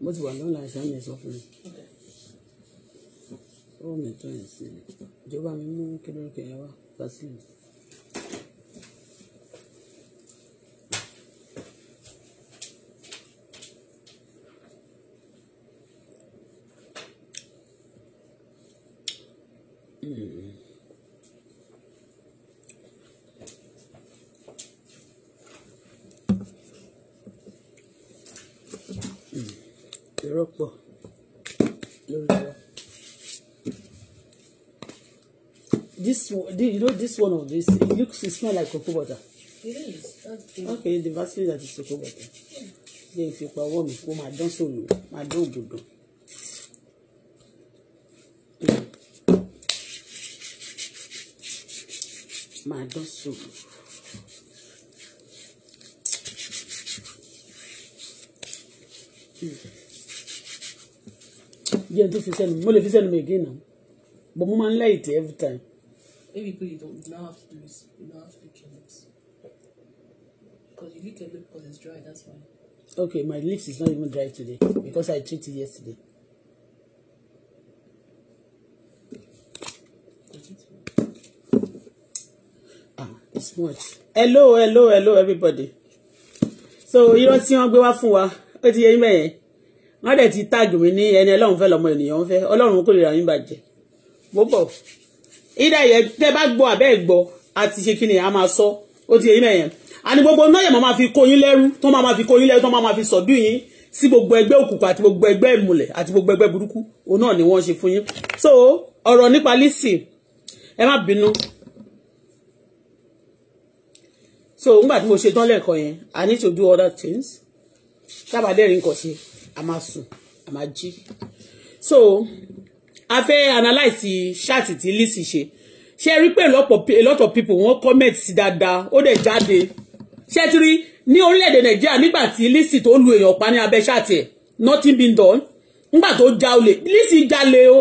mo ti wà lọ́la àṣà mi sọ fún mi ó mi tó ẹ̀ sílẹ̀ ìjọba mi mú kí lóríkẹ́ yẹn wá fásitì. this you know this one of this it looks it smell like cocoa butter. It is okay. Okay, the vaseline that is cocoa butter. Then if you pa wọ mi, o ma dán sòlò, ma dán òdòdó. Ma dán sòlò. Jẹ́ tó fi sẹ́nu, mo lè fi sẹ́nu mi again but mo máa ń every time. Maybe people you don't you now have to do is you now have to lick your lips. Because you lick your lip because it's dry, that's why. Okay, my lips is not even dry today because I treated yesterday. Ah, it's much. Hello, hello, hello, everybody. So, irọ́ tí wọ́n gbé wá fún wa, ó ti yẹ yín mẹ́yẹn. Wọ́n dẹ̀ ti táàgì mi ní on ọlọ́run fẹ́ lọ́mọ ènìyàn ń fẹ́, ọlọ́run kò lè ra yín bàjẹ́. Mo bọ̀ ìdá yẹn tẹ́ bá gbọ́ àbẹ́ gbọ́ àti ṣe kíni a máa sọ ó ti yẹyìn mẹ́yẹn àní gbogbo náà yẹn máa fi kó yín lẹ́rú tó máa máa fi kó yín lẹ́rú tó máa máa fi sọ̀dú yín sí gbogbo ẹgbẹ́ òkùnkùn àti gbogbo ẹgbẹ́ ìmùlẹ̀ àti gbogbo ẹgbẹ́ burúkú òun náà ni wọ́n ṣe fún yín so ọ̀rọ̀ nípa Lizzy ẹ má bínú so ngbà tí mo ṣe tán lẹ́ẹ̀kan yẹn I need to do other things sábà dẹ́rìn nǹkan ṣe a máa sùn a máa jí so a fẹ́ analyse ṣáàtì tí Lizzy ṣe ṣe rí pé a lot of people wọ́n comment sí dáadáa ó dẹ̀ jáde ṣe ti rí ní orílẹ̀-èdè nàìjíríà nígbà tí Lizzy tó lu èèyàn pa ní abẹ́ ṣáàtì ẹ̀ nothing been done nígbà tó já olè Lizzy jalè o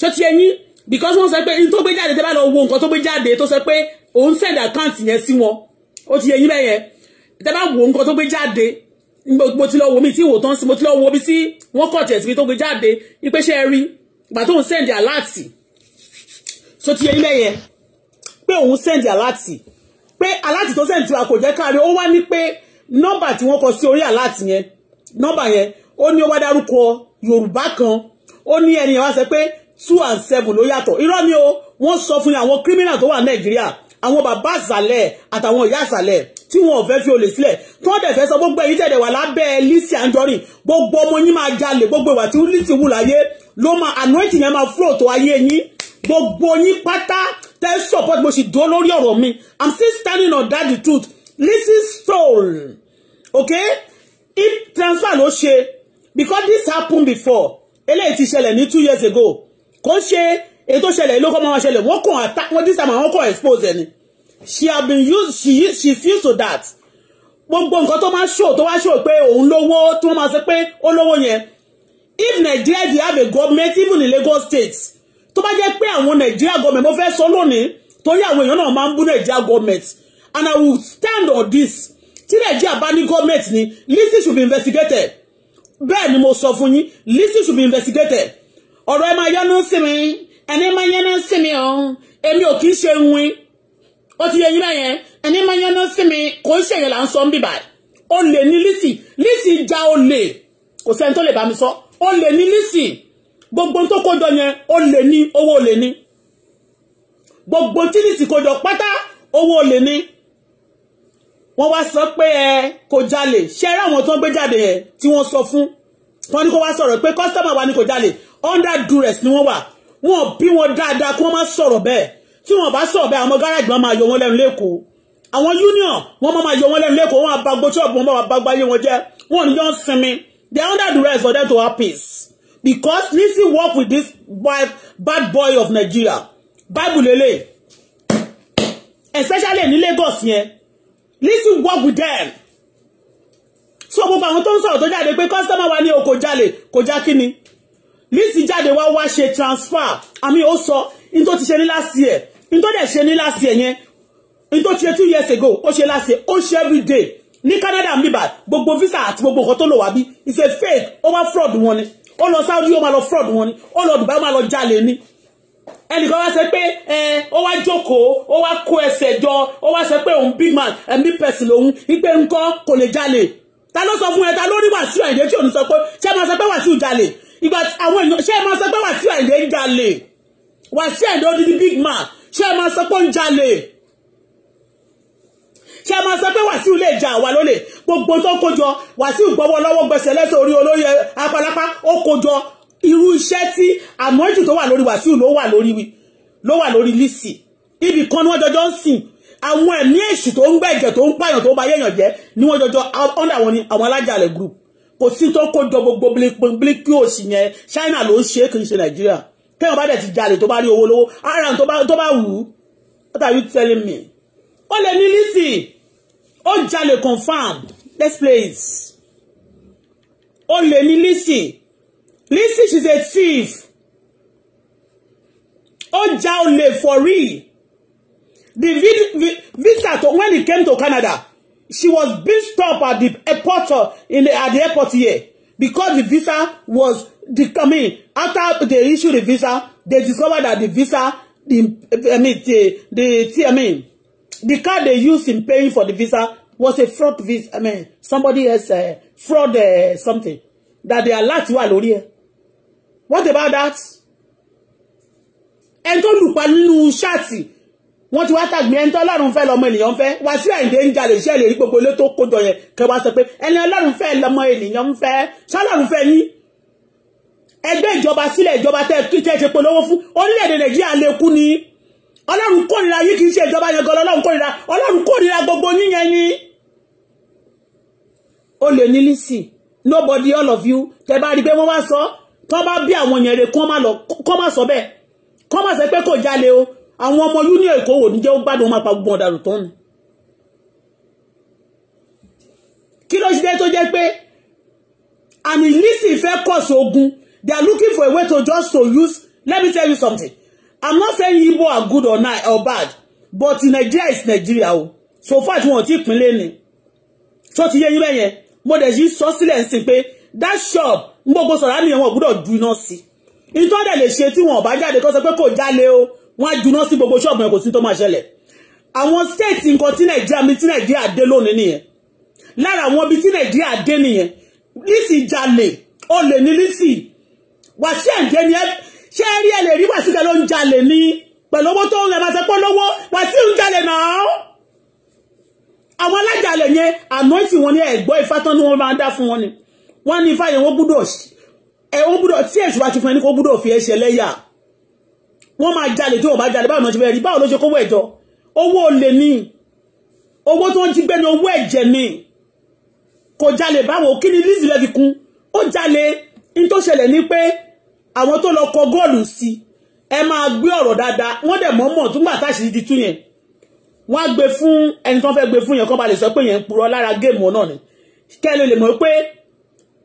ṣé ti ẹyin because wọ́n sọ pé n tó gbé jáde tẹ́ bá lọ wo nǹkan tó gbé jáde tó sọ pé òun send account yẹn sí wọn ó ti ẹyin bẹ́yẹn tẹ́ bá wo nǹkan tó gbé jáde mo ti lọ wo mi tí wò tán sí mo ti lọ wo mi tí wọ́n kọ̀ tẹ̀ síbi tó gbé jáde ipe ṣe rí ìgbà tó ń send alert tó ti yẹ ilé yẹn pé òun send aláàtì pé aláàtì tó send tiwa kò jẹ́ káre ó wá ní pé nọ́mbà tí wọ́n kọ sí orí aláàtì yẹn nọ́mbà yẹn ó ní ó wá dárúkọ Yorùbá kan ó ní ẹni yẹn wá sọ pé two and seven ló yàtọ̀ irọ́ ni o wọ́n sọ fún àwọn criminal tó wà Nàìjíríà àwọn bàbá àsàlẹ̀ àtàwọn ìyá àsàlẹ̀ tí wọn ò fẹ́ fi olè sílẹ̀ tó ń dẹ̀fẹ́ sọ gbogbo èyí tẹ̀dẹ̀ wà lábẹ́ Lizzy Anjorin gbogbo ọmọ yín máa jalè gbogbo ìwà tí Lizzy wù láyé ló máa anointing yẹn máa flow tó ayé yín gbogbo yín pátá tẹ́ support mo sì dúró lórí ọ̀rọ̀ mi i'm still standing on that the truth listen soul okay if transfer ló ṣe because this happened before eléyìí ti ṣẹlẹ̀ ní two years ago kò ṣe èyí tó ṣẹlẹ̀ ló kọ́ máa ṣẹlẹ̀ wọ́n kàn attack wọ́n this time àwọn kàn expose ẹni she have been used she she feel so that gbogbo nǹkan tó máa show tó wá show pé òun lówó tí wọ́n máa sọ pé ó lówó yẹn if Nigeria dey have a government even in Lagos state tó bá jẹ́ pé àwọn Nigeria government mo fẹ́ sọ lónìí torí àwọn èèyàn náà máa ń bú Nigeria government and I will stand on this tí Nigeria bá ní government ni Lizzy should be investigated bẹ́ẹ̀ ni mo sọ fún yín Lizzy should be investigated ọ̀rọ̀ ẹ máa yánú sí mi ẹni máa yánú sí mi ọ̀hún èmi ò kì í ṣe win ó ti yẹ yín bẹ́ẹ̀ yẹn ẹni máa yánú sí mi kò ń ṣèyàn là ń sọ ń bìbà olè ní Lizzy Lizzy ja olè kò sẹ́ni tó lè bá mi sọ olè ní Lizzy gbogbo tó kójọ yẹn ó lè ní owó olè ní gbogbo tínísì kójọ pátá owó olè ní wọ́n wá sọ pé ẹ kò jalè ṣe rá àwọn tó ń gbé jáde yẹn tí wọ́n sọ fún wọn ní kó wá sọ̀rọ̀ pé kọ́sítọ́mà wa ni kò jalè under duress ni wọ́n wà wọn bí wọn dáadáa kí wọ́n má sọ̀rọ̀ bẹ́ẹ̀ tí wọ́n bá sọ̀rọ̀ bẹ́ẹ̀ àwọn gáràjì wọn máa yọ wọn lẹ́nu lẹ́kọ̀ọ́ àwọn union wọn máa yọ wọn lẹ́nu lẹ́kọ̀ọ́ wọn àbagbo ṣọ́ọ̀bù wọn bá bá gbáyé wọn jẹ́ wọn ò ní ń sinmi they under duress for them to have peace because Lizzy work with this bad, bad boy of Nigeria bible lele especially in Lagos yẹn Lizzy work with them so gbogbo àwọn tó ń sọ̀rọ̀ tó jáde pé customer wa ní o kò jalè kò já kíni Lizzy jáde wá wá ṣe transfer àmì ó sọ in tó ti ṣe ní last year into tó dẹ̀ ṣe last year yeah, into ti ṣe two years ago ó she last year she every day. ní Canada I'm bad. gbogbo visa àti gbogbo nǹkan tó lò it's a fake over fraud wọn ó lọ Saudi ó máa lọ fraud wọn ni ó lọ Dubai ó máa lọ jalè ni ẹnìkan wá sọ pé ẹ ó wá jókòó ó wá kó ẹsẹ̀ jọ ó wá sọ pé òun big man ẹ̀mí pẹ̀sì lòun wípé nǹkan kò lè jalè ta ló sọ fún ẹ ta ló rí Wàsíù Àyìndé tí òun sọ pé ṣé ẹ máa sọ pé Wàsíù jalè ìgbà àwọn èèyàn ṣé ẹ máa sọ pé Wàsíù Àyìndé ń jalè Wàsíù Àyìndé ó big man ṣé ẹ máa sọ pé ń jalè ṣé máa sọ pé Wàsíù lè jà àwa lólè gbogbo tó kójọ Wàsíù gbọ́wọ́ lọ́wọ́ gbẹsẹ̀ lẹ́sẹ̀ orí olóyè apalapa ó kójọ irú iṣẹ́ tí àmọ́jù tó wà lórí Wàsíù ló wà lórí ló wà lórí Lizzy ibì kan ni wọ́n jọjọ́ ń sìn àwọn ẹ̀mí èṣù tó ń gbẹ̀jẹ̀ tó ń pààyàn tó ń ba yéèyàn jẹ́ ni wọ́n jọjọ́ under wọn ni àwọn alájàlẹ̀ group kò sí tó kójọ gbogbo bílíkì òsì yẹn China ló ń ṣe é kì í ṣe Nàìjíríà kẹ́yìn bá dẹ̀ ti telling me ó lè ní Lizzy ó jalè confam let's play it ó lè ní Lizzy Lizzy she's a thief ó ja olè for real the vid visa to when he came to Canada she was being stopped at the airport uh, in the, at the airport here because the visa was the I mean after they issued the visa they discovered that the visa the I mean the the I mean the card they used in paying for the visa was a fraud visa. I mean, somebody else uh, fraud uh, something that they are láti wà lórí What about that? Ẹni tó lùpa nínú ṣáàtì wọ́n ti wá tàgbé ẹni tó ọlọ́run fẹ́ lọ́mọ ènìyàn fẹ́ wá sí àìdè ń jalè iṣẹ́ lè rí gbogbo ilé tó kójọ yẹn kẹwàá sọ pé ẹni ọlọ́run fẹ́ lọ́mọ ènìyàn fẹ́ ṣọlọ́run fẹ́ yín ẹgbẹ́ ìjọba sílẹ̀ ìjọba tẹ́ ẹ ṣe polówó fún orílẹ̀-èdè Nàìjíríà lè kú ni ọlọ́run kórìíra yìí kì í ṣe ìjọba yẹn gan ọlọ́run kórìíra ọlọ́run kórìíra gbogbo yín ni. o lè ní lisi nobody all of you tẹ bá rí i pé wọ́n wá sọ tọ́ bá bí àwọn yẹn rè kọ́ má sọ bẹ́ẹ̀ kọ́ má sọ pé kò jalè o àwọn ọmọ union èkó wò ní jẹ́ ó gbádùn máa pa gbogbo tó ń. kí ló ṣe dé tó jẹ́ pé and lisi fẹ́ kọ̀ọ̀sì ogun they are looking for a way to just to use let me tell you something i'm not saying Igbo are good or not or bad but Nigeria is Nigeria so far you want ti pinlẹ ni tó ti yé yín bẹyẹn mo dẹ̀ yí sọ sílẹ̀ ń that shop ń go sọ̀rọ̀ àmì ẹ̀wọ̀n gbọ́dọ̀ ju iná sí ìtọ́ dẹ̀ lè ṣe tí wọn ò bá jáde kó sọ pé kò jálè o wọn á juná sí gbogbo ṣọ́ọ̀bù yẹn kò sí tó máa ṣẹlẹ̀ àwọn state nǹkan tí Nàìjíríà mi tí Nàìjíríà dé lónìí nìyẹn lára àwọn ibi tí Nàìjíríà dé nìyẹn Lizzy jalè olè ní Lizzy ṣé rí ẹ lè rí wàásù ló ń jalè ni pẹ̀lú owó tó ń rẹ̀ máa ṣe pọ́ lọ́wọ́ wàásù ń jalè náà àwọn alájàlẹ̀ yẹn ànọ́ìtì wọn ni ẹ̀gbọ́ ifá tán ni wọ́n máa ń dá fún wọn ni wọ́n ní ifá yẹn wọ́n gbúdọ̀ ẹ̀ wọ́n gbúdọ̀ tí èṣù bá ti fún ẹni kó gbúdọ̀ fi ẹṣẹ̀ lẹ́yà wọ́n máa jalè tí wọ́n bá jalè báwo ló ṣe fẹ́ rí báwo ló ṣe kówó ẹ̀jọ́ owó olè ni owó tó ń ti gbẹ́ni owó ẹ̀jẹ̀ ni kò jalè báwo kí ni lísì lẹ́ kún ó jalè ní tó ṣẹlẹ̀ ni pé àwọn tó lọ kọ góòlù sí ẹ máa gbé ọ̀rọ̀ dáadáa wọ́n dẹ̀ mọ́ mọ̀ túgbà táṣìí ti tú yẹn wọ́n á gbé fún ẹni tó ń fẹ́ gbé fún yẹn kó ba lè sọ pé yẹn ń purọ́ lára géèmù náà ni kẹ́ ló lè mọ̀ pé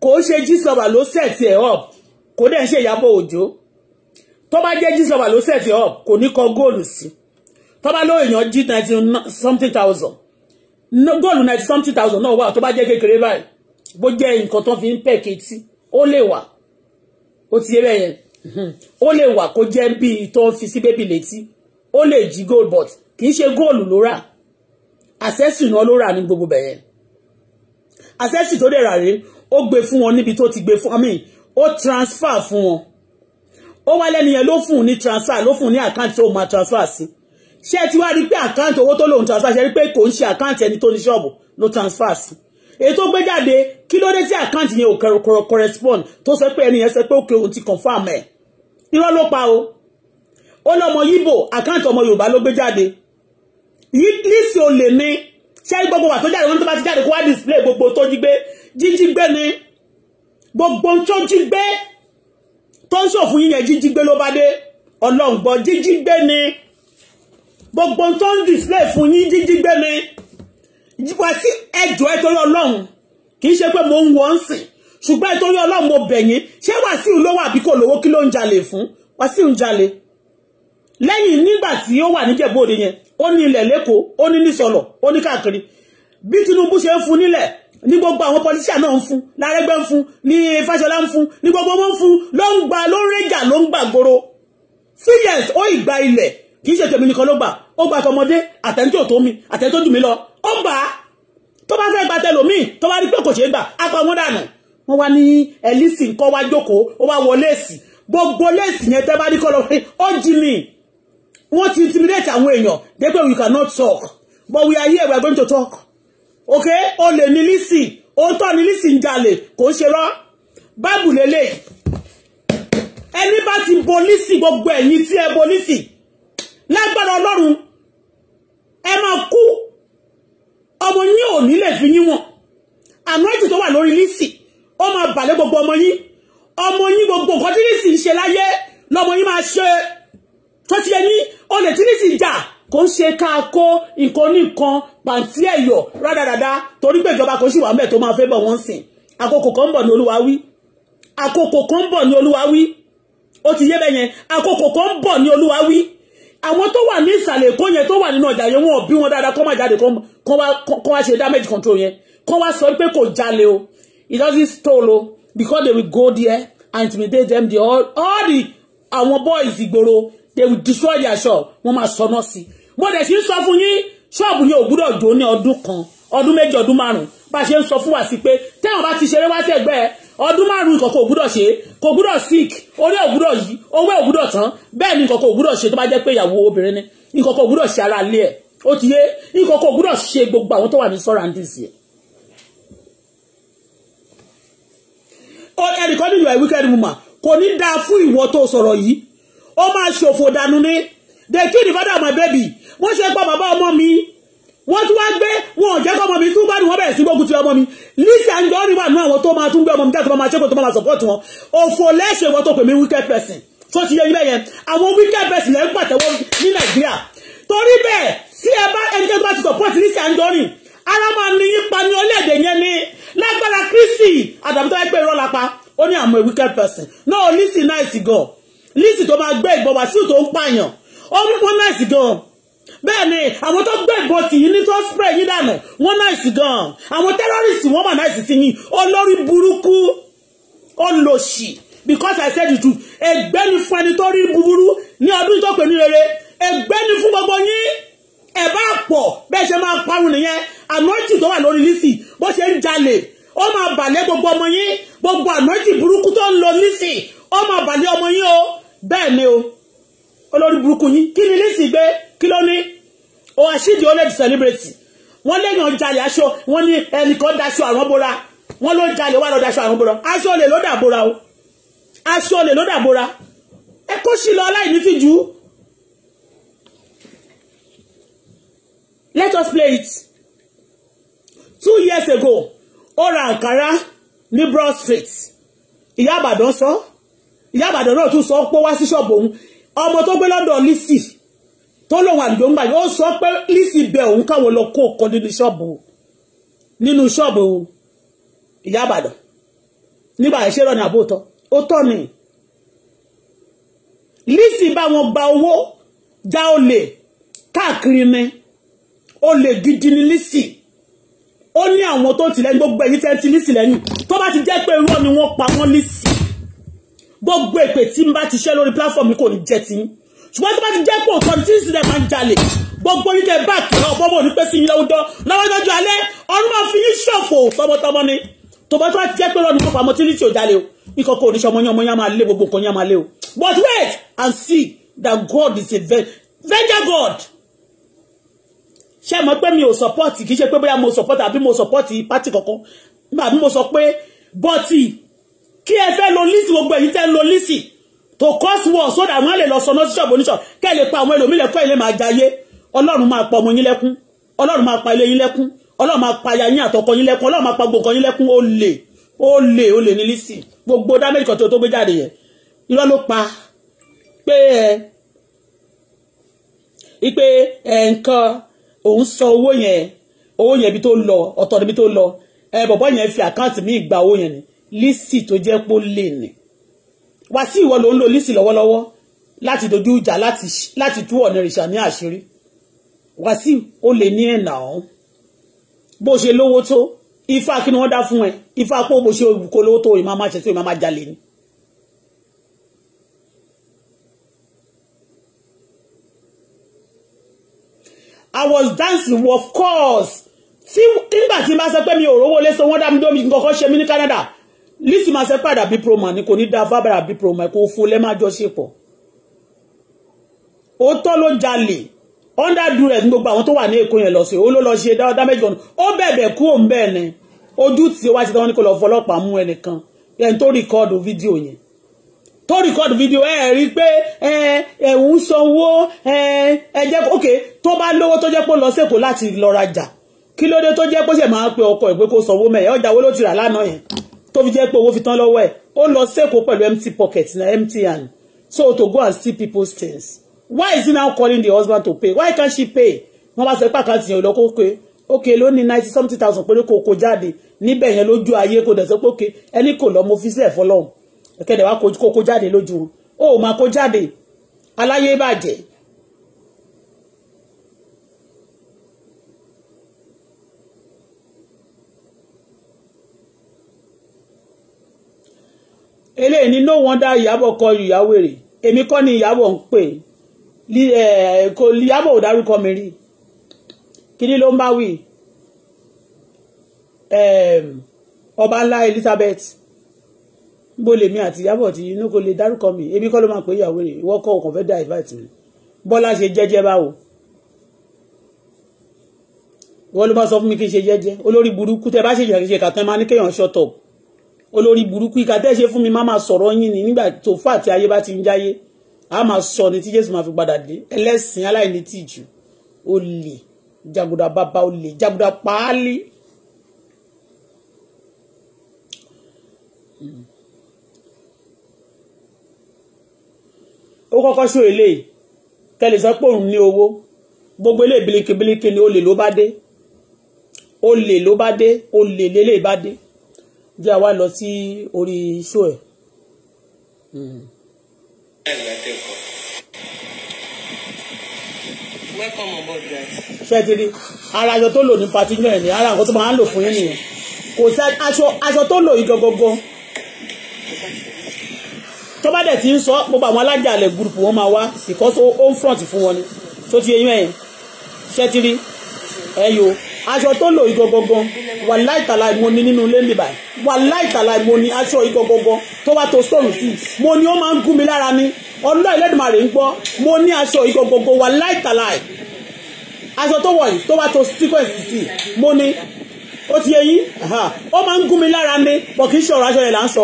kò ṣe jíṣọba ló sẹ̀tì ẹ̀ up kò dẹ̀ ń ṣe Ìyábọ̀ Òjó tó bá jẹ́ jíṣọba ló sẹ̀tì up kò ní kọ góòlù sí tó bá lóyìn jí ninety something thousand góòlù ninety something thousand náà wà tó bá jẹ́ kékeré báyìí bó jẹ́ nǹkan tó fi ń pẹ̀ kétí ó lè wà ó ti yé bẹ́ẹ̀ yẹn ó lè wà kó jẹ́ bí fi sí bébì létí ó lè jí gold but kì í ṣe góòlù ló rà àṣẹ́sì náà ló rà ní gbogbo bẹ̀yẹn àṣẹ́sì tó dẹ̀ rà rèé ó gbé fún wọn níbi tó ti gbé fún mi ó transfer fún wọn ó wá lẹ́nu yẹn ló fún un transfer ló fún un ní àkáǹtì tó máa transfer sí ṣé ẹ ti wá rí pé àkáǹtì owó tó lòun transfer ṣe rí pé kò ń ṣe àkáǹtì ẹni tó ní ṣọ́ọ̀bù ló transfer Si èyí tó gbé jáde kí ló dé tí àkáǹtì yẹn ò correspond tó sọ pé ẹni yẹn sọ pé òkè òun ti confam ẹ̀ irọ́ ló pa o ó lọ́mọ yíbò àkáǹtì ọmọ yorùbá ló gbé jáde lísì olè ni ṣé gbogbo wà tó jáde wọn tó bá ti jáde kó wá display gbogbo tó jí gbé jíjí gbé ni gbogbo tó jí gbé tó ń ṣòfò yíyan jíjí gbé ló bá dé ọlọ́ngbọ́n jíjí gbé ni gbogbo tó ń display fún yín jíjí gbé ni wá sí ẹjọ́ ẹ torí ọlọ́run kì í ṣe pé mo ń wọ́n sìn ṣùgbọ́n ẹ torí ọlọ́run mo bẹ̀ yín ṣé Wàsíù lówó àbí kò lówó kí ló ń jalè fún Wàsíù ń jalè lẹ́yìn nígbà tí ó wà níjẹ̀bú Òde yẹn ó ní ilẹ̀ lẹ́kọ̀ọ́ ó ní nísọlọ̀ ó ní káàkiri bí Tinubu ṣe ń fún nílẹ̀ ní gbogbo àwọn pọlíṣà náà ń fún lárẹ́gbẹ́ ń fún ní Fáṣọlá ń fún ní gbogbo wọn ń fún ló ń gba ló ń rẹ́jà ló ń gbà goro three years ó ìgbà ilẹ̀ kì í ṣe tèmi nìkan ló gbà ó gbà tọmọdé àtẹ̀ntì òtó mi àtẹ̀ntì òjù mi lọ ó ń gbà á tó bá fẹ́ gba tẹlòmíì tó bá rí pé kò ṣeé gbà á pa wọ́n dànù wọ́n wá ní ẹ̀lísì ńkọ́ wá jókòó ó wá wọ léèsì gbogbo léèsì yẹn tẹ́ bá rí kọ́ lọ pé ó jí mi wọ́n ti intimidate àwọn èèyàn dẹ́gbẹ́ we cannot talk but we are here we are going to talk okay ó lè ní lísì òótọ́ ní lísì ń jalè kò ń ṣe rọ́ báàbù lélẹ̀ ẹni bá ti bolísì gbogbo ẹ̀yìn tí ẹ bolísì lágbára ọlọ́run ẹ máa kú ọmọ yín ò ní lè fi yín wọn àmọ́jì tó wà lórí lísì ó máa bàlẹ́ gbogbo ọmọ yín ọmọ yín gbogbo nǹkan tí lísì ń ṣe láyé lọmọ yín máa ṣe tó ti yẹ ní ọ̀nà tí lísì jà kò ń ṣe ká kó nǹkan oníkan pàǹtí ẹ̀yọ̀ rádaràda torí pé ìjọba kò sì wà mẹ́ tó máa fẹ́ bọ̀ wọ́n sìn àkókò kan ń bọ̀ ní olúwa wí àkókò kan ń bọ̀ ní olúwa wí ó ti yé bẹ́yẹn àkókò kan ń bọ̀ ní olúwa wí àwọn tó wà ní ìsàlẹ̀ èkó yẹn tó wà nínú ọjà yẹn wọn ò bí wọn dáadáa kọ́ máa jáde kọ́ wá ṣe damage control yẹn kọ́ wá sọ pé kò jalè o it doesn't stole o because they will go there and intimidate them the all all the àwọn boys ìgboro they will destroy their shop wọ́n máa sọ náà sí mo dẹ̀ sì ń sọ fún yín ṣọ́ọ̀bù yẹn ò gbúdọ̀ jó ní ọdún kan ọdún méjì ọdún márùn-ún bá a ṣe ń sọ fún wa sí pé tẹ́wọ̀n bá ti ṣeré wá sí ẹgbẹ́ ẹ ọdún márùn ìkọ̀kọ̀ ògbúdọ̀ ṣe kò gbúdọ̀ sick orí ògbúdọ̀ yìí owó ògbúdọ̀ tán bẹ́ẹ̀ ni ìkọ̀kọ̀ ògbúdọ̀ ṣe tó bá jẹ́ pé ìyàwó obìnrin ni ìkọ̀kọ̀ ògbúdọ̀ ṣe ara ilé ẹ̀ ó ti yé ìkọ̀kọ̀ ògbúdọ̀ ṣe gbogbo àwọn tó wà ní surroundings yẹn. ẹnìkan nílò ẹ̀ wicked woman kò ní dáa fún ìwọ tó sọ̀rọ̀ yìí ó máa ṣòfò dànù ni they kill the father of my baby wọ́n ṣe pa bàbá ọmọ mi wọ́n tún wá gbé wọn ò jẹ́ kọ́ ọmọ mi tún bá ní wọ́n bẹ̀rẹ̀ sí gbógun ti ọmọ mi Lizzy Anjorin wà nú àwọn tó máa tún gbé ọmọ mi káàkiri máa ṣe kó tó máa support wọn òfò lẹ́sẹ̀ wọ́n tó pè mí wicked person tó ti yẹ yín bẹ́yẹn àwọn wicked person lẹ́ ń pàtẹ́wọ́ ní Nàìjíríà torí bẹ́ẹ̀ tí ẹ bá ẹni tó bá ti support Lizzy Anjorin ara máa ní yín pa ní orílẹ̀-èdè yẹn ní lágbára Kristi àdàbí tó yẹ pé irọ́ la pa ó ní wicked person náà Lizzy náà sì gan Lizzy tó máa gbé ìgbọ̀n wá sí ò tó ń pààyàn ó mú bẹ́ẹ̀ ni àwọn tó gbẹ̀gbọ́ tì yín ní tó spray yín dànù wọ́n náìsì gan-an àwọn terrorists wọ́n mà náìsì sí yín olórí burúkú olóṣì because I said the truth ègbé ni fún ẹni tó rí búburú ní ọdún tó pè ní rere ègbé ni fún gbogbo yín ẹ bá pọ̀ bẹ́ẹ̀ ṣe máa parun nìyẹn ànọ́tì tó wà lórí lísì bó ṣe ń jalè ó máa bàlẹ́ gbogbo ọmọ yín gbogbo ànọ́tì burúkú tó ń lo lísì ó máa bàlẹ́ ọmọ yín o bẹ́ẹ̀ ni o olórí burúkú yín kí ni lísì gbé kí ló ní o àṣìdì olóòdì celebrity wọ́n lẹ́yìn ọ̀jalè aṣọ wọ́n ní ẹnìkan daṣọ àwọn bora wọ́n ló jalè wà lọ́ọ́ daṣọ àwọn bora aṣọ olè ló dàbora o aṣọ olè ló dàbora ẹ kó sí lọ aláìní fi jù ú let us play it two years ago ó ra àǹkárá ní broad street ìyá àbàdàn sọ ìyá àbàdàn náà tún sọ pé wá sí ṣọ́ọ̀bù òun ọmọ tó gbé lọ́dọ̀ Lizzy tó lòun àdìgbò ń báyìí ó sọ pé Lizzy bẹ òun káwọn lọ kó ọkọ nínú ṣọ́ọ̀bù nínú ṣọ́ọ̀bù ìyá àbàdàn nígbà ìṣẹ́rọ̀ ní àbótọ́ ó tọ́ ni Lizzy bá wọn gba owó já olè káàkiri ni olè gidi ni Lizzy ó ní àwọn tó ti lẹ́yìn gbogbo ẹ̀yìn tẹ́ ti Lizzy lẹ́yìn tó bá ti jẹ́ pé irọ́ ni wọ́n pa wọ́n Lizzy gbogbo èpè tí n bá ti ṣẹ́ lórí platform kò ní jẹ́ ti ṣùgbọ́n tó bá ti jẹ́ pé òkò tí sì lè ń jalè gbogbo orí bá kìlá ọ̀pọ̀ mọ̀ ní pé sí yín lọ́wọ́dọ́ lọ́wọ́dọ́jọ́ alẹ́ ọdún máa fi yín ṣòfò tọmọtọmọ ni tó bá tó bá ti jẹ́ pé lọ́dún pàpàmọ́ tí ní tí ò jalè o ikọ̀ kò ní ṣe ọmọ ọmọ yín á máa lé gbogbo nǹkan yín á máa lé o but wait and see that God is a venture God ṣé mọ̀ pé mi support kì í ṣe pé bóyá mo support àbí mo support party kankan àbí mo sọ pé bọ́tì kí ẹ fẹ́ lo lísì gbogbo èyí tẹ́ lo lísì to cause war so that wọ́n lè lọ sọ̀nà sí ṣọ̀bù oníṣọ̀ kẹ́ lè pa àwọn ẹlòmíì lẹ́kọ́ ilé máa jayé ọlọ́run máa pa ọmọ yín lẹ́kún ọlọ́run máa pa ilé yín lẹ́kún ọlọ́run máa pa yín àtọkọ yín lẹ́kún ọlọ́run máa pa gbogbo yín lẹ́kún ó lè ó lè ó lè ní lísì gbogbo dámẹ́jì kan tó gbé jáde yẹn irọ́ ló pa pé ẹ ipe nǹkan òun sọ owó yẹn owó yẹn ibi tó lọ ọ̀tọ̀ níbi tó lọ ẹ bọ̀bọ̀ yẹn fi àkáǹtì míì gba Lizzy tó jẹ́ pé ó lè ní Wàsíù ìwọ ló ń lo Lizzy lọ́wọ́lọ́wọ́ láti dojú ìjà láti tú ọ̀nà ìrìṣà ní àṣírí Wàsíù ó lè ní ẹ̀nà ọ̀hún bó ṣe lówó tó ifá kí ni wọ́n dá fún ẹ ifá pé bó ṣe kó lówó tó ìmọ̀ máa tó ìmọ̀ máa jalè ni. I was dancing of course tí nígbà tí n bá sọ pé mi ò rówó lé so wọ́n dá mi dó mi ṣe mí ní Canada Lizzy máa ṣe padà bí promo ni kò ní dá fábàrà bí promo kò fún lẹ́májọ́ṣepọ̀ òótọ́ ló jalè under duress ní gbogbo àwọn tó wà ní èkó yẹn lọ sí ó ló lọ ṣe dáadáa méjì ọ̀nà ó bẹ̀bẹ̀ kú òun bẹ́ẹ̀ ni ojú tí ó wá ṣe tán ní kò lọ fọlọ́pàá mú ẹnìkan ẹni tó rìkọ́ọ̀dù fídíò yẹn tó rìkọ́ọ̀dù fídíò ẹ rí i pé ẹ ẹ̀hún sanwó ẹ ẹ jẹ́ ok tó bá lówó tó jẹ́ pé ó lọ sí èkó láti lọ rajà kí ló dé tó jẹ́ pé pe ọkọ ẹ̀ pé kó sanwó mẹ́ẹ̀ ọjà ti rà lánàá yẹn To fi jẹ́ pé owó fi tán lọ́wọ́ ẹ̀ ó lọ sẹ́kọ̀ọ́ pẹ̀lú empty pocket na empty hand so to go and steal people's things why is he now calling the husband to pay why can't she pay wọ́n bá sọ pé àkáǹtì yẹn ò lọ kó pé okay ló ní ninety something thousand péré kò kó jade. níbẹ̀ yẹn lójú ayé kò dẹ̀ sọ pé okay ẹni kò lọ mo fi sílẹ̀ fọlọ́hún kẹ́dẹ̀ wá kó kó jáde lójú wọn ó máa kó jáde aláyé bàjẹ́ eléyìí ni no wonder ìyàbọ̀ kọ ìyàwó èrè èmi kọ́ ni ìyàbọ̀ ń pè kò ìyàbọ̀ ò dárúkọ mi rí kíní ló ń bá wí ọba ńlá Elizabeth gbó lèmi àti ìyàbọ̀ tí inú kò lè dárúkọ mi èmi kọ́ ló máa pè ìyàwó èrè ìwọ kọ́ òkàn fẹ́ dá ìfàtì mi bọ́lá ṣe jẹ́jẹ́ báwo wọ́n ló bá sọ fún mi kí n ṣe jẹ́jẹ́ olórí burúkú tẹ bá ṣèjìnà kí n ṣe kàtàn máa ní kéèyàn shut olórí burúkú ika tẹ́ ṣe fún mi má máa sọ̀rọ̀ yín ni nígbà tó fà tí ayé bá ti ń jáyé a máa sọ ni tí jésù máa fi padà dé ẹlẹ́sìn aláìní tìjú olè jàgùdà bàbá olè jàgùdà páálí. ó kọ́kọ́ ṣó eléyìí tẹ́lẹ̀ sọ pé òun ní owó gbogbo eléyìí bílíkì ni olè ló bá dé olè ló bá dé olè lélẹ̀ bá dé jẹ́ àwa lọ sí orí show ẹ̀. ṣé ara aṣọ tó lò ní pati yẹn ni ara nǹkan tó máa ń lò fún yín nìyẹn kò sí aṣọ aṣọ tó lò yìí gangan tó bá dẹ̀ ti ń sọ gbogbo àwọn alájàlẹ̀ gúrùpù wọn máa wá because ó ń front fún wọn ni tó ti yẹ yín ẹ̀yìn ṣé ẹ̀yọ́ aṣọ tó lò igọ gangan wà láìtàlà mo ní nínú ilé mi báyìí wà láìtàlà mo ní aṣọ igọ gangan tó bá to stone sí mo ní ó máa ń gún mi lára ni ọlọ́ ìlẹ́dùnmarè ń gbọ́ mo ní aṣọ igọ gangan wà láìtàlà aṣọ tó wọ̀ yìí tó bá to sequence sí mo ní ó ti yẹ yín ó máa ń gún mi lára ni bọ̀ kì í ṣe ọ̀rọ̀ aṣọ yẹn là ń sọ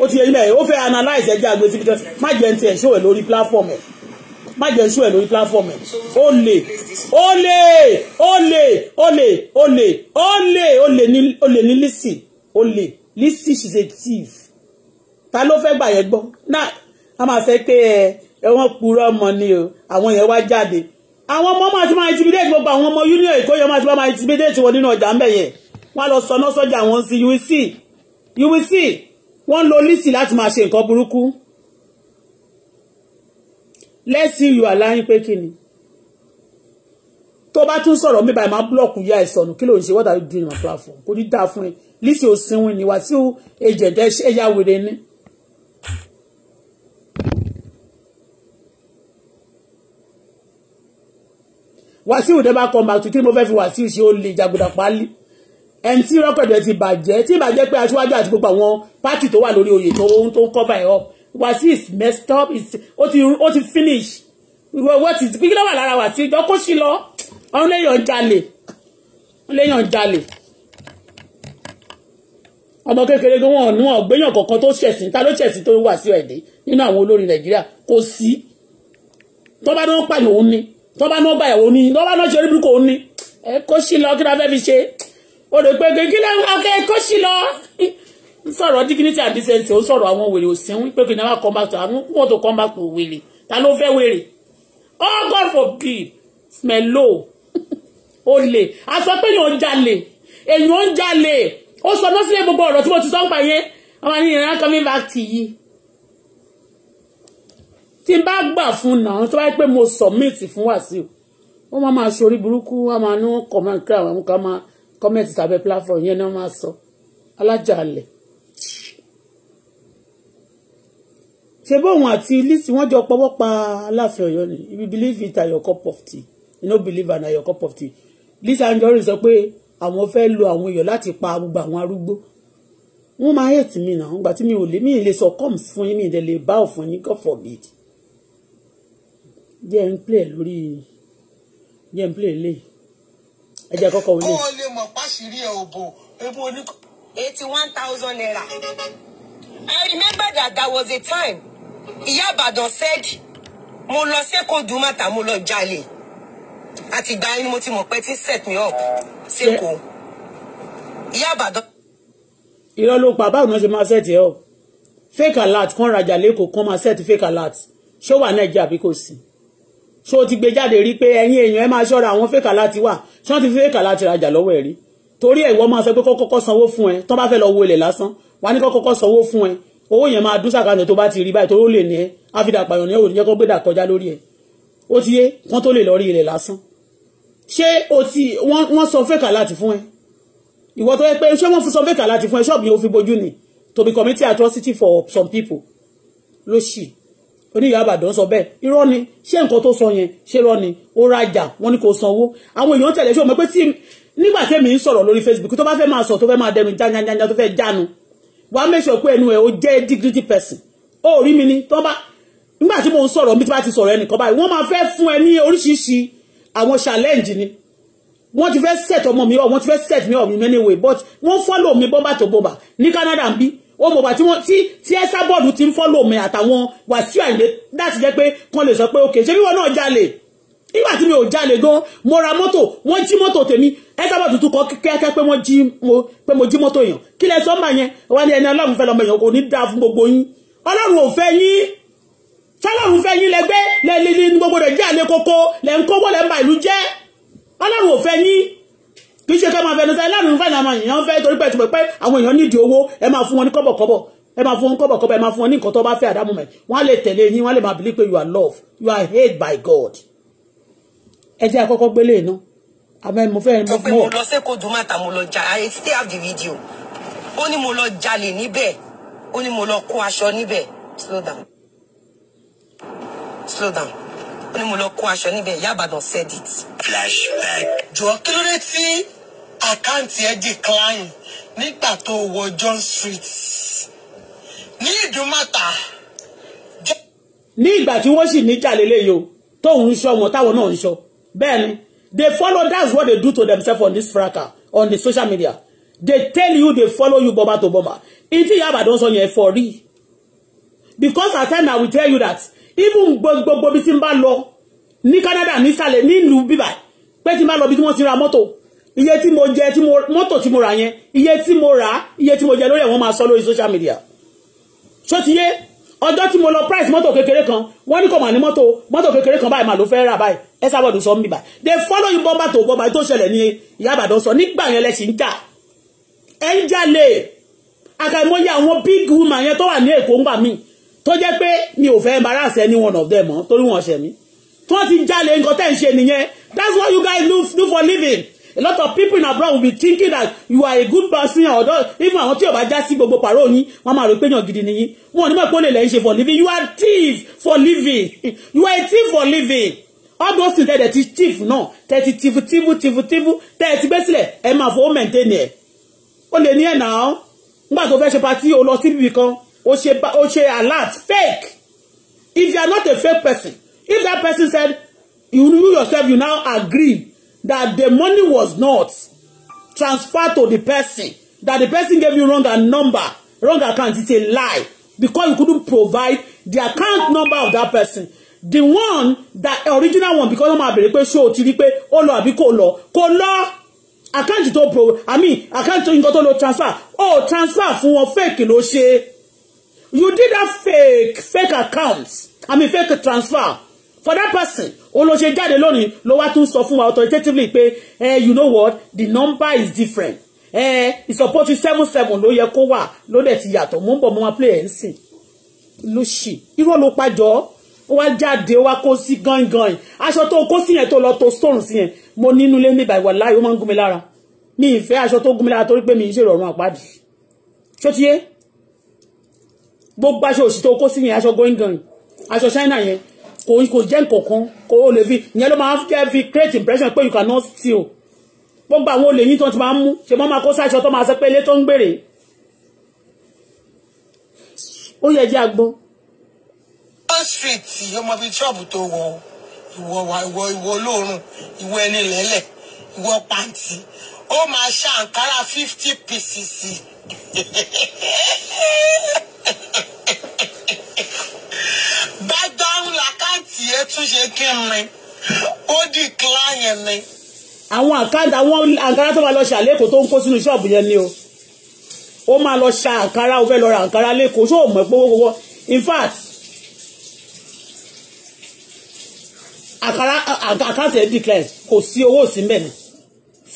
ó ti yẹ yín bẹ́ẹ̀ ó fẹ́ analyze ẹja àgbẹ̀ síbi tó má jẹ́ ní tiẹ̀ ṣó ẹ̀ lórí platform ẹ̀ má jẹ́ sú ẹ̀ lórí platform ẹ̀ ó lè ó lè ó lè ó lè ó lè ó lè ó lè ní ó lè ní Lizzy ó lè Lizzy she is a thief ta ló fẹ́ gbà yẹn gbọ́ náà a máa fẹ́ pé ẹ wọ́n purọ́ ọmọ ni o àwọn yẹn wá jáde àwọn ọmọ máa ti máa intimidate gbogbo àwọn ọmọ union èkó yẹn máa ti máa intimidate wọn nínú ọjà ńbẹ yẹn wọ́n lọ sọnà sọjà wọn sí you will see you will see wọ́n lo Lizzy láti máa ṣe nǹkan burúkú let's see you allowing pé kí ni tó bá tún sọ̀rọ̀ mi báyìí máa búlọ̀kù yá ìsọ̀nù kí ló ń ṣe what are you doing on my platform kò ní dáa fún ẹ lísì òsínwìn ni wá sí agent ẹ̀yà wèrè ni. Wàsíù dé bá come back to kí ni mo fẹ́ fi Wàsíù ṣe ó lè jàgùdà pálí ẹni tí rọ́kọ̀dù ẹ ti bàjẹ́ tí bàjẹ́ pé aṣíwájú àti gbogbo àwọn pátì tó wà lórí oyè tó ń tó ń cover ẹ̀ up Wasiu is messed up is ó ti ó ti finish ìwọ what is kí ló wà lára Wasiu ìjọ kó sí lọ ọ̀hún léèyàn jalè ọ̀hún léèyàn jalè ọmọ kékeré gan wọn ọ̀nù ọ̀gbẹ́yàn kọ̀ọ̀kan tó ṣẹ̀sìn ta ló ṣẹ̀sìn tó Wasiu ẹ̀dẹ́ nínú àwọn olórin Nàìjíríà kò sí tó bá náà pààyàn òun ni tó bá náà gbàyàwó òun ni tó bá náà ṣe orí burúkú òun ni ẹ kó sí lọ kí ló fẹ́ fi ṣe o rò pé kí ló ń kó sí lọ sọ̀rọ̀ dignity and decency ó sọ̀rọ̀ àwọn wèrè òsínwín pé kí ni wọ́n come back to àwọn kúkọ́ tó come back to wèrè ta ló fẹ́ wèrè oh God forbid smell low ó lè a sọ pé èèyàn ń jalè èèyàn ń jalè ó sọ náà sílẹ̀ gbogbo ọ̀rọ̀ tí mo ti sọ ń pa yẹn àwọn àníyàn rán coming back to yí tí n bá gbà fún náà tó bá yẹ pé mo submit fún Wàsíù wọ́n máa máa ṣorí burúkú wọ́n máa ní wọ́n kọ̀ máa ń kí àwọn àmúkà máa kọ́mẹ̀tì sábẹ́ platform yẹn náà máa sọ alájàalẹ̀ ṣe bóun àti Lizzy wọ́n jọ pọwọ́ pa Aláàfin Ọ̀yọ́ ni if you believe it are your cup of tea you no believe it are your cup of tea Lizzy Anjorin sọ pé àwọn fẹ́ lo àwọn èèyàn láti pa gbogbo àwọn arúgbó wọ́n máa hate mi náà nígbà tí mi ò lè mi lè sọ comes fún yín mi ìdẹ̀ lè bá ò fún yín God forbid jẹ́ ń play lórí jẹ́ ń play lé ẹjẹ́ kọ́kọ́ wọlé. kó o lè mọ̀ páṣírí ẹ̀ òbò ebo oníkọ́. eighty one thousand naira I remember that there was a time ìyá ìbàdàn said mo lọ sẹ́kọ̀ọ́ dùmátà mo lọ jalè àti ìgbà yẹn ni mo ti mọ̀ pé tí set me up sẹ́kọ̀ọ́ ìyá ìbàdàn. irọ́ ló pa báwo ni wọ́n ṣe máa set ẹ̀ ọ́ fake alert kan rajà lẹ́kọ̀ọ́ kan máa set fake alert ṣé ó wà nàìjíríà bí kò sí ṣé o ti gbé jáde rí pé ẹ̀yin èèyàn ẹ máa ṣọ́ra àwọn fake alert wà ṣé wọ́n ti fi fake alert rajà lọ́wọ́ ẹ̀ rí torí ẹ̀ ìwọ máa sọ pé kọ́kọ́kọ́ sanwó fún ẹ tó bá fẹ́ lọ wo ilẹ̀ lásán wà ní kọ́kọ́kọ́ sanwó fún ẹ owó yẹn máa dún sàkáàtì tó bá ti rí báyìí tó ó lè ní ẹ áfídà pààyàn ní ẹ ò ní jẹ́ kó gbé dà kọjá lórí ẹ ó ti yé kán tó lè lọ rí ilẹ̀ lásán ṣé o ti wọ́n sọ fẹ́kà láti fún ẹ ìwọ tó yẹ pé ṣé wọ́n sọ fẹ́kà láti fún ẹ ṣọ́ọ̀bù yẹn ó fi bojú ni to be committing atrocity for some people ló ṣì oníyàwó àbàdàn sọ bẹ́ẹ̀ irọ́ ni ṣé nǹkan tó sọ yẹn ṣé irọ́ ni ó rajà wọ́n ní kò sanwó àwọn èèyàn tẹ̀lé ṣé o mọ̀ pé tí nígbà tẹ́mi ń sọ̀rọ̀ lórí Facebook tó bá fẹ́ máa sọ tó fẹ́ máa dẹnu jájájájá tó fẹ́ jánu wàá make sure pé ẹnu ẹ̀ ó jẹ́ dignity person ó rí mi ni tó bá nígbà tí mo ń sọ̀rọ̀ mi tí bá ti sọ̀rọ̀ ẹnìkan báyìí wọ́n máa fẹ́ fún ẹ ní oríṣiríṣi àwọn challenge ni wọ́n ti fẹ́ set ọmọ mi up wọ́n ti fẹ́ set mi up in many way but wọ́n follow mi bọ́mbà to bọ́mbà ní Canada ń bí ó mọ̀ bá tí wọ́n tí tí ẹ́sà bọ́ọ̀dù ti ń follow mi àtàwọn Wàsíù Àyìndé láti jẹ́ pé kan lè sọ pé ok ṣé bí wọn náà Jale nígbà tí mi ò jalè gan mo ra mọ́tò wọ́n jí mọ́tò tèmi ẹ sábà tuntun kọ kẹ́kẹ́ pé wọ́n jí mo pé mo jí mọ́tò èèyàn kí lẹ sọ́mbà yẹn wọ́n ní ẹni ọlọ́run fẹ́ lọ́mọ èèyàn kò ní dáa fún gbogbo yín ọlọ́run ò fẹ́ yín tọ́lọ́run fẹ́ yín lẹgbẹ́ lẹ́ni ní gbogbo rẹ̀ jẹ́ àlẹ́ kókó lẹ́ ń kówó lẹ́ ń ba ìlú jẹ́ ọlọ́run ò fẹ́ yín kì í ṣe ká máa fẹnu sá ẹlọ́run fẹ́ làwọn èèyàn fẹ́ torí pẹ̀tù pé àwọn èèyàn nídìí owó ẹ máa fún wọn ní kọ́bọ̀kọ́bọ̀ ẹ máa fún wọn kọ́bọ̀kọ́bọ̀ ẹ máa fún wọn ní nǹkan tó bá fẹ́ àdámù mẹ́ wọ́n á lè tẹ̀lé yín wọ́n á lè máa believe pé you are loved you are hated by God ẹ jẹ́ àkọ́kọ́ gbélé iná àmọ́ mo fẹ́ mọ́. mo lọ sí kodumata mo lọ ja i still have the video ó ní mo lọ jalè níbẹ̀ ó ní mo lọ kó aṣọ níbẹ̀ slow down slow down ó ní mo lọ kó aṣọ níbẹ̀ Ìyá Ìbàdàn said it. flashback. jọ̀ọ́ kí ló dé tí àkáǹtì ẹ decline nígbà tó wọ John Street ní Ìdúmọ̀tà. ní ìgbà tí wọ́n sì ní jalè léyò tóun ń sọ wọn táwọn náà ń sọ. Ben, they follow that's what they do to themselves on this fraka on the social media they tell you they follow you bọ́bá to If you have a sọ yẹn for real because at times I will tell you that even gbogbo bí tí n bá Canada ni nílùú ni pé tí n bá lọ bí tí wọ́n ti ra mọ́tò iye tí mo jẹ tí mo mọ́tò iye tí mo iye tí mo jẹ lórí ẹ̀ wọ́n máa social media ṣó ti ọjọ́ tí mo lọ price mọ́tò kékeré kan wọ́n ní kò mà ní mọ́tò mọ́tò kékeré kan báyìí mà ló fẹ́ rà báyìí ẹ sábọ̀dù sọ mí báyìí they follow you bọ́mbà tó bọ́mbà tó ṣẹlẹ̀ ní ìyá àbàdàn sọ nígbà yẹn lẹ sì ń jà ẹ ń jalè àkàìmọye àwọn big woman yẹn tó wà ní èkó ńgbà míì tó jẹ́ pé mi ò fẹ́ embarrass any one of them mọ́ torí wọn ṣẹ̀ mí tí wọ́n ti jalè nǹkan tẹ́ ń ṣe nìyẹn that's what you guys do, do for living a lot of people in abroad will be thinking that you are a good person or not even àwọn tí ò bá já sí gbogbo pàrọ̀ yín wọ́n máa rò pé yàn gidi nìyí wọn ò ní mọ̀ pé ó lè lẹ́yìn for living you are thief for living you are a thief for living all those things tẹ́tẹ̀ ti thief náà tẹ́tí thief thief thief thief tẹ́tí gbé sílẹ̀ ẹ máa fowó maintain ẹ̀ ó lè ní ẹ̀ náà nígbà tó fẹ́ ṣe patí o lọ sí ibì kan o ṣe o ṣe alert fake if you are not a fake person if that person said you yourself you now agree that the money was not transferred to the person, that the person gave you wrong number, wrong account, it's a lie because you couldn't provide the account number of that person. The one, that original one, because wọ́n máa bèrè pé ṣé o ti rí pé ó lọ àbí kò lọ, kò lọ àkáǹtì tó pro I mean àkáǹtì nǹkan tó lọ transfer oh, transfer fún wọn fake ló ṣe you did that fake fake account I mean fake transfer for that person ó ló ṣe jáde lónìí ló wá tún sọ fún wa authoritatively pé eh, you know what the number is different eh, ìsọpọ́tù seven seven ló yẹ kó wà ló dẹ̀ ti yàtọ̀ mú ń bọ̀ mọ́ wa play ẹ̀ ń sìn lóṣì irọ́ ló pàjọ́ ó wá jáde ó wá kó sí gangan aṣọ tó kó sí yẹn tó lọ tó stone sí yẹn mo nínú lé níbà ìwà láàyè ó máa ń gún mi lára mi ìfẹ́ aṣọ tó gún mi lára torí pé mi ń ṣèrọ̀rùn àpáàdì ṣótiyé gbogbo aṣọ òṣì tó kó sí yẹn aṣọ gangan aṣọ China yẹn kò kò jẹ́ nǹkankan kò o lè fi ìyẹn ló máa fẹ́ fi create impression pé you cannot steal gbogbo àwọn olè yín tó ti máa ń mú ṣe mọ́ máa kó sáṣọ tó máa sọ pé ilé tó ń gbèrè ó yẹ jẹ́ agbọ́. wọ́n ṣètì ọmọ bíi ṣọ́ọ̀bù tó wọ ìwọ wà ìwọ ìwọ olóòórùn ìwọ ẹni lẹ́lẹ̀ ìwọ pàǹtí ó máa ṣe àǹkárá fifty pieces báàgì lórí àkáǹtì ẹ tún ṣe kí n ni ó dì client ni. àwọn àkáǹtì àwọn àǹkárá tó máa lọ ṣàlékòó tó ń kó sínú ṣọ́ọ̀bù yẹn ni o ó máa lọ ṣa àǹkárá ó fẹ́ lọ ra àǹkárá lẹ́kọ̀ọ́ ṣó o mọ̀ pé owó gbogbo in fact àkàrà àkáǹtì ẹ̀ declare kò sí owó sí mbẹ̀ ni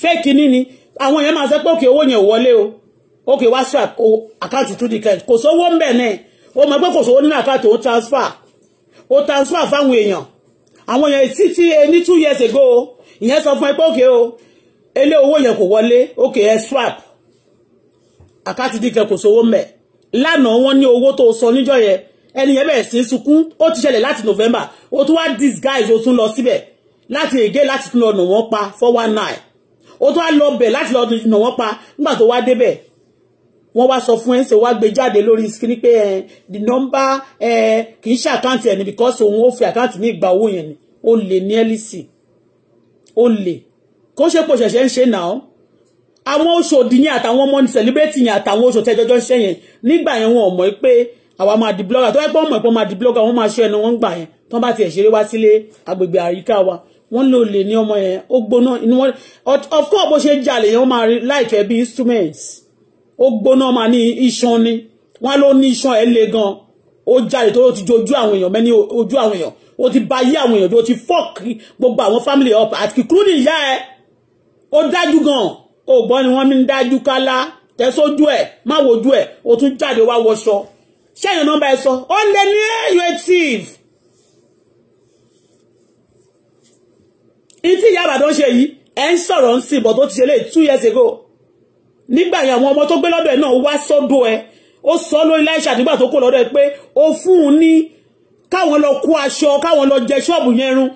fake ní ni àwọn èèyàn máa sọ pé òkè owó yẹn wọlé o òkè wá sí àkáǹtì tó declare kò sówó mbẹ̀ náà ó mọ̀ pé kò sówó nínú àkáǹtì ó transfer ó transfer fáwọn èèyàn àwọn èèyàn títí ní two years ago ìyẹn sọ fún ẹ pé òkè o elé owó yẹn kò wọlé òkè ẹ swap àkáàtì dìkẹ kò sówó mẹ lánàá wọn ní owó tó sọ níjọ́ yẹn ẹni yẹn bẹ̀rẹ̀ sí í sunkún ó ti ṣẹlẹ̀ láti November ó tún wá disguise ó tún lọ síbẹ̀ láti ègé láti tún lọ nà wọ́n pa four one nine ó tún wá lọ bẹ̀ láti lọ nà wọ́n pa nígbà tó wá débẹ̀ wọ́n wá sọ fún ẹ ṣe wá gbé jáde lórí screen pé ẹ eh, the number ẹ eh, kì í ṣe àkáǹtì ẹ ní because òun ó fi àkáǹtì mi gba owó yẹn ni ó lè ní ẹ́lísì e ó lè kó ṣe pò ṣẹ̀ṣẹ̀ ń ṣe náà àwọn oṣù òdì yẹn àtàwọn ọmọ celebrate yẹn àtàwọn oṣù tẹjọjọ ṣẹ yẹn nígbà yẹn wọn ò mọ̀ pé àwa máa di blogger tó yẹ pé wọn mọ̀ pé wọn máa di blogger wọn máa ṣe ẹnu wọn gbà yẹn tó bá tiẹ̀ ṣeré wá sílé agbègbè àríká wa wọn lò lè ní ọmọ yẹn ó gbóná inú wọn of course bó ṣe jalè yẹn wọn máa rí láìpẹ́ bí instruments ó gbóná máa ní iṣan ni wọn ló ní iṣan ẹ le gan ó jáde tó ti jojú àwọn èèyàn mẹ́ni ojú àwọn èèyàn ó ti ba yé àwọn èèyàn ó ti fọ́ọ̀k gbogbo àwọn family up àti kúrú nìyá ẹ ó dájú gan ó gbọ́ ni wọ́n mi ń dájú kálá tẹ̀sójú ẹ̀ má wojú ẹ̀ ó tún jáde wá wọṣọ ṣẹ́yìn nọ́mbà ẹ sọ ó lé ní ẹ̀yọ etíìf ìtì ìyá àbàdàn ṣe yìí ẹ̀ ń sọ̀rọ̀ ń sìn bọ̀ tó ti ṣe lé two years ago nígbà yẹn àwọn ọmọ tó gbé lọ́dọ̀ ẹ̀ náà wá sọ́dọ̀ ẹ̀ ó sọ lórí láìsà nígbà tó kó lọ́dọ̀ ẹ̀ pé ó fún un ní káwọn lọ kó aṣọ káwọn lọ jẹ ṣọ́ọ̀bù yẹn run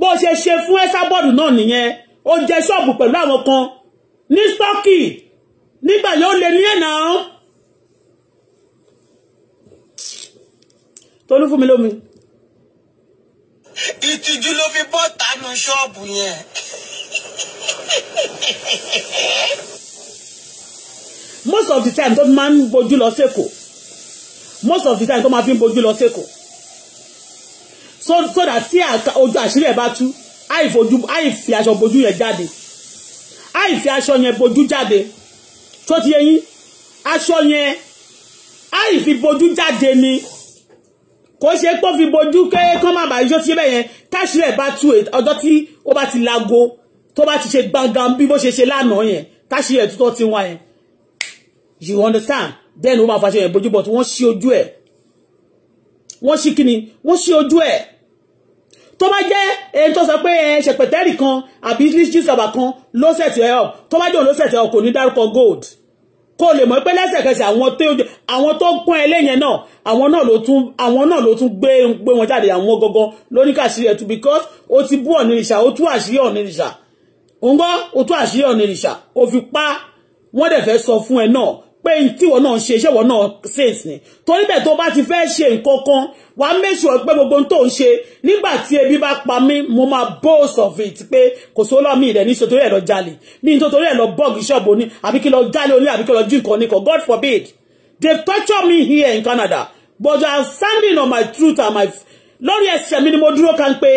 bó ṣe ṣe fún ẹ́sà bọ́ọ̀dù náà nìyẹn ó jẹ ṣọ́ọ̀bù pẹ̀lú àwọn kan ní stọ́ọ̀kì nígbà yẹn ó lè ní ẹ̀nà tolú fún mi lómi. ìtìjú ló fi bọ́ọ̀tà nu ṣọ́ọ̀bù yẹn. most of the time tó máa ń bojú lọ sẹ́kọ̀ọ́ most of the time tó máa fi ń bojú lọ sẹ́kọ̀ọ́ so so that tí ojú àṣírí ẹ̀ bá tú àìfojú àìfi aṣọ bojú yẹn jáde àìfi aṣọ yẹn bojú jáde tó ti yẹ yín aṣọ yẹn àìfi bojú jáde ni kò ṣe pọ́ fi bojú pé kán má bàá yóò ti bẹ̀ yẹn táṣìlẹ̀ bá tú ọjọ́ tí ó bá ti lago tó bá ti ṣe gbangba bí bó ṣe ṣe lánàá yẹn táṣìlẹ̀ tó ti wá yẹn you understand then ó máa faṣọ yẹn bojú but wọ́n ṣí ojú ẹ̀ wọ́n ṣí kíni wọ́n ṣí ojú ẹ̀ tó bá jẹ́ ẹni tó sọ pé ẹ ṣèpẹ̀tẹ́rì kan àbí líṣí sàbà kan ló ṣẹ̀tì ẹ̀ ọ́ tó bá jẹ́ òun ló ṣẹ̀tì ẹ̀ ọ́ kò ní dárúkọ gold kó lè mọ̀ pé lẹ́sẹ̀kẹsẹ̀ àwọn tó pọ́n ẹlẹ́yẹn náà àwọn náà ló tún àwọn náà ló tún gbé gbé wọn jáde àwọn gangan lóníkàṣírí ẹ̀tù because ó ti bú ọ̀nìrìṣà ó tú àṣírí ọ̀nìrìṣà ń gbọ́ ó tú àṣírí ọ̀nìrìṣà ó fi pa wọ́n dẹ̀ fẹ́ sọ fún ẹ náà pé tíwọ náà ṣe ṣẹ́wọ̀ náà sense ni torí bẹ́ẹ̀ tó bá ti fẹ́ ṣe nǹkan kan wà á make sure pé gbogbo tó ń ṣe nígbà tí ebi bá pa mí mo máa boast of it pé kò sówó lọ́mí rẹ̀ ní sòtórí ẹ̀ lọ jalè ní nítorí ẹ̀ lọ bọ́ọ̀gì ṣọ́ọ̀bù ni àbí kí lọ jalè oní àbí kí lọ jí nǹkan ní kan God forbid they torture me here in Canada but I am standing on my truth and my lórí ẹsẹ̀ mi ni mo dúró kan pé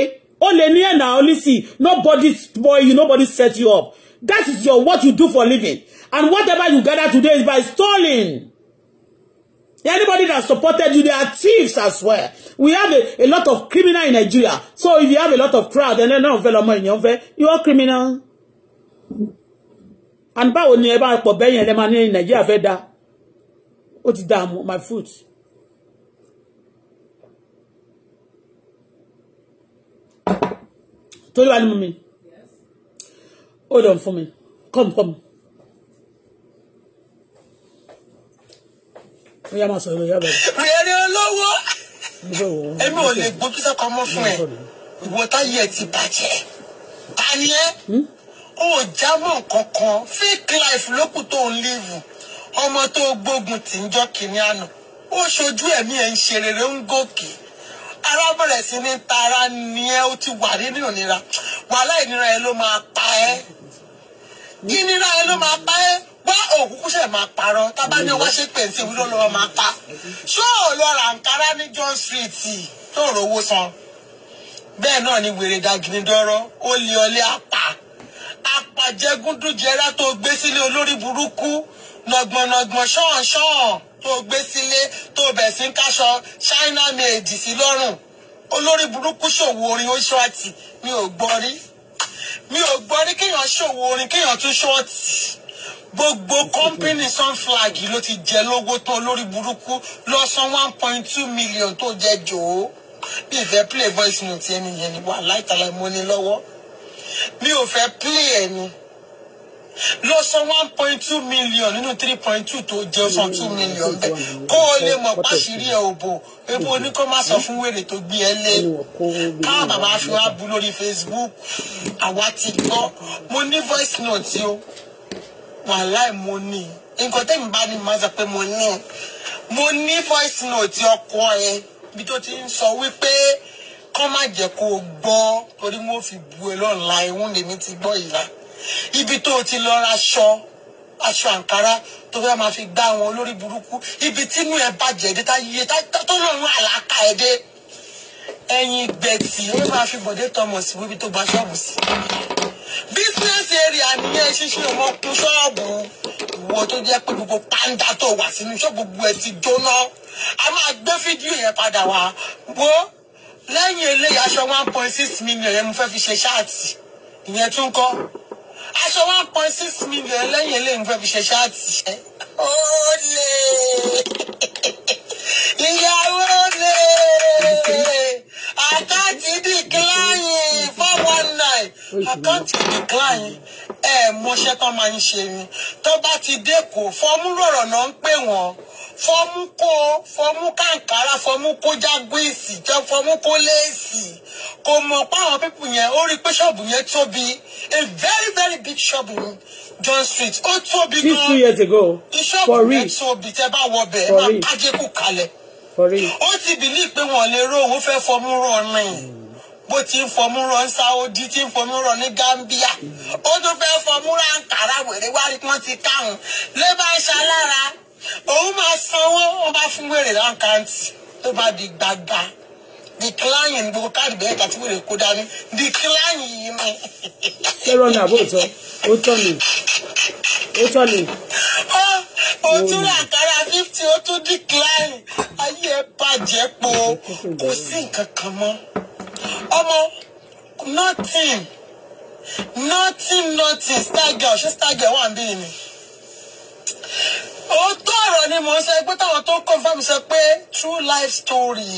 ó lè ní ẹ̀nà olùsí nobody spoil you nobody set you up That is your what you do for living. And whatever you gather today is by stealing. Anybody that supported you, they are thieves as well. We have a, a lot of criminal in Nigeria. So if you have a lot of crowd and then you are criminal. And by ni ẹ bá pọ̀ bẹ́yìn ẹlẹ́mà ní Nàìjíríà fẹ́ da? Ó ti da my foot. Tell you what, mo mi hold on for me. come come. ó yá máa sọ ìròyìn ọbẹ̀. rẹ̀ ni olówó èmi ò lè gbó písà kan mọ́ fún ẹ ìwọ táyé ẹ ti bàjẹ́ ta ni ẹ ó hmm? já mọ́ nǹkan fake life lókù tó ń léèvù ọmọ tó gbógun tì ń jọ kìnìún àná ó ṣojú ẹ̀mí ẹ̀ ń ṣe rere ń gòkè ara bẹ̀rẹ̀ sí ní tara ni ẹ ó ti wà nínú ìnira wàhálà ìnira ẹ ló máa pa ẹ́ ìnira ẹ ló máa bá ẹ wá òkúkú ṣe máa parọ́ tábà ní wá ṣe pèntì wúlò lọ́wọ́ máa pa ṣó ò lọ ra nkárá ní John Street tó rówó san bẹ́ẹ̀ náà ni wèrè dàgìnìdọ́rọ́ ó lé ọlé apá apàjẹgúndújẹrá tó gbé sílé olórí burúkú nàgbọ̀nàgbọ̀n ṣọ̀ọ̀ṣọ̀ọ̀ tó gbé sílé tó bẹ̀ sí káṣọ China made sí lọ́rùn olórí burúkú ṣòwò orin oṣù àti mi ò gbọ́ rí mi ò gbọ́ rí máa ṣòwò orin kéèyàn tún ṣọ́ọ̀tì gbogbo kọ́mpínì sunflag ló ti jẹ lówó tó lórí burúkú lọ́sàn one point two million tó jẹ jòó mi ì fẹ́ play voice note ẹni yẹn ni wà láìtàlá mo ní lọ́wọ́ mi ò fẹ́ play ẹni. E lọ san one point two million nínú three point two tó jẹ san two million bẹ́ẹ̀ kó o lè mọ̀ páṣírí ẹ̀ òbò epo oníkọ́ máa sọ fún wèrè tó gbé ẹ lé ká bàbá fi wá bu lórí Facebook àwa ti gbọ́ mo ní voice note o wàláì mo ní nǹkan tẹ́mi bá ní màá sọ pé mo ní mo ní voice note ọkọ ẹ bí tó ti ń sọ wípé kọ́ má jẹ́ kó o gbọ́ torí mo fi bu ẹ lọ́nà láì lèmi ti gbọ́ ìlà ibi tó o ti lọ ra aṣọ aṣọ àǹkárá tó fẹ́ máa fi gbá wọn olórí burúkú ibi tínú ẹ bàjẹ́ dé tá yíyẹ tó lọ́run àlàkà ẹ dé ẹ̀yin gbẹ̀tì ó máa fi bọ̀dé thomas wíbi tó gba ṣọ́ọ̀bù sí business area nìyẹn ṣíṣe ọmọ kún ṣọ́ọ̀bù ìwọ tó jẹ́ pé gbogbo pàǹdà tó wà sínú ṣọ́ọ̀bù gbogbo ẹ̀ ti jóná a máa gbé fídíò yẹn padà wá wo lẹ́yìn eléyìí aṣọ one point six million yẹn mo fẹ́ fi ṣe ṣáàtì ìyẹn tún kọ́ aṣọ one point six million lẹ́yìn eléyìí mo fi ṣe ṣáàtì ó lè ìyàwó lè àkáǹtì decline four one nine àkáǹtì decline ẹ mọṣẹ́ tán máa ń ṣe ni tó bá ti dẹ́kọ̀ fọ́ọ̀mù rọ̀rọ̀ náà ń pè wọ́n fọ́ọ̀mù kó fọ́ọ̀mù kàǹkárá fọ́ọ̀mù kó jágbèsì jẹ́ fọ́ọ̀mù kó léèsì kò mọ̀ páwọn pípù yẹn ó rí pé ṣọ́ọ̀bù yẹn tóbi a very very big shop in John Street ó tóbi gan-an ìṣọ́ọ̀bù yẹn tóbi tẹ́ bá wọ bẹ́ẹ̀ máa kájẹ́kù kalẹ̀ ó ti bìlí pé wọn lè ró òun fẹ́ fọmú rọ rìn bó ti ń fọmú rọ ní Saudi ti ń fọmú rọ ní Gambia ó tún fẹ́ fọmú rọ Ankara wèrè wá rí wọn ti káwọn lè bá ń ṣalára òun máa sanwó ó bá fún wèrè láǹkàntì tó bá di gbagba decline ní gbogbo káàdì bẹ́ẹ̀ kàtí wèrè kó dání decline yìí mi. kẹ́rọ ní àbó òtọ́ ó tọ́ mi ó tọ́ mi. ó tún ra àkàrà fifty ó tún decline ayé ẹ bàjẹ́ po kò sí nǹkan kan mọ́ ọmọ nothing nothing nothing star girl ṣé star girl wà ń bí mi òótọ́ ọ̀rọ̀ ni mò ń sọ pé táwọn confirm sọ pé true life story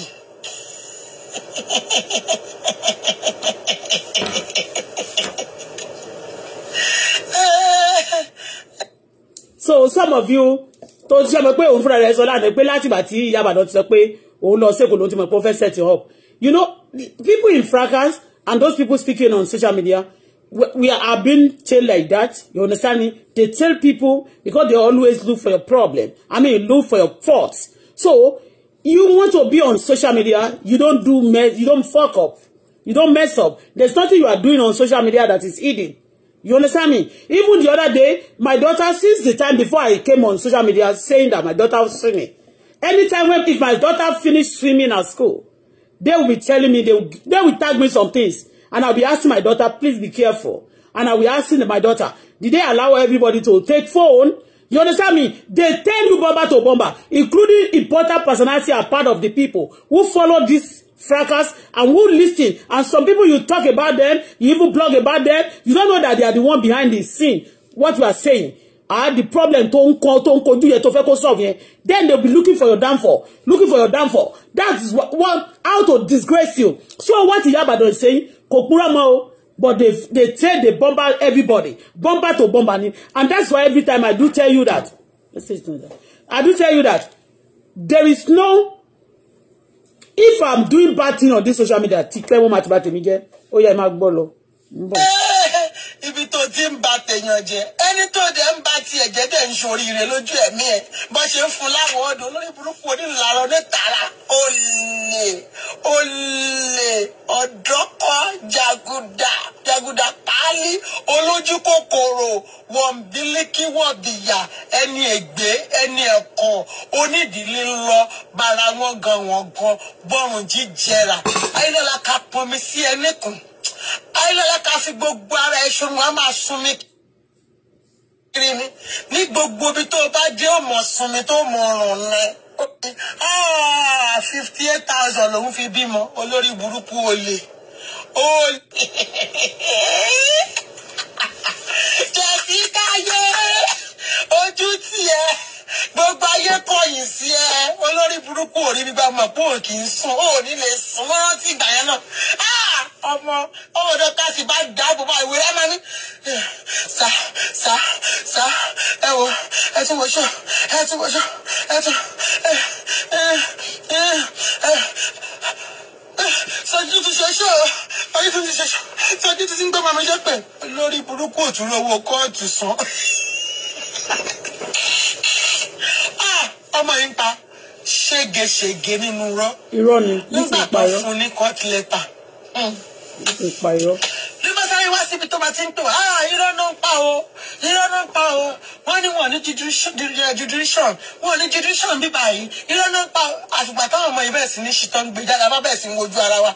so some of you tó ti sọmọ pé òun fúnra rẹ̀ sọ lánàá pé láti ìgbà tí ìyá àbàdàn ti sọ pé òun lọ sẹ́kọ̀ọ́ ló ti mọ̀ pé ó fẹ́ set it up you know people in fracas and those people speaking on social media we, we are being tailed like that you understand me they tell people because they always look for your problem i mean look for your fault so you want to be on social media you don't do mess you don't fuck up you don't mess up there's nothing you are doing on social media that is hidden you understand me even the other day my daughter since the time before I came on social media saying that my daughter was swimming anytime when if my daughter finish swimming at school they will be telling me they will, they will tag me some things and I'll be asking my daughter please be careful and I'll be asking my daughter did they allow everybody to take phone You understand me? They tell you bomber to bomber, including important personality are part of the people who follow this fracas and who listen. And some people you talk about them, you even blog about them, you don't know that they are the one behind the scene. What you are saying. Ah, the problem to ń kọ tó ń kojú yẹn tó fẹ́ kó solve yẹn. Then they'll be looking for your downfall, looking for your downfall. That is what, what how to disgrace you. So what Ìyá Ìbàdàn is saying, kò purọ́ But they, they tell they bomber everybody. Bomber to bomber. And that's why every time I do tell you that. Message to that. I do tell you that. There is no. If I'm doing bad thing on this social media, tí pé wọ́n máa ti bà tèmi jẹ́, ó yá ẹ ibi tó ti ń ba tèèyàn jẹ ẹni tó dẹ̀ ń ba tiẹ̀ jẹ́ dẹ̀ ń ṣoríire lójú ẹ̀mí ẹ̀ bá ṣe ń fún láwọn ọdún olórí burúkú onílànà onítara olè olè ọ̀dọ́kọ jàgùdà jàgùdà páálí olójú kòkòrò wọ̀nbílíkì wọ̀bìyà ẹni ègbé ẹni ẹ̀kọ́ onídìílé lọ bara wọn gan wọn gan bọ́rùn jíjẹra ayélujára ká pọnmi sí ẹnìkan ayélujára ká fi gbogbo ara ẹ ṣòro wọn máa sun mi kiri ni ní gbogbo ibi tó o bá dé ó mọ̀ sun mi tó mọ̀ ọ̀rùn ni ah, fifty eight thousand lòún fi bímọ olórí burúkú olè olè jẹ̀síkáyé ojú tiẹ̀ gbogbo ayé kọ̀yìn sí ẹ olórí burúkú òrí gbígbà mọ̀ pé òun kì í sùn ó ní lè sùn wọ́n rántí ìgbà yẹn náà ah! ọmọ ọmọdé káàsì bá dáàbò bá ìwé rẹ máa ní sá sá sá ẹ wo ẹ tún wọṣọ ẹ tún wọṣọ ẹ tún sọjú ti ṣoṣọ ọyún ti ṣoṣọ sọjú ti ń gbé màmá ṣẹpẹ lórí burúkú òtún lówó kóòtù sàn. ọmọ yìí ń pa ṣégeṣége nínú rọ irọ́ ni nígbà tó fún ní court letter. Hmm. nígbà sáré wá síbi tó bá ti ń tò á ah, irọ́ ló ń pa o irọ́ ló ń pa o wọ́n ní wọ́n ní judicial wọ́n ní judicial bíbá yìí irọ́ ló ń pa àtùgbà táwọn ọmọ yìí bẹ̀rẹ̀ sí ní ṣìtọ́ ń gbé jáde bá bẹ̀rẹ̀ sí ní wojú ara wa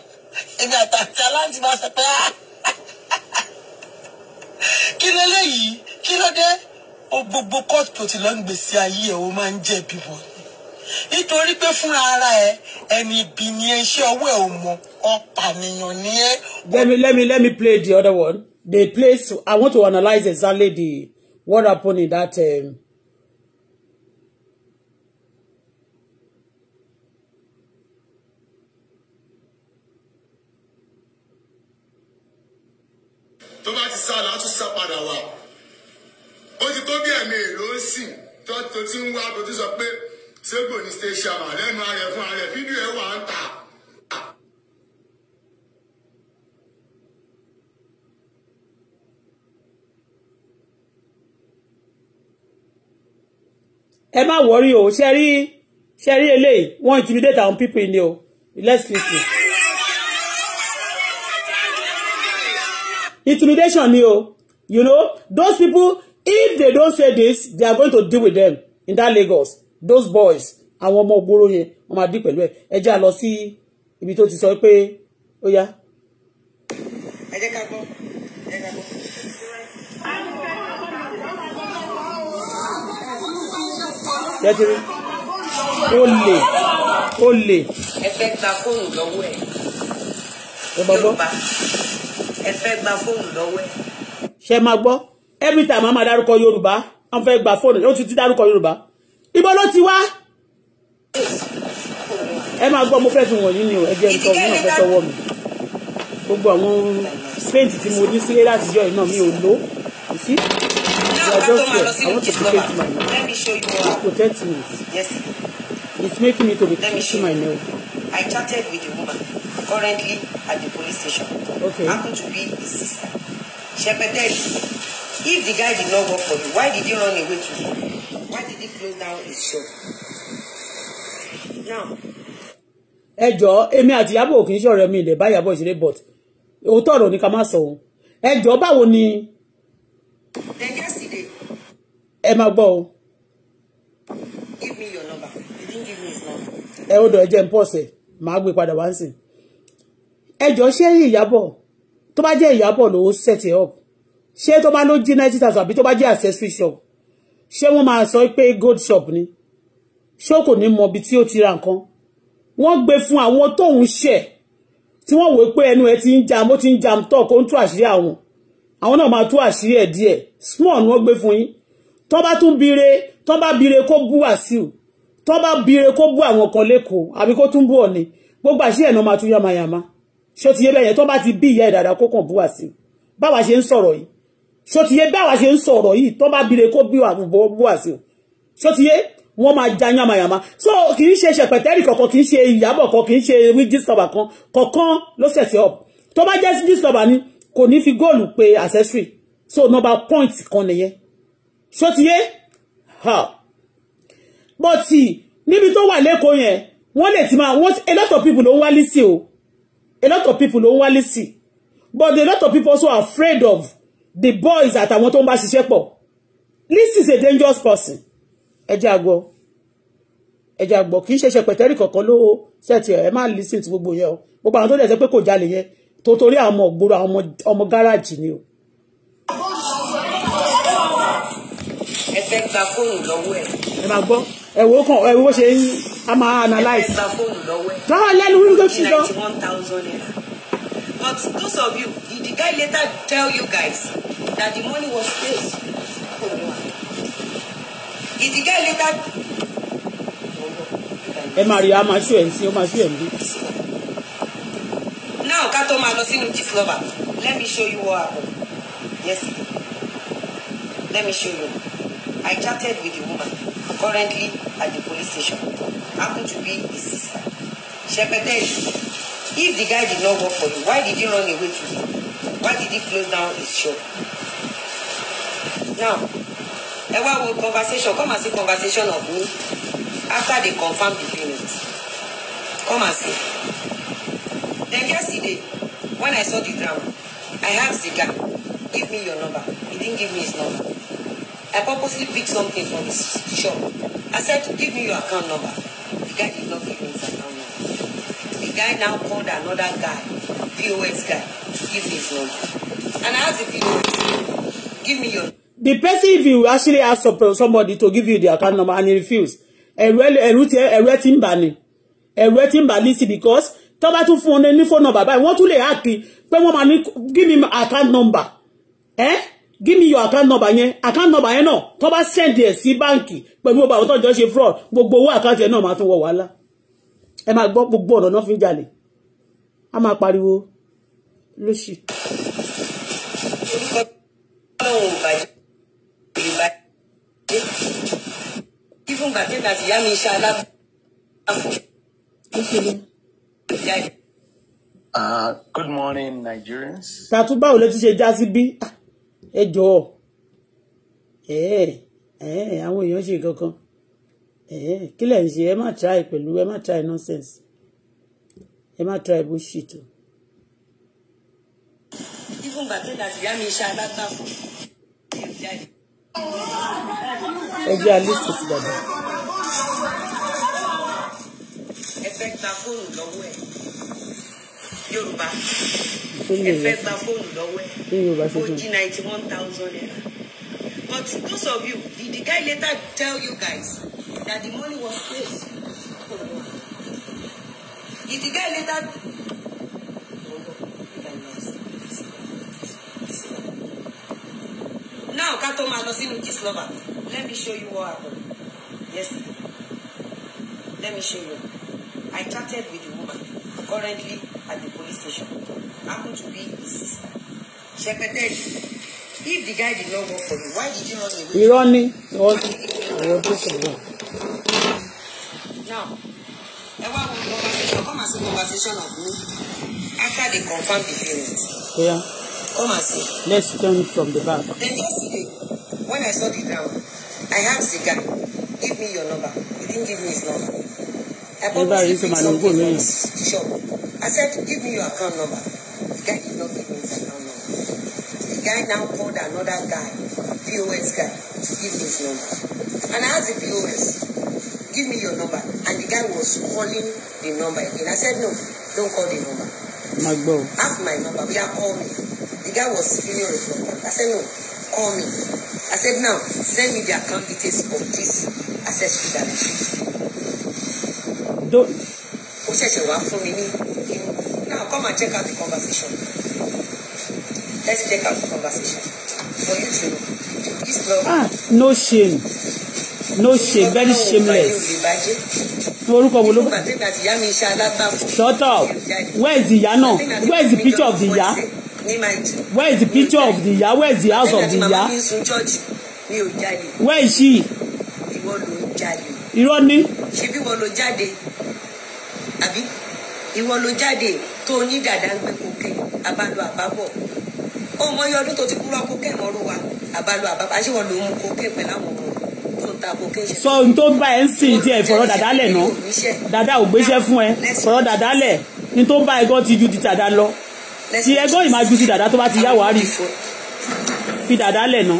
èmi àtàtì aláǹtí máa sọ ah, kí lélẹ́yìí kí ló o gbogbo kóòtù tó lọ ń gbèsè ayé ẹ o máa ń jẹ̀bi wọn nítorí pé fúnra ara ẹ ẹni ibi ni ẹ iṣẹ́ ọwọ́ ẹ ò mọ ọ̀pànìyàn ni ẹ. let me let me let me play the other one the place i want to analyse exactly the what happened in that. Um, tó bá ti sá lọ sá padà wá ó ti tó bí ẹ̀mí èrò ń sìn tó ti ń wá tó ti sọ pé ségbò ní station wà lẹ́nu ààrẹ fún ààrẹ fídíò ẹ̀ wà ń tà. ẹ má wọrí o ṣe rí ṣe rí eléyìí wọ́n intimidate àwọn people ni o let's listen. intimidation ni o you know those people if they don't say this they are going to deal with them in that Lagos those boys àwọn ọmọ ògbóró yẹn wọ́n máa dín pẹ̀lú ẹ̀ ẹ já lọ sí ibi tó ti sọ pé ó yá. ẹ jẹ́ ká gbọ́ ẹ jẹ́ ká gbọ́. jẹ́tìrí ó lè ó lè. ẹ fẹ́ gba fóònù lọ́wọ́ ẹ̀. ẹ máa gbọ́. ẹ fẹ́ gba fóònù lọ́wọ́ ẹ̀. ṣé máa gbọ́ every time a máa dárúkọ yorùbá wọn fẹ́ gba fóònù ó ti ti dárúkọ yorùbá ibo ló ti wá ẹ máa gbọ́ mo fẹ́ fi wọ̀nyí ni o ẹ jẹ́ nǹkan mi náà fẹ́ tọwọ́ mi gbogbo àwọn paint tí mo ní sílé látijọ́ yìí náà mi ò lò kò sí ọjọ́ sẹ̀ àwọn tó fi paint my nail protect me Yes. it's making me to be touching my nail. I chatted with the woman currently at the police station. Okay. Happen to be his sister. Shepetel, if the guy did not work for you, why did he run away to you? Why did he close down his shop? Now. ẹjọ eme àti Ìyábọ̀ kì í ṣọ̀rẹ́ mi ilẹ̀ bá Ìyábọ̀ ṣeré but ni ká má sọ ni. Ẹ Give me your number. You give me his number. Ẹ ó dọ̀ ẹ jẹ́ pọ̀ sẹ̀, màá gbé padà wá tó bá jẹ́ Ìyábọ̀ ló set it up ṣé tó bá ló jí ninety thousand àbí tó bá jẹ́ accessory shop ṣé wọ́n máa sọ pé gold shop ni ṣé kò ní mọ ibi tí ó ti ra nǹkan wọ́n gbé fún àwọn tóun ṣẹ̀ tí wọ́n wò pé ẹnu ẹ ti ń jam ó ti ń jam tọ́ kó ń tú àṣírí àwọn àwọn náà máa tú àṣírí ẹ̀ small ni wọ́n gbé fún yín tó bá tún bire tó bá bire kó bú Wàsíù tó bá bire kó bú àwọn kan lẹ́kọ̀ọ́ àbí kó tún bú Ọ̀ọ̀ni gbogbo àṣírí ẹ̀ náà máa tún yàmàyàmá ṣó ti yé bẹ́ẹ̀ yẹn tó bá ti bí ìyá ẹ̀ dáadáa kó kàn bú wá sí báwa ṣe ń sọ̀rọ̀ yìí ṣó ti yé báwa ṣe ń sọ̀rọ̀ yìí tó bá bire kó bí wà bú wá sí ṣó ti yé wọ́n máa ja yàmàyàmà so kì í ṣe ṣẹ̀pẹ̀tẹ́rì kankan kì í ṣe ìyàbọ̀ kan kì í ṣe wíjísọ̀bà kan kankan ló ṣẹ̀tì up tó bá jẹ́ wíjísọ̀bà ni kò ní fi góòlù pe accessory so number point kan nìyẹn ṣó ti yé ha bọ́tì níbi tó wà lẹ́kọ̀ọ́ yẹn wọ́n lè ti máa wọ́n a lot of people ló ń wá lísì o a lot of people don't want to see, but a lot of people also are afraid of the boys that tó ń to ṣiṣẹ́ pọ̀ this is a dangerous person ẹ jẹ́ àgbọ̀ ẹ jẹ́ àgbọ̀ kì í ṣe ṣe pẹ̀tẹ́rì kankan ló ṣẹ̀tì listen to gbogbo yẹn o gbogbo àwọn tó dẹ̀ sẹ́ pé kò jalè yẹn tó torí àwọn ọ̀gbọ́rọ̀ àwọn ni o ẹ máa gbọ́ ẹ̀wọ́ kan ẹ̀wọ́ ṣe ń a máa analyse. ẹ fóònù lọ́wọ́ ẹ̀. lẹ́nu wíwí ṣùgbọ́. but those of you the, the guy later tell you guys that the money was paid for the guy later. ẹ máa rí i a máa ṣú ẹ̀ ń sí ó máa ṣú ẹ̀ ń bí. now ká tó máa lọ sínú chief lover let me show you what happened yesterday let me show you. I chatted with the woman currently at the police station. Happened to be his sister. Shepetesh, if the guy did not work for you, why did he run away from you? Why did he close down his shop? Now, ẹ wá conversation come and see conversation of me after they confirm the payment. Come and see. Then yesterday, when I saw the drama, I asked the guy, give me your number. He didn't give me his number. I purposely picked something from the shop. I said, give me your account number. The guy did not give me his account number. The guy now called another guy, POS guy, give me his number. And I asked the POS, give me your... The person, if you actually ask somebody to give you the account number and he refused, a ti ń bà ní ẹ̀rú ti ń bà ní sí because tó bá phone any phone number but I want to hákì pé wọ́n máa ní give me account number. Eh? give me your account number yẹn account number yẹn náà tó bá send ẹ̀ sí báǹkì pẹ̀lú gbogbo àwọn to jọ ṣe fraud gbogbo owó account ẹ̀ náà máa tún wọ wàhálà ẹ máa gbọ́ gbogbo ọ̀nà náà fi ń jalè a máa pariwo lóṣì. fúngbà ah, tí Good morning Nigerians. tàtúbà ò lè ti ṣe já ẹ jọ̀ọ́ àwọn èèyàn ṣe kankan kí lẹ̀ ń ṣe ẹ má try pẹ̀lú ẹ má try nonsense ẹ má try bullshit o. even gbàgbé láti yá mi iṣẹ́ alágbá fún ẹ jẹ́ alísì sí bàbá. ẹ fẹ́ ta fóònù lọ́wọ́ ẹ̀ yorùbá ẹ fẹ́ gba fóònù lọ́wọ́ ẹ̀ ninety one thousand but those of you did the guy later tell you guys that the money was placed did the guy later. now ká tó máa lọ sínú gist lover let me show you what happened yesterday let me show you i chatted with the woman currently police station happened to be his sister if the guy did not work for you why did you run away. irọ́ ni wọ́n wọ́n now ẹ conversation come and see conversation of me after they confirm the parents. Yeah. come and see. let's turn from the back. then yesterday when i saw the town i asked the guy give me your number he didn't give me his number. i purposely bring something from his shop. I said, give me your account number. The guy did not give me his account number. The guy now called another guy, POS guy, to give me his number. And I asked the POS, give me your number. And the guy was calling the number again. I said, no, don't call the number. My bro. Have my number. We are calling. The guy was feeling reluctant. I said, no, call me. I said, now, send me the account details of this access to that. Don't. Ó ṣẹ̀ṣẹ̀ wá fún mi ní come and check out the conversation. Let's check out the conversation for you to know. This love. Ah, no shame. No shame, very shameless. Orúkọ wo ló bá? Shut Where is the ìyá náà? Where is the picture of the ìyá? Where is the picture of the ìyá? Where is the house of the ìyá? Where is she? Irọ́ ni. Ṣé bí wọ́n lo jáde? Àbí? Ìwọ lo jáde tó ní dàda ń gbé kókè abalo àbábọ̀ ọmọ yọ ọdún tó ti kúrò kókè mọ́rọ̀ wa abalo àbábọ̀ àṣewọ̀n ló mú kókè pẹ̀lú àwọn ọmọ tó ta kókè. sọ ohun tó bá ẹ ń sìn tí ẹ fọ̀rọ̀ dàda lẹ̀ ná dàda ò gbéṣẹ́ fún ẹ fọ̀rọ̀ dàda lẹ̀ ní tó bá ẹgọ́ ti ju ti dàda lọ ti ẹgọ́ ìmáa ju ti dàda tó bá ti yá wàá rí fi dàda lẹ̀ ná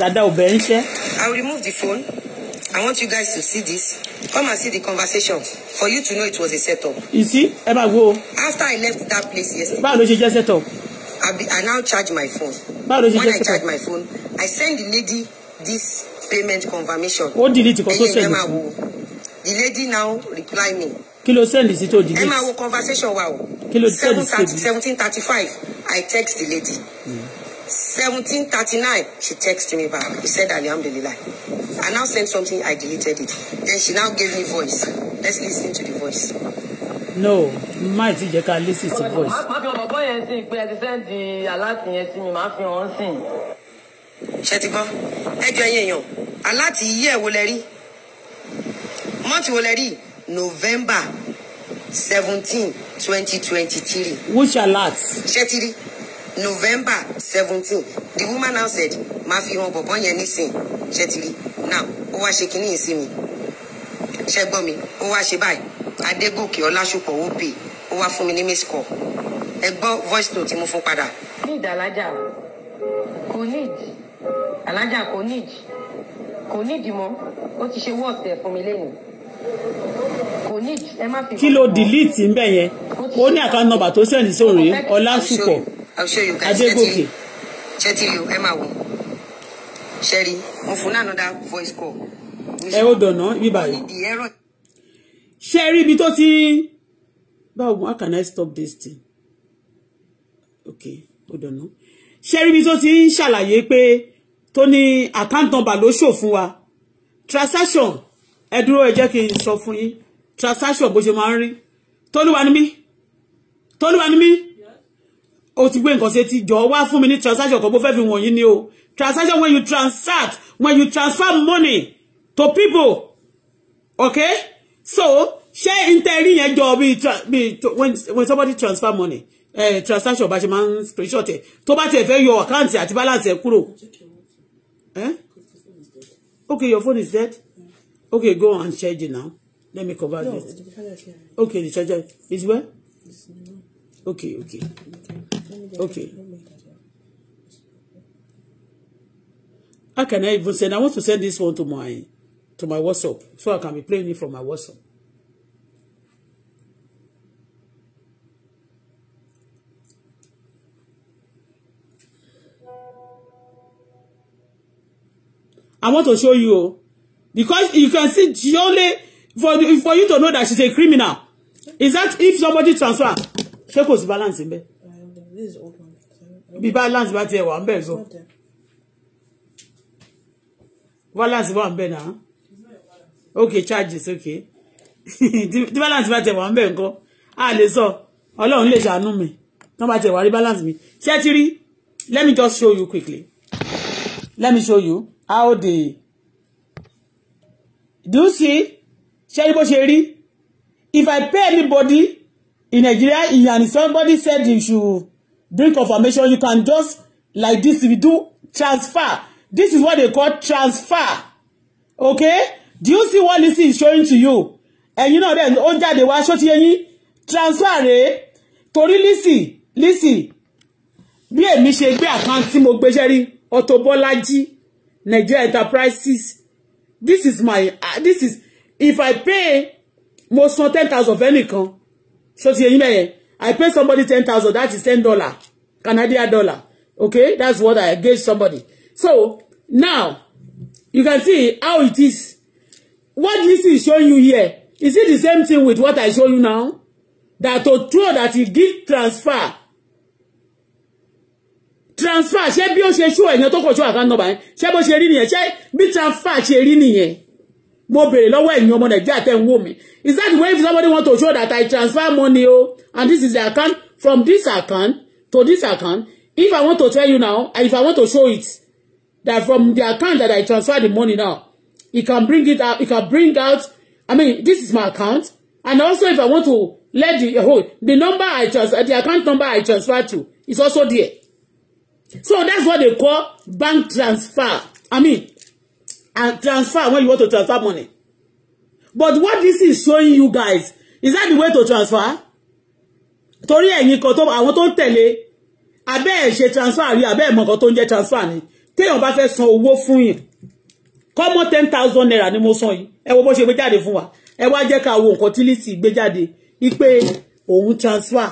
dàda ò bẹ̀ ń ṣẹ́. I will remove the phone. I want you guys to see this. Come and see the conversation for you to know it was a setup. You see, Emma. máa After I left that place yesterday. Báwo ló ṣe jẹ́ setup? I be I now charge my phone. Báwo ló ṣe jẹ́ setup? When I charge my phone, I send the lady this payment confirmation. What did it? tó The lady now reply me. Kí ló send sí all. delete? Ẹ conversation Wow. o. Kí send sí? Seventeen thirty five, I text the lady. Mm. 1739. she texted me back She said alhamdulillah i now sent something i deleted it then she now gave me voice let's listen to the voice. no my ti can listen to voice. má fi ọmọ bọ́ yẹn sí pé ẹ ti sẹ́ǹdì aláàtì yẹn sí mi má fi hàn sí. ṣe ti gbọ́ ẹ jọ ẹyin èèyàn aláàtì yí november 17, 2023. which alert. ṣé ti November 17 the woman now said máa fi hàn bọ̀bọ̀ yẹn nísìn ṣe ti rí now ó wá ṣe kínní sí mi She gbọ́ mi ó wá ṣe báyìí Adégòkè Ọlásùpọ̀ ó Who are wá fún mi miss call ẹ gbọ́ voice note tí mo fún padà. ní ìdálájà kò níjì alájà kò níjì You nídìí What ó ti there wọ́ọ̀sì ẹ̀ fún mi lẹ́nu kò níjì ẹ má fi. kí ló delete ń bẹ̀ yẹn ó ní àkáǹtì nọ́mbà tó sẹ́ndì sóòrè Ọlásùpọ̀. I'll show you guys. Adégòkè. Ṣẹ́tì yóò Emma. máa wọ̀. Ṣẹ́rí, mo another voice call. Eh, hold on, no, yìí. Ṣé rí ibi tó ti how can I stop this thing? Okay, hold on, no. Sherry, be toti. ti ń ṣàlàyé pé tó ní account number ló ṣò fún Transaction ẹ dúró ẹ jẹ́ kí n Transaction bó ṣe máa ń rí. Tolúwa ni mí. Tolúwa ni mí o ti gbé nǹkan ṣe ti jọ wá fún mi ní transaction kan bó fẹ́ fi wọ̀nyí ni o transaction when you transact when you transfer money to people okay so ṣé ntẹ̀rí yẹn jọ bí bí when somebody transfer money eh, transaction bá ṣe máa ń screenshot ẹ̀ tó bá tiẹ̀ fẹ́ yọ àkáǹtì àti balance ẹ̀ kúrò eh? okay your phone is dead okay go and charge it now let me cover no, this okay the charger is where okay okay okay how can I even send I want to send this one to my to my WhatsApp so I can be playing it from my WhatsApp. I want to show you oh. because you can see Jiole for for you to know that she's a criminal. Is that if somebody transfer ṣé kò sí balance ń bẹ bí balance bá tiẹ̀ wà ń bẹ sọ balance wà ń bẹ náà okay charges okay tí balance bá tiẹ̀ wà ń bẹ nǹkan a lè sọ ọlọ́run lè ṣàánú mi tán bá tiẹ̀ wà rí balance mi ṣé ti rí let me just show you quickly let me show you how the do you see ṣé bó ṣe rí if I pay anybody in Nigeria and somebody said you should bring confirmation you can just like this if you do transfer this is what they call transfer okay do you see what Lizzy is showing to you And you know ó jáde wá they were yẹ yín transfer eh? Tori Lizzy Lizzy bí èmi ṣe gbé àkáǹtì tí mo gbéṣẹ́ rí Auto Nigeria Enterprises this is my uh, this is if I pay mo san ten thousand fẹ́nìkan so ti ẹ̀yin eh, i pay somebody ten thousand. that is ten dollar canadian dollar okay that's what i gave somebody so now you can see how it is what this is showing you here is it the same thing with what i show you now that to throw that you give transfer transfer ṣé bí ó ṣe ṣó ẹ̀yàn tó kọ̀ ṣó àkáńtọ̀ báyìí ṣé bó ṣe rí nìyẹn ṣé bí transfer she rí nìyẹn mo béèrè lọ́wọ́ ẹ̀yin ọmọ nàìjíríà tẹ́ ń wò mí is that the way if somebody want to show that i transfer money o oh, and this is the account from this account to this account if i want to tell you now if i want to show it that from the account that i transfer the money now e can bring it out e can bring out i mean this is my account and also if i want to let the hold oh, the number i transfer the account number i transfer to is also there so that's what they call bank transfer i mean and transfer when you want to transfer money. But what this is showing you guys, is that the way to transfer? Torí ẹ̀yin kan tó àwọn tó ń tẹ̀lé abẹ́ ẹ̀ ṣe transfer rí abẹ́ ẹ̀ mọ̀ kan tó ń jẹ́ transfer ni téèyàn bá fẹ́ san owó fún yín kọ́mọ́ ten thousand naira ni mo san yìí ẹ wo bó ṣe gbé jáde fún wa ẹ wá jẹ́ ká wo nǹkan tí lítì gbé jáde wípé òun transfer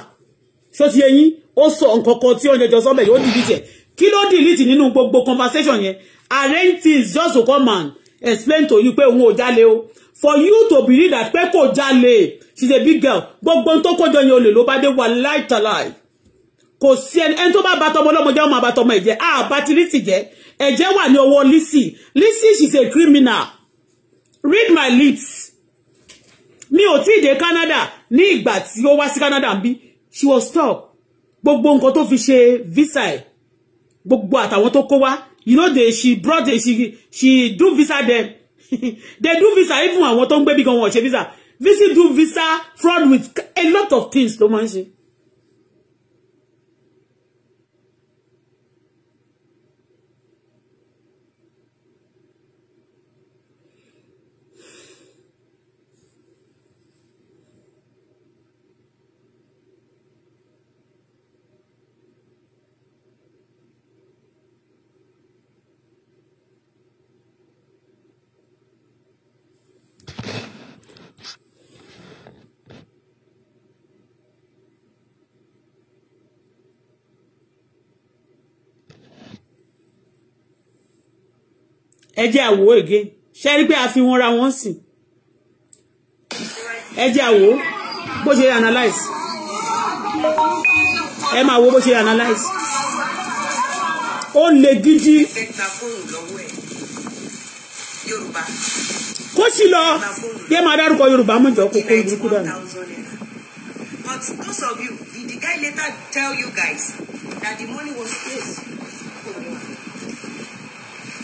ṣó ti yẹyin ó sọ nǹkan kan tí ọ̀yẹ́jọ sọ́bẹ̀ yóò dìlítì ẹ̀ kí ló dìlítì nínú gbogbo conversation yẹn arrange things just to come and explain to you pé òun ò jalè o for you to believe that pé kò jalè she's a big girl gbogbo tó kójọ yẹn olè ló bá dé wà láìtàláì kò sí ẹni ẹni tó bá bá tọmọ ọlọ́mọ jẹ́ ọmọ àbátọmọ ẹ̀jẹ̀ àbátí lísì jẹ́ ẹ̀jẹ̀ wà ní ọwọ́ lísì lísì she's a criminal read my lips mi ò tí ì dé Canada ní ìgbà tí ó wá sí Canada ń bí she was stop gbogbo nǹkan tó fi ṣe visa ẹ̀ gbogbo àtàwọn tó kó wá you know they she brought they, she she do visa them they do visa even when tó baby gbé watch a visa visa do visa fraud with a lot of things ló máa ń ẹ jẹ́ àwò ègé ṣe rí pé a fi wọn ra wọn sìn ẹ jẹ́ àwò bó ṣe analyze ẹ máa wo bó ṣe analyze ó le gidi kó sì lọ bí ẹ máa dárúkọ yorùbá mú ìjọ kókó ìbúrúkú dànù. But those of you, did the guy later tell you guys that the money was placed?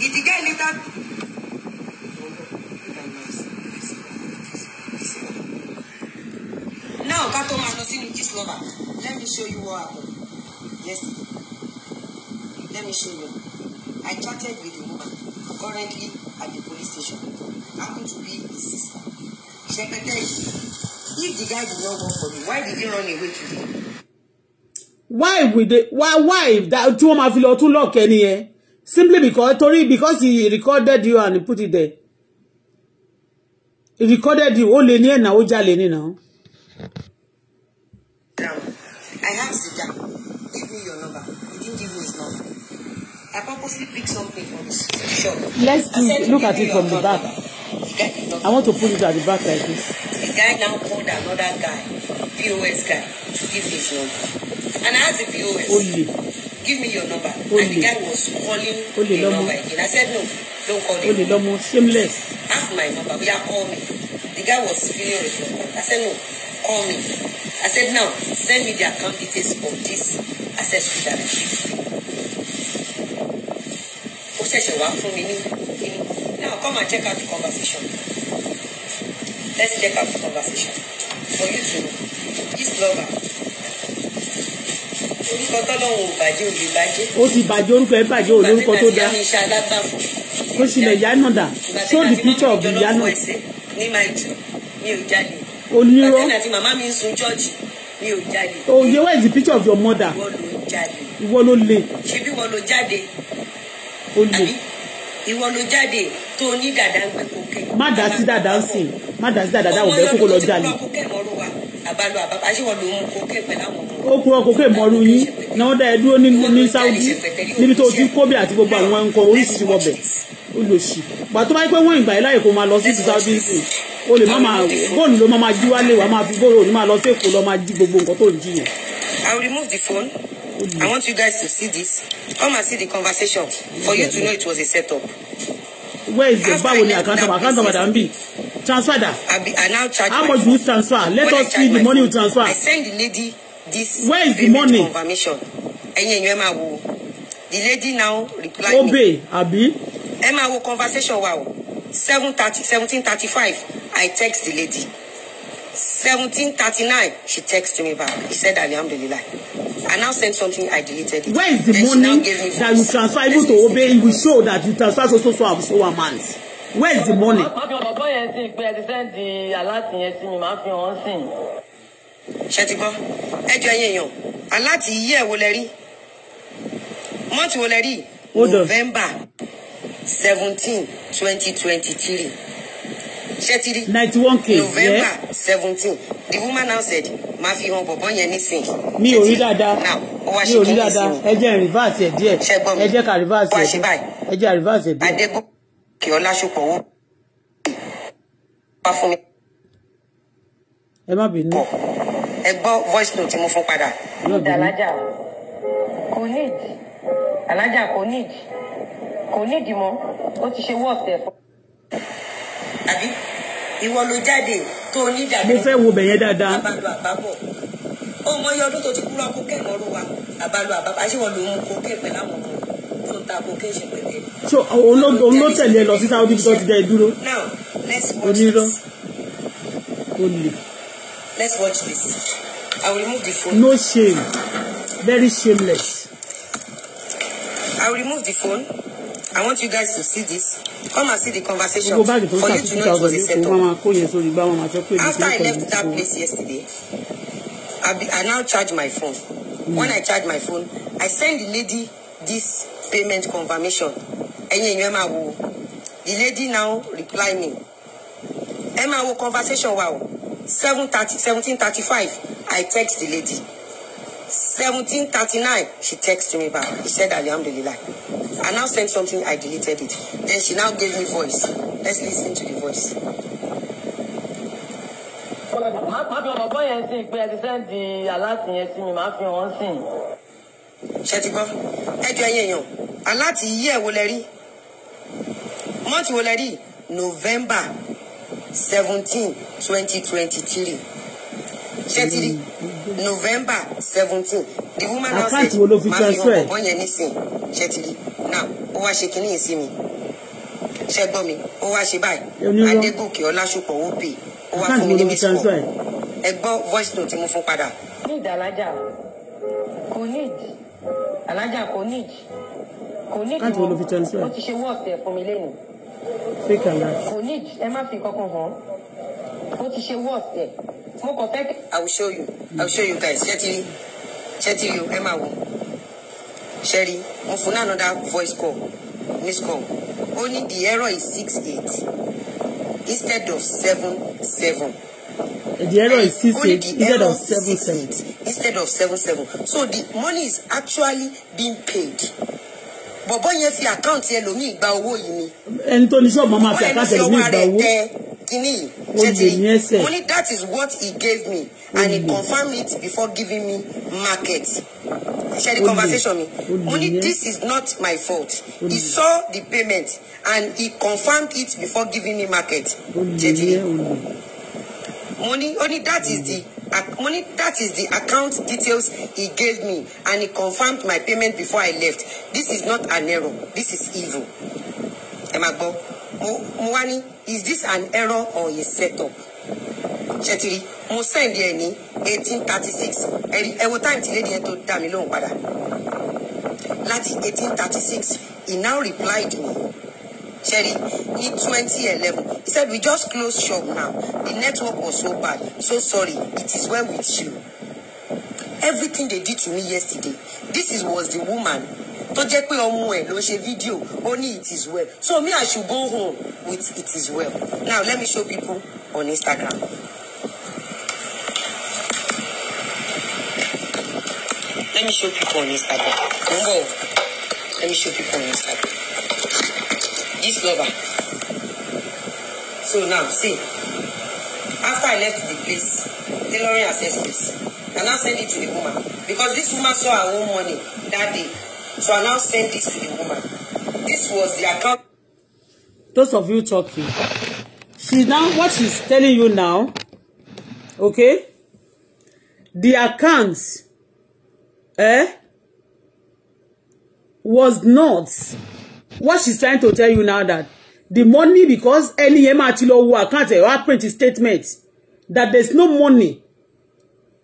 It get no Now, Kato Manosin with this lover. Let me show you what happened yesterday. Let me show you. I chatted with the woman currently at the police station. Happened to be his sister. She Secretary, if the guy did not work for me, why did he run away to me? Why would they? Why? Why? That, two of my fellow two lock any eh? simply because torí because he recorded you and put it there he recorded you ó lè ní ẹ̀nà ó jalè nínà. I have the guy, give me your number. He didn't give me his number. I purposely picked something from his shop. Let's do, said, look at it from the back. I want to put it at the back like this. The guy now called another guy, POS guy, to give his number. And I asked the POS. Only give me your number and the guy was calling the number again I said no don't call him Only lomo ask my number oya call me the guy was feeling responsible I said no call me I said now send me the account details of this access to that ó ṣẹ̀ṣẹ̀ wá fún mi ní now come and check out the conversation let's check out the conversation for you to know this lover orúkọ ó ti bàjẹ́ orúkọ ẹ bàjẹ́ ò tó dáa ó sì lè yá náà dà show the picture of the yá náà. ní oye where is the picture of your mother. ìwọ ló jáde. ṣebí ìwọ ló jáde. ó le. ìwọ ló jáde tó ní dàda ń gbẹ kókè. má dá sí dàda ń sìn má dá sí dàda dáwọ̀ bẹ́ẹ̀ kókó lọ jáde. ọmọ yọdún tó ti kúrò kókè lọ́rùn wa àbálò àbábá ṣé wọn ló mú kókè pẹ̀lú àwọn ọmọ. ó kúrò kókè mọ́rú yín ni wọ́n dá ẹ dúró ní Saudi níbi tó ti kó àti gbogbo àwọn nǹkan oríṣiríṣi wọbẹ̀ ó gbà tó bá yẹ pé wọ́n ìgbà yìí láyè kó máa lọ sí Saudi nìkan o lè má máa bóòlù ló máa jí wálé wàá máa fi bóòlù òní máa lọ sí Èkó lọ máa jí gbogbo nǹkan tó ń jí yẹn. I remove the phone. I want you guys to see this. Come and see the conversation for you to know it was a set up where is it báwo ni account number account number dà ń bì transfer dà how much do you transfer let us see the money you transfer I send the lady this. where is the money. ẹ̀yin ẹ̀yin ẹ máa wo the lady now reply me. obey abi. ẹ máa wo conversation wa o seven thirty seventeen thirty five i text the lady. 1739, she texted me back. She said, Alhamdulillah. I now sent something, I deleted it. Where is the then money that you transfer even to obey? will show that you transfer so so so and so amounts. Where is the money? ṣètìgbọ́ ẹjọ́ ẹ̀yìn èèyàn aláti yí ẹ̀ wo lẹ rí mọ́tì wo lẹ rí November seventeen twenty twenty three ṣẹ́tìrí one k november seventeen the woman now said máa fi hàn bọ̀bọ̀ yẹn nísìn. mi ò rí dáadáa mi ò rí dáadáa ẹ jẹ́ rìvásì ẹ̀ díẹ̀ ẹ jẹ́ ká rìvásì ẹ̀ díẹ̀ ẹ jẹ́ rìvásì ẹ̀ díẹ̀. adégòkè ọlásùpọ̀ wọ́n wá fún mi. ẹ má bínú. ẹ gbọ́ voice note mo fún padà. alájà kò ní ìdí alájà kò ní ìdí kò ní ìdí mọ́ ó ti ṣe wọ́ọ̀tẹ̀ fún. àbí ìwọ ló jáde tó ní ìdàgbẹ́. mo fẹ́ wo bẹ̀yẹn dáadáa. àbálò àbábọ̀ ọmọ yẹn ọdún tó ti kúrò kókè mọ́rú wa àbálò àbábọ̀ àṣìwọ̀n ló mú kókè pẹ̀ láwọn kan tó ń ta kókè ṣe pẹ̀lẹ́. so òun ló tẹ̀lé lọ sí Saudi tó ti dẹ́ dúró. now let's watch this. onírọ́ let's watch this i will remove the phone. no shame very shameless. i will remove the phone. I want you guys to see this. Come and see the conversation for you to know it was a setup. After I left that place yesterday, I, be, I now charge my phone. Mm. When I charge my phone, I send the lady this payment confirmation. The lady now reply me. Emma, conversation wow. 7:30, 17:35. I text the lady seventeen thirty nine she texted me back she said alhamdulillah i now sent something i deleted it then she now gave me voice let's listen to the voice. máa fi ọmọ bọ́ yẹn sí i pé ẹ ti sẹ́ǹdì aláàtì yẹn sí mi máa fi wọ́n sìn. ṣe ti gbọ́ ẹjọ́ ẹyẹ èèyàn aláàtì yí ẹ̀ wo lẹ rí mọ́ọ̀tì wo lẹ rí november seventeen twenty twenty three ṣe ti november seventeen the woman now say máa fi hàn bọ́ yẹn nísìn ṣe ti rí now ó wá ṣe kínní yìí sí mi ṣe gbọ́ she ó wá ṣe báyìí adégòkè ọlásùpọ̀ ó pè ó wá fún mi to miss call A gbọ́ voice note You fún padà. Need ìdálájà kò ní ìdí alájà kò ní ìdí kò ní ìdí wọn ó ti ṣe wọ́ọ̀sì ẹ̀ fún mi lẹ́nu kò ní ìdí ẹ bó ti ṣe wọ́ọ̀sì ẹ̀ mo kàn fẹ́. I will show you I will show you guys ṣé ti ṣé ti rí o ẹ máa wò ṣe mo fún náà another voice call miss call ó ní the error is six eight instead of seven seven. The error is six eight instead of seven seven. Instead of seven seven. So the money is actually being paid. Bọ̀bọ̀ yẹn fi àkáǹtì ẹlòmíì gba owó yìí ni. Ẹni tó ní ṣọ́ọ̀bù máa fi àkáǹtì ẹlòmíì gba owó kinní yìí ṣètì that is what he gave me and he confirmed it before giving me market share the conversation mi mo this is not my fault he saw the payment and he confirmed it before giving me market ṣètì mo ní that is the money. that is the account details he gave me and he confirmed my payment before I left this is not an error this is evil ẹ máa gbọ́ mo wá ní is this an error or a setup? up ṣètìrí mo send ẹ ní eighteen thirty six ẹ̀rí ẹ̀wọ̀ time ti lédi yẹn tó dá mi lóhùn padà láti eighteen thirty six he now replied me ṣẹ́rí ní twenty eleven he said we just close shop now the network was so bad so sorry it is well with you everything they did to me yesterday this is was the woman tó jẹ́ pé ọmọ ẹ̀ ló ṣe fídíò ó ní it is well so me I should go home with it is well now let me show people on Instagram. Let me show people on Instagram. Mumbo, let me show people on Instagram. This lover. So now, see, after I left the place, tailoring accessories, and I send it to the woman because this woman saw her own money that day. So I now send this to the woman. This was the account. Those of you talking. She now, what she's telling you now, okay? The accounts, eh, was not what she's trying to tell you now that the money because any yẹn máa ti account ẹ̀ eh, wá print statement that there's no money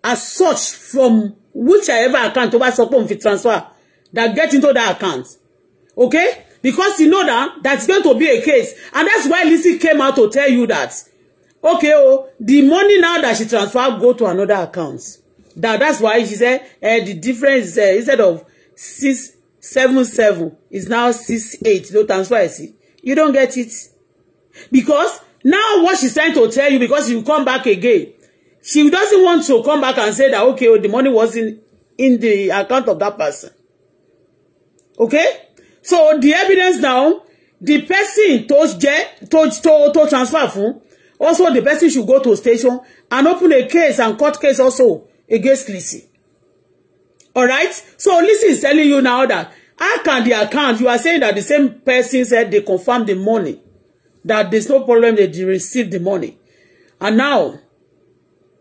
as such from whichever account to bá sọ pé òun transfer that get into that account. Okay? Because you know that that's going to be a case. And that's why Lizzy came out to tell you that. Okay, oh, the money now that she transferred go to another account. That, that's why she said eh, the difference uh, instead of six seven seven is now six eight. No transfer, I see. You don't get it. Because now what she's trying to tell you, because you come back again, she doesn't want to come back and say that, okay, oh, the money wasn't in, in the account of that person okay so the evidence now the person to je to to to transfer fun also the person should go to station and open a case and court case also against Lizzy all right so Lizzy is telling you now that how can the account you are saying that the same person said they confirmed the money that there's no problem that they received the money and now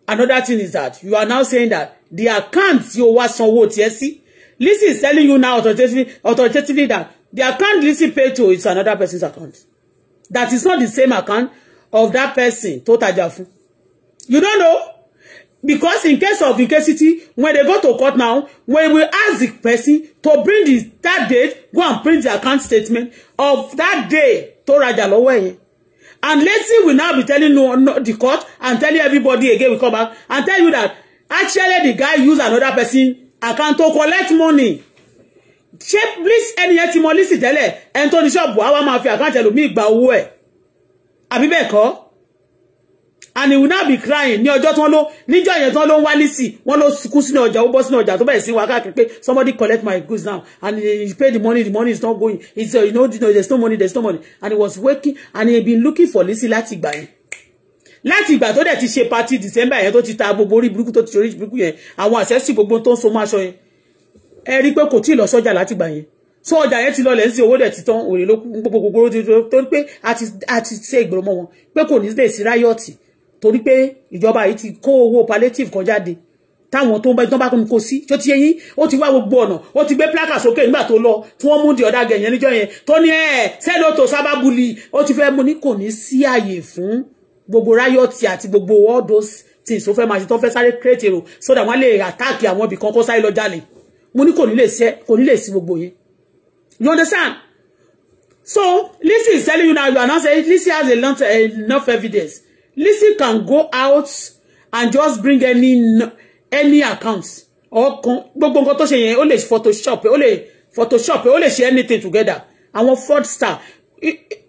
another thing is that you are now saying that the account you wá sanwó tiẹ̀ sí Lizzy is telling you now authoritatively, authoritatively that the account Lizzy paid to is another person's account. That is not the same account of that person tó jafu. You don't know? Because in case of incasity, when they go to court now, when we ask the person to bring the, that date, go and print the account statement of that day tó rajà lọ́wọ́ And Lizzy will now be telling no, no, the court and telling everybody again, we come back and tell you that actually the guy used another person account to collect money ṣé please ẹnìyẹn ti mọ lísì tẹ́lẹ̀ ẹni tó ní ṣọ́ọ̀bù àwa máa fi àkáǹtì ẹlòmíì gba owó ẹ̀ àbí bẹ́ẹ̀ kọ́ and he will not be crying ní ọjọ́ tí wọ́n ló níjọ́ yẹn tí wọ́n ló ń wá lísì wọ́n ló kú sínú ọjà ó bọ́ sínú ọjà tó bẹ̀rẹ̀ sí wá somebody collect my goods now and he pay the money the money is not going it's uh, you know there's no money there's no money and he was working and he been looking for lísì láti gbà yẹn láti ìgbà tó dẹ̀ ti ṣe party december yẹn tó ti ta gbogbo orí burúkú tó ti ṣorí burúkú yẹn àwọn àṣẹ́sì gbogbo tó ń so mọ́ aṣọ yẹn ẹ rí i pé kò tí ì lọ sọ́jà láti gbà yẹn so ọjà yẹn ti lọlẹ̀ sí owó dẹ̀ ti tán òrè ló gbogbo gbogbo tó ń pé a ti ṣe ìgboro mọ́ wọn pé kò ní lè sí ráyọ̀tì torí pé ìjọba yìí ti kó owó palliative kan jáde táwọn tó ń bá ìdánbà tó ń kó sí tó ti yẹyìn ó ti wá gbogbo ọ̀nà ó ti gbé plákà sókè nígbà tó lọ tí wọ́n mú di ọ̀dà gẹ̀yẹn níjọ́ yẹn tó ní ẹ̀ sẹ́lótò sábàbùlì ó ti fẹ́ mú ní kò ní sí àyè fún gbogbo ráyọ̀tì àti gbogbo all those things tó fẹ́ máa ṣe tó fẹ́ sáré create èrò so that wọ́n lè àtáàkì àwọn ibì kan kó sáré lọ jalè mo ní kò ní lè ṣe kò ní sí gbogbo yẹn you understand so Lizzy is telling you now you are not saying Lizzy has a lot enough evidence Lizzy can go out and just bring any any accounts or gbogbo nǹkan tó ṣe yẹn ó lè photoshop ó lè photoshop ó lè ṣe anything together àwọn fraudster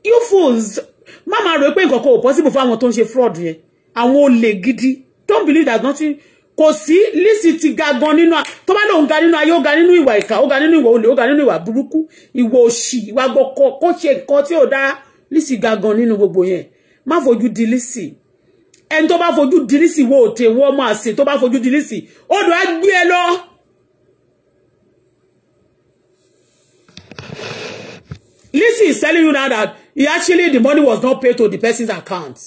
you fools má máa rò pé nǹkan kan ò possible fún àwọn tó ń ṣe fraud yẹn àwọn olè gidi don't believe that nothing kò sí Lizzy ti ga gan to tó bá lóun ga nínú ayé ó ga nínú ìwà ìkà ó ga nínú ìwà olè ó ga nínú ìwà burúkú ìwà òṣì ìwà gbọkọ kó ṣe nǹkan tí ò dára Lizzy ga gan nínú gbogbo yẹn má fojú di Lizzy ẹni tó bá fojú di Lizzy wo òtè wọ ọmọ àṣẹ tó bá fojú di Lizzy odò á gbé ẹ lọ. Lizzy is telling you now that he actually the money was not paid to the person's account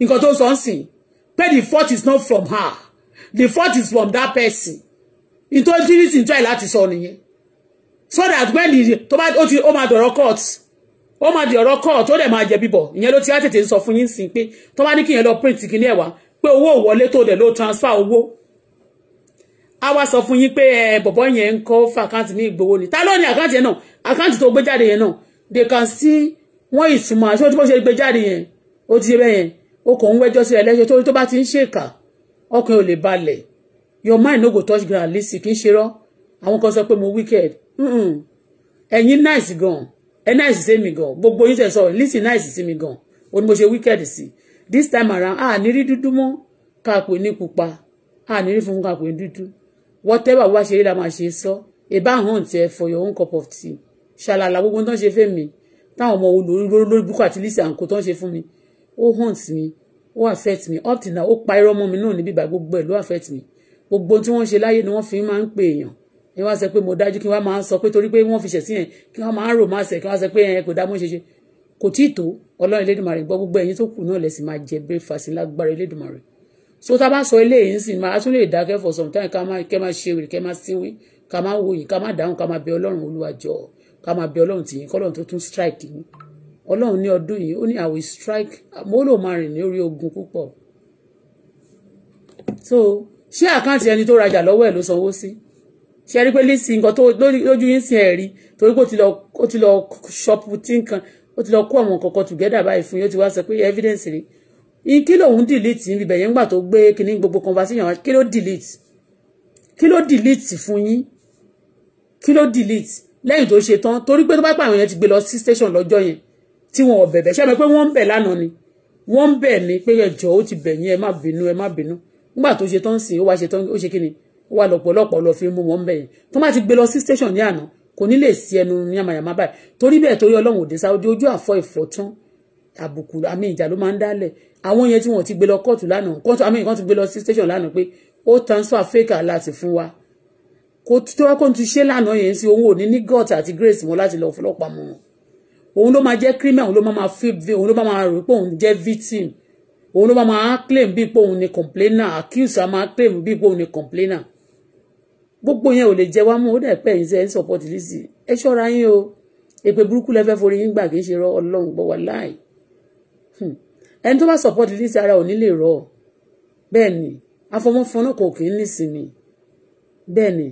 nǹkan tó sọ ń the fault is not from her the fault is from that person nítorí tí ní sì ń that is sọ nìyẹn so that when the tó bá ó the ó máa dọ̀rọ̀ court ó máa di ọ̀rọ̀ court ó dẹ̀ máa jẹ bíbọ̀ ìyẹn ló ti á tètè sọ fún yín sìn pé tó bá ní kí yẹn lọ print kíní ẹ̀ wá pé owó transfer owó a wá sọ fún yín pé ẹ bọ̀bọ̀ yẹn ń kọ́ fún àkáǹtì ní ìgbowó ni ta ló ní àkáǹtì yẹn náà they can see wọ́n ìsìnmọ̀ àṣọ tí wọ́n ṣe gbé jáde yẹn ó ti ṣe bẹ́ẹ̀ yẹn o kò ń wẹ́jọ́ sí ẹlẹ́ṣẹ̀ tó bá ti ń ṣèkà ọkàn ò lè balẹ̀ your mind no go touch ground lisi kì í ṣe rọ́ àwọn kan sọ pé mo wicked ẹ̀yin nice gan ẹ nice sí mi gan gbogbo yín tẹ̀ sọ lisi nice sí mi gan o ni mo ṣe wicked sí this time around a ní rí dúdú mọ́ káàpọ̀ ní pupa a ní rí fún káàpọ̀ ní dúdú whatever wá ṣe rí la máa ṣe sọ ìbá hàn tiẹ̀ for your own cup of tea ṣàlàlà gbogbo tó ń ṣe fẹ́ mi táwọn ọmọ olórí lórí búkú àti Lizzy àǹkó tó ń ṣe fún mi ó hunt mi ó affect mi up till now ó pa irọ́ mọ́ mi náà níbí ìgbà gbogbo ẹ̀ ló affect mi gbogbo tí wọ́n ṣe láyé ni wọ́n fi máa ń pè èèyàn ni wọ́n sọ pé mo dájú kí wọ́n máa sọ pé torí pé wọ́n fi ṣẹ̀ sí yẹn kí wọ́n máa ń rò máa ṣẹ̀ kí wọ́n sọ pé ẹ̀ kò dá mọ́ ṣe ṣe kò tí ì tó ọlọ́run Elédùmarè gbọ́ gbogbo ẹ̀yin tó kù náà lẹ̀ sì máa jẹ breakfast lágbára Elédùmarè so tá a bá sọ eléyìí ń máa tún lè dákẹ́ for some time ká máa ṣe wèrè ká máa síwèé ká máa wòye ká máa dáhùn ká máa bẹ ọlọ́run olúwa jọ̀ọ́ ká máa bẹ ọlọ́run tì yín kọ́lọ́run tó tún strike yín ọlọ́run ní ọdún yìí ó ní àwẹ̀ strike mo lò máa rìn ní orí ogun púpọ̀ so ṣé àkáǹtì ẹni tó rajà lọ́wọ́ ẹ̀ ló sanwó sí ṣe rí pé lísì nǹkan tó lójú yín sí ẹ̀ rí torí pé ó ti lọ ṣọ́pù tí nǹkan ó ti lọ kó àwọn kọ̀ọ̀kan together báyìí fún yín ó ti wá sọ pé evidence rí in kí lòun delete níbi bẹ̀yẹn ńgbà tó gbé kíní gbogbo conversation kí ló delete kí ló delete fún yín kí ló delete lẹ́yìn tó ṣe tán torí pé tó bá pa àwọn yẹn ti gbé lọ sí station lọ́jọ́ yẹn tí wọn ò bẹ̀bẹ̀ ṣe é mọ̀ pé wọ́n ń bẹ̀ lánàá ni wọ́n ń bẹ̀ ni pé ẹjọ́ ó ti bẹ̀ yín ẹ má bínú ẹ má bínú nígbà tó ṣe tán sìn ó wá ṣe tán ó ṣe kí ni ó wà lọ́pọ̀lọpọ̀ lọ fi mú wọn bẹ̀ yẹn tó má ti gbé lọ sí station ní àná kò ní lè sí ẹnu yamayama báyìí torí bẹ́ẹ̀ torí ọlọ́run òde sáwọ́dí ojú àfọ́ ìfọ̀tán àbùkù àmì ìjà ló máa ń dálẹ̀ àwọn yẹn tí wọ́n ti gbé lọ kóòtù lánàá kóòtù àmì ìkan ti gbé lọ sí station lánàá pé ó transfer fake alert fún wa kò tí tó kó ti ṣe lánàá yẹn sí òun ò ní ní gut grace mọ́ láti lọ fọlọ́pàá mọ́ òun ló máa jẹ́ criminal òun ló máa fi òun ló máa rò pé òun jẹ́ victim òun ló máa claim bíi pé òun ni complainer accuse a máa claim bíi pé òun ni complainer gbogbo yẹn ò lè jẹ wá mú ó dẹ̀ pẹ́ yín sẹ́ support Lizzy ẹ ṣọ́ra yín o epe buruku lẹ́fẹ́ forí yín gbà kì í ṣe rọ ọlọ́run gbọ́ wá láì hmm. ẹni tó bá support Lizzy ara oni ní lè rọ bẹ́ẹ̀ ni afọmọfọnà kò kì í nísìmí bẹ́ẹ̀ ni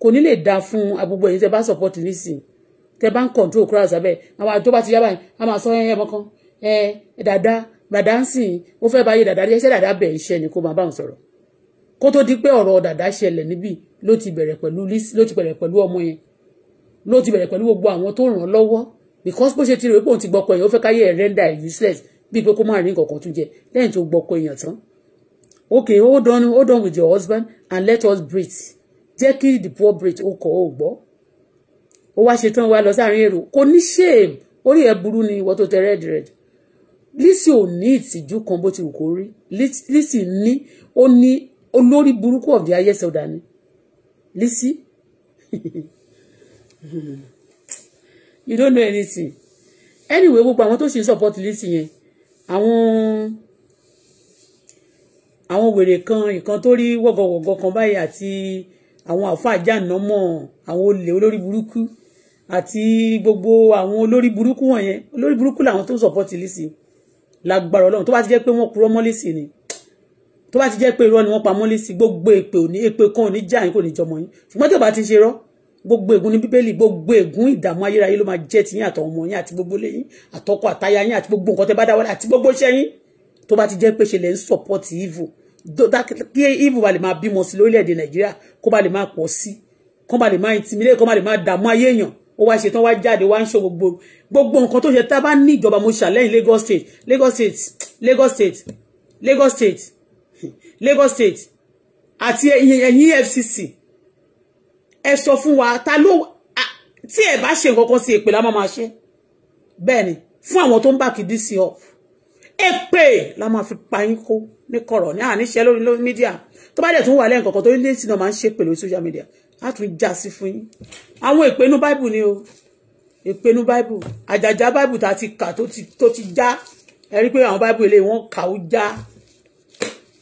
kò ní lè da fún agbogbo ẹ̀yin tẹ́ bá support nísìnyí tẹ́ bá ń control crowd sábẹ́ àwọn àjọ bá ti yá báyìí a máa sọ ẹ ẹmọ kan ẹ dàda dàda ń sìn ó fẹ́ báyé dàda jẹ́ dàda bẹ̀ iṣẹ́ ni kó máa bá wọn sọ̀rọ̀ kó tó di pé ọ̀rọ̀ dàda ṣẹlẹ̀ níbí ló ti bẹ̀rẹ̀ pẹ̀lú ló ti bẹ̀rẹ̀ pẹ̀lú ọmọ yẹn ló ti bẹ̀rẹ̀ pẹ̀lú gbogbo àwọn tó ràn án lọ́wọ́ because bó ṣe ti rèé pé òun ti gbọ́kọ èèyàn ó fẹ́ káyé ẹ̀ render useless bíi pé kó má rí nǹkan kan tún jẹ lẹ́yìn tó gbọ́kọ èèyàn tán okay hold on hold on with your husband and let us breathe jẹ́ kí the poor bridge ó kọ̀ ó gbọ́ ó wá ṣe tán wá lọ sáàrin èrò kò ní shame orí ẹ burú ni ìwọ tó tẹ red red Lizzy ò ní ìtìjú kan bó ti wù kó rí Lizzy ní ó ní olórí burúkú of the highest order ni Lizzy you don't know anything anyway gbogbo àwọn tó ṣe support Lizzy yẹn àwọn àwọn wèrè kan nǹkan tó rí wọ́gọ̀wọ̀gọ̀ kan báyìí àti àwọn àfa àjànàmọ́ àwọn olè olórí burúkú àti gbogbo àwọn olórí burúkú wọ̀nyẹn olórí burúkú làwọn tó ń sọ̀pọ̀tì Lizzy lágbára ọlọ́run tó bá ti jẹ́ pé wọ́n purọ́ mọ́ Lizzy ni tó bá ti jẹ́ pé irọ́ ni wọ́n pamọ́ Lizzy gbogbo èpè òní èpè kan òní jà yín kò ní jọmọ yín ṣùgbọ́n tí ò bá ti ṣe rọ́ gbogbo ègún ní bíbélì gbogbo ègún ìdààmú ayérayé ló máa jẹ́ tiyín àtọ̀wọ̀n ọmọ yín àti gbogbo lẹ́yìn àtọkọ àtaya yín àti gbogbo nǹkan tẹ́ bá dáwọ́lé àti gbogbo iṣẹ́ tó bá ti jẹ́ pé ṣe ń sọ̀pọ̀tì evil kí ìbò ba lè máa bímọ sí lórílẹ̀‐èdè nàìjíríà kó ba lè máa pọ̀ sí kó ba lè máa intimidé kó ba lè máa dààmú ayé èèyàn ó wá ṣetán wá jáde wá ń ṣe gbogbo gbogbo nǹkan tó ṣe tá a bá ní ìjọba mo ṣàlẹ́yìn Lagos State Lagos State Lagos State Lagos State Lagos State àti ẹ̀yìn EFCC ẹ sọ fún wa ta ló tí ẹ bá ṣe nǹkan kan sí èpè la máa máa ṣe bẹ́ẹ̀ ni fún àwọn tó ń bá kìdí sí ọ èpè la fi pa yín kó ní kọ̀rọ̀ ní àní ṣe lórí lórí mídíà tó bá dẹ̀ tún wà lẹ́yìn kankan tó lé sínú máa ń ṣe pẹ̀lú social media á tún já sí fún yín àwọn ìpinnu báìbù ni o ìpinnu báìbù àjàjà báìbù tá a ti kà tó ti já ẹ rí pé àwọn báìbù ilé wọn kà ó já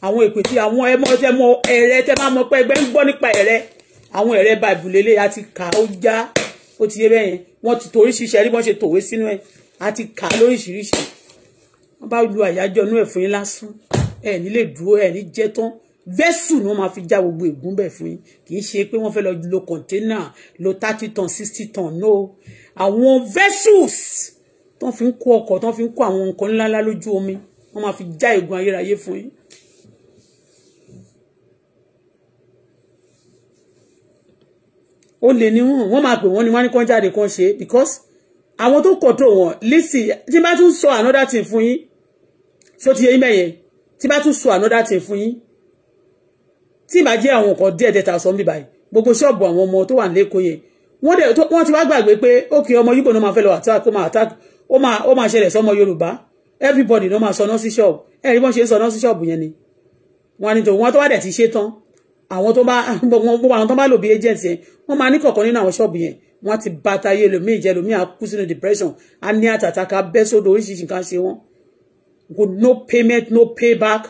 àwọn èpè tí àwọn ẹmọ tẹmọ ẹrẹ tẹ máa mọ pé ẹgbẹ́ ń gbọ́ nípa ẹrẹ àwọn ẹrẹ báìbù lélẹ a ti kà ó já ó ti yé bẹyẹn wọn ti torí ṣiṣẹ rí bọ́n ṣe tòwé sínú ẹ a ti kà lóríṣiríṣi wọn bá lu àyájọ́ inú ẹ fún yín lásán ẹ ní lè dúró ẹ ní jẹ́ tán vẹ́sù ni wọ́n máa fi já gbogbo ègún bẹ̀ fún yín kì í ṣe pé wọ́n fẹ́ lọ lo kọ̀ńténà lo thirty ton sixty ton no àwọn vessels tán fi ń kó ọkọ̀ tán fi ń kó àwọn nǹkan ńláńlá lójú omi wọ́n máa fi já ègún ayérayé fún yín. ó lè ní wọn wọn máa pè wọn ni wọn ní kán jáde kán ṣe because àwọn tó kọ̀ tó wọn lisi tí bá tún sọ another thing fún yín ṣó ti yẹ yín bẹ́yẹn tí bá tún sọ another thing fún yín tí ìbá jẹ́ àwọn nǹkan díẹ̀ dẹ́ta sọ ń bì báyìí gbogbo ṣọ́ọ̀bù àwọn ọmọ tó wà ní lẹ́kọ̀ọ́ yẹn wọ́n dẹ̀ wọ́n ti wá gbàgbé pé ókè ọmọ yíbò ló máa fẹ́ lọ attack ó máa attack ó máa ó máa ṣẹlẹ̀ sọmọ yorùbá everybody ló máa sọ náà sí ṣọ́ọ̀bù ẹ̀ rí bọ́n ṣe ń sọ náà sí ṣọ́ọ̀bù yẹn ni wọ́n ní tòun wọ́n tó wá dẹ̀ ti ṣe tán àwọn tó bá gbogbo àwọn tó bá lò bí agent yẹn wọ́n máa ní kọ̀ọ̀kan nínú àwọn ṣọ́ọ̀bù yẹn wọ́n ti bàtà yé lòmíì jẹ́ lòmíì á kú sínú depression á ní àtàtàkà bẹ́ sódò oríṣiríṣi nǹkan ṣe with no payment no payback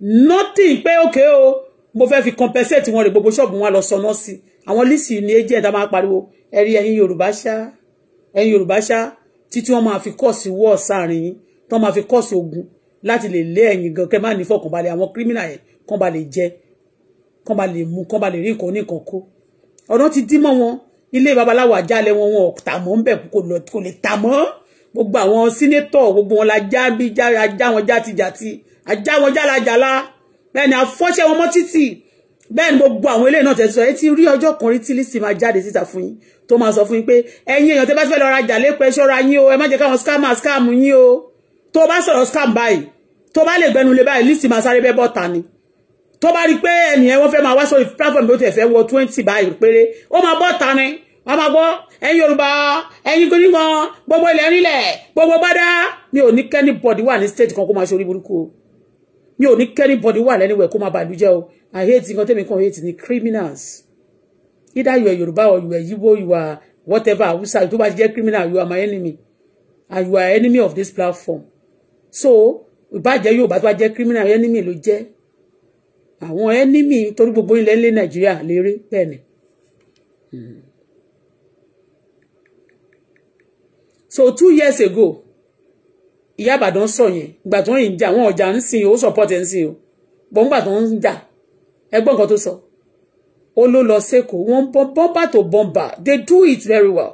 nothing pé okay, o mo fẹ́ fi compensate wọn rè gbogbo ṣọ́ọ̀bù wọn lọ sọnà sí àwọn lísì ní agent a máa pariwo ẹ̀rí ẹ̀yin Yoruba, ṣá ẹ̀yin Yoruba. ṣá títí wọ́n máa fi kọ́ọ̀sì wọ́ọ̀ sáàrin yín tí wọ́n máa fi kọ́ọ̀sì ogun láti lè lé ẹ̀yin gan kẹ́ má ní fọkànbalẹ̀ àwọn criminal yẹn kán ba lè jẹ kán ba lè mu kán ba lè rí nǹkan oníkan kó ọ̀nà ti dí mọ́ wọn ilé babaláwo àjálẹ̀ wọn wọn ò tà mọ́ ń bẹ̀ kò lè tà mọ́ gbogbo àwọn sínétọ̀ gbogbo wọn la já bí já ajá wọn játijàti ajá wọn jálajàlá bẹ́ẹ̀ ni àfọ́ṣẹ́ wọn mọ́ títì bẹ́ẹ̀ ni gbogbo àwọn eléyìí náà tẹ̀ sọ ẹ ti rí ọjọ́ kan rí tí lísì máa jáde síta fún yín tó máa sọ fún yín pé ẹ̀yin èèyàn tẹ́ bá ti fẹ́ lọ rajà lépẹ́ ṣọ́ra yín o ẹ má jẹ́ káwọn scammer scam yín o tó bá sọ̀rọ̀ scam báyìí tó bá lè gbẹnu lé báyìí lísì máa sáré bẹ́ bọ́ta ni tó bá rí pé ẹnìyẹn wọ́n fẹ́ máa wá sórí platform bí ó tẹ̀ fẹ́ wọ twenty báyìí péré ó máa bọ́ta ni wọ́n máa gbọ́ ẹ̀yin yorùbá ẹ̀yin gbóníkan gbogbo ilẹ̀ nílẹ̀ gbogbo bọ́dá mi ò ní kẹ́ni bọ̀dì wà ní state kan kó máa ṣe orí burúkú o mi ò ní kẹ́ni bọ̀dì wà lẹ́niwẹ̀ kó máa bàlú jẹ́ o i hate nǹkan tẹ́mi kan hate ni criminals either you are yorùbá or you are yibo you are whatever hausa tó bá ti jẹ́ criminal you are my enemy and you are enemy of this platform so ìbàjẹ́ yorùbá tó bá jẹ́ criminal enemy ló jẹ́ àwọn enemy torí gbogbo ilẹ̀ ilẹ̀ nàìjíríà lérè bẹ́ẹ̀ ni. Mm-hmm. so two years ago ìyá àbàdàn sọ yẹn ìgbà tó ń rìn jà wọn ọjà ń sìn ó support ẹ̀ ń sìn o bọ̀ ńgbà tó ń jà ẹgbọ́n nǹkan tó sọ ó ló lọ sẹ́kọ̀ọ́ wọ́n bọ́mbà tó bọ́mbà they do it very well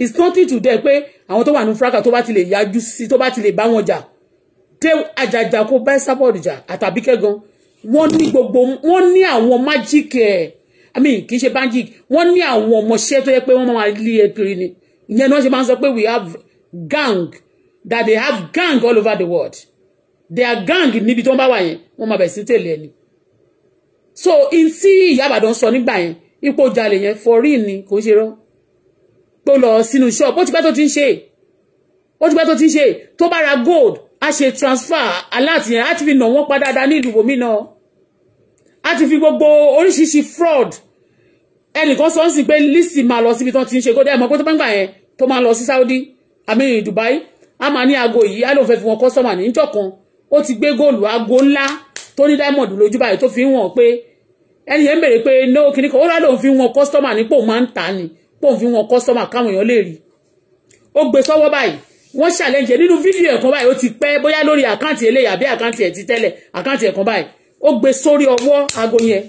it's nothing to them pé àwọn tó wà ní fúráka tó bá ti lè yájú sí tó bá ti lè bá wọn jà dé àjàjà kó bá sábọ̀dù jà àtàbí kẹ́gan wọ́n ní gbogbo wọ́n ní àwọn magic ẹ̀ i mean kì í ṣe magic wọ́n ní àwọn ọmọọṣẹ́ tó yẹ pé wọ́n máa lé ẹ ni ìyẹn náà ṣe máa ń sọ pé we have gang that they have gang all over the world their gang níbi tó ń bá wà yẹn wọ́n máa bẹ̀rẹ̀ sí tèlé ẹni so in tí ìyá àbàdàn sọ nígbà yẹn ipò jalè yẹn forí ni kò ṣe rọ tó lọ sínú shop ó ti pẹ́ tó ti ń ṣe ó ti pẹ́ tó ti ń ṣe tó bá ra gold a ṣe transfer alátìyẹn á ti fi nà wọ́n pa dáadáa ní ìlú bòmí náà a ti fi gbogbo oríṣiríṣi fraud ẹnìkan sọ ń sìn pé Lizzy máa lọ síbi tán ti ń ṣe kó dẹ́ mọ́ pé tó bá ń gbà yẹn tó máa lọ sí Saudi àmì Dubai a máa ní aago yìí a lóun fẹ́ fi wọn kọ́sọ́mà níjọ́ kan ó ti gbé góòlù aago ńlá tó ní diamond lójú báyìí tó fi ń wọ̀n pé ẹni yẹn bèrè pé no kìíní kan ó rà lóun fi wọn kọ́sọ́mà ní pòun máa ń tà ní pòun fi wọn kọ́sọ́mà káwọn èèyàn lè rí ó gbé sọ́wọ́ báyìí wọ́n ṣàlẹ́jẹ̀ nínú fídíò ẹ̀kan báyìí ó ti pẹ́ bóyá lórí àkáǹtì eléyà bí àkáǹtì ẹ̀ ti tẹ́lẹ̀ àkáǹtì ẹ̀kan báyìí ó gbé sórí ọwọ́ aago yẹn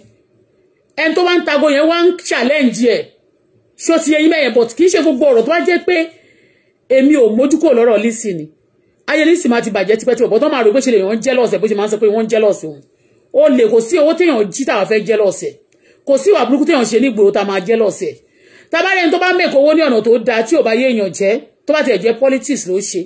ẹni tó bá ń tago yẹn wá ń ṣàlẹ́jẹ̀ ṣó ti yẹyin mẹ́yẹn but kì í ṣe gbogbo ọ̀rọ̀ tó wá jẹ́ pé èmi ò mójúkò lọ́rọ̀ lísì ni ayé lísì máa ti bàjẹ́ tipẹ́tipẹ́ bọ́tọ́ máa rò pé ṣe lè wọ́n jealous bó ṣe máa ń sọ pé wọ́n jealous o o lè kò sí owó téèyàn jí tàwa fẹ́ jealous kò sí ìwà burúkú téèyàn ṣe ní ìgboro tá máa jealous tabarẹ́ni tó bá mẹ́kọ̀ owó ní ọ̀nà tó da tí ò bá yé èèyàn jẹ́ tó bá tiẹ̀ jẹ́ politics ló ṣe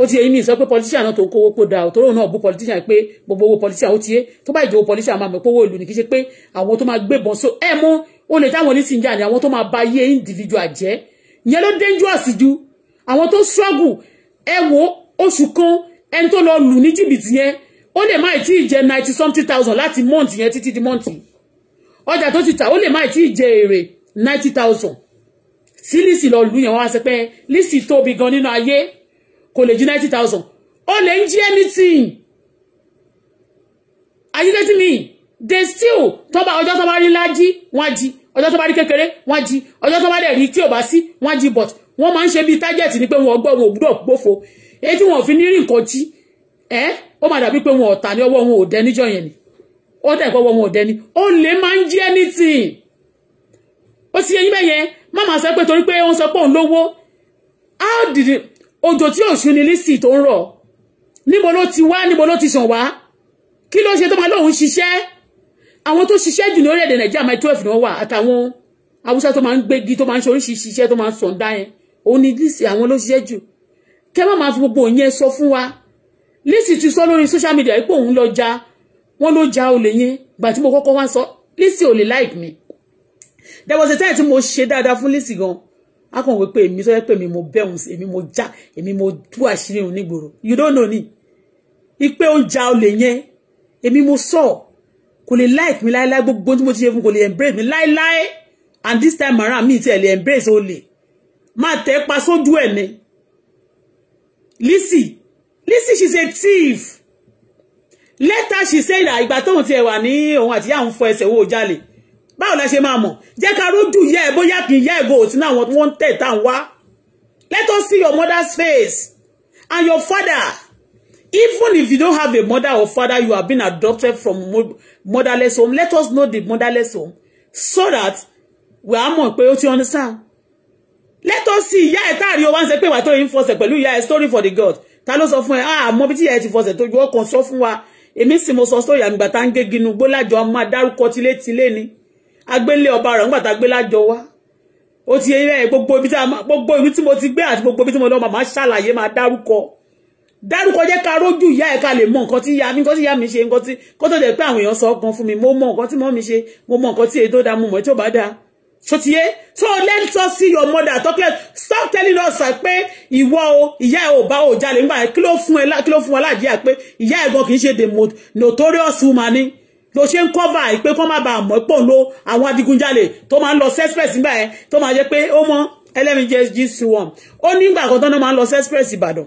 ó ti èyí mi sọ pé politician náà tó kówó pò dáa òtòrò náà bú politician pé gbogbo owó politician ó ti yé tó bá ìjọwó politician máa mọ̀ pé owó ìlú ni kì í ṣe pé àwọn tó máa gbébọn so ẹ mú olè táwọn oníṣìí ń jà ní àwọn tó máa ba ayé individual jẹ́ ìyẹn ló dangerous ju àwọn tó struggle ẹ wo oṣù kan ẹni tó lọ lù ní jìbìtì yẹn ó lè má tí ì jẹ ninety something thousand láti month yẹn títí di month ọjà to ti tà ó lè má tí ì jẹ èrè ninety thousand tí lísì lọ lù yẹn wọ́n á sọ pé lísì tóbi gan nínú ayé kò lè ju ninety thousand ó lè ń jí anything are you getting me they still tọ́ba ọjọ́ tọ́ba rí lájí wọ́n á jí ọjọ́ tó bá rí kékeré wọ́n jí ọjọ́ tó bá dẹ̀ rí tí ò bá sí wọ́n jí but wọ́n máa ń ṣe bíi target ni pé wọn ọgbọ́n wọn ò gbúdọ̀ gbófo èyí tí wọn ò fi ní rí nǹkan jí ẹ ó máa dàbí pé wọn ọ̀tà ní ọwọ́ wọn ò dẹ níjọ yẹn ni ó dẹ̀ pé ọwọ́ wọn ò dẹ ni ó lè máa ń jí anything ó sì yẹn bẹ́ẹ̀ má máa sọ pé torí pé wọ́n sọ pé òun lówó how did òjò tí òṣùn ni lísì tó ń rọ̀ níbo ló ti wá níbo ló ti sàn wá kí ló ṣe tó máa lóun ṣiṣẹ́ àwọn tó ṣiṣẹ́ jù ní orílẹ̀-èdè nàìjíríà máa twelve ni wọ́n wà àtàwọn haúsá tó máa ń gbégi tó máa ń ṣe oríṣiríṣi iṣẹ́ tó máa ń sọ̀ǹda yẹn òun ni lísì àwọn ló ṣiṣẹ́ jù kẹ́ má máa fi gbogbo yẹn sọ fún wa lísì ti sọ lórí social media pé òun lọ ja wọ́n ló ja olè yẹn gbà tí mo kọ́kọ́ wá sọ lísì ò lè like mi there was a time tí mo ṣe dáadáa fún lísì gan akọ̀wé wípé èmi tó yẹ pé èmi mo bẹ̀rùn sí èmi mo já èmi mo tú àṣírí òun nígboro you don't know me. ipe ó ja olè yẹn èmi mo sọ kò lè like mi láéláé gbogbo tí mo ti ṣe fún kò lè embrace mi láéláé and this time around mi ti ẹ̀ lè embrace ó lè máa tẹ́ pa sójú ẹ̀ ni Lizzy Lizzy she's a thief later she say that ìgbà tóun ti ẹ̀ wà ní òun àti yáà ń fọ ẹsẹ̀ owó jalè báwo la ṣe máa mọ̀ jẹ́ ká rójú yẹ ẹ̀ bóyá kì í yẹ ẹ̀gò òtí náà wọ́n tẹ̀ tá à ń wá let us see your mother's face and your father. Even if you don't have a mother or father, you have been adopted from motherless home. Let us know the motherless home so that we are more pé ó understand. Let us see ìyá I tell you once ń sẹ pé wà tó yín a story for the girl. Tell us of fún Ah, mobility bí tí ìyá ẹ̀ ti fọsẹ̀ tó ju ọkàn sọ fún wa. Èmi sì mo sọ sórí àmì gbàtà ń gé ginu gbólájọ ọmọ adárúkọ tilétilé ni. Agbélé ọba rẹ̀ ńgbà tá gbélájọ wá. Ó ti yẹ gbogbo ibi tí mo ti gbé àti gbogbo ibi tí mo lọ màmá ṣàlàyé máa dárúkọ dárúkọ jẹ́ ká rójú ìyá ẹ̀ lè mọ nǹkan tí ìyá mi nǹkan tí ìyá mi ṣe nǹkan tí kó tó dẹ̀ pé àwọn èèyàn sọ ọkàn fún mi mo mọ nǹkan tí mọ́ mi ṣe mo mọ nǹkan tí èdè dá mo mọ̀ tí ó bá dáa sotiye so let us see your mother talk let stop telling us pé ìwọ o ìyá ẹ ò bá o jalè nígbà kí ló fún ẹ kí ló fún wa láàjì à pé ìyá ẹ gan kì í ṣe the notorious woman ni ló ṣe ń cover ẹ pé kó má bàa mọ̀ pọ̀ ń lo àwọn adigunjalè tó máa ń lọ sexpress nígbà ẹ tó máa jẹ́ pé ó mọ ẹlẹ́mìí jẹ́ gc1 ó nígbà kan tó náà máa ń lọ sexpress ìbàdàn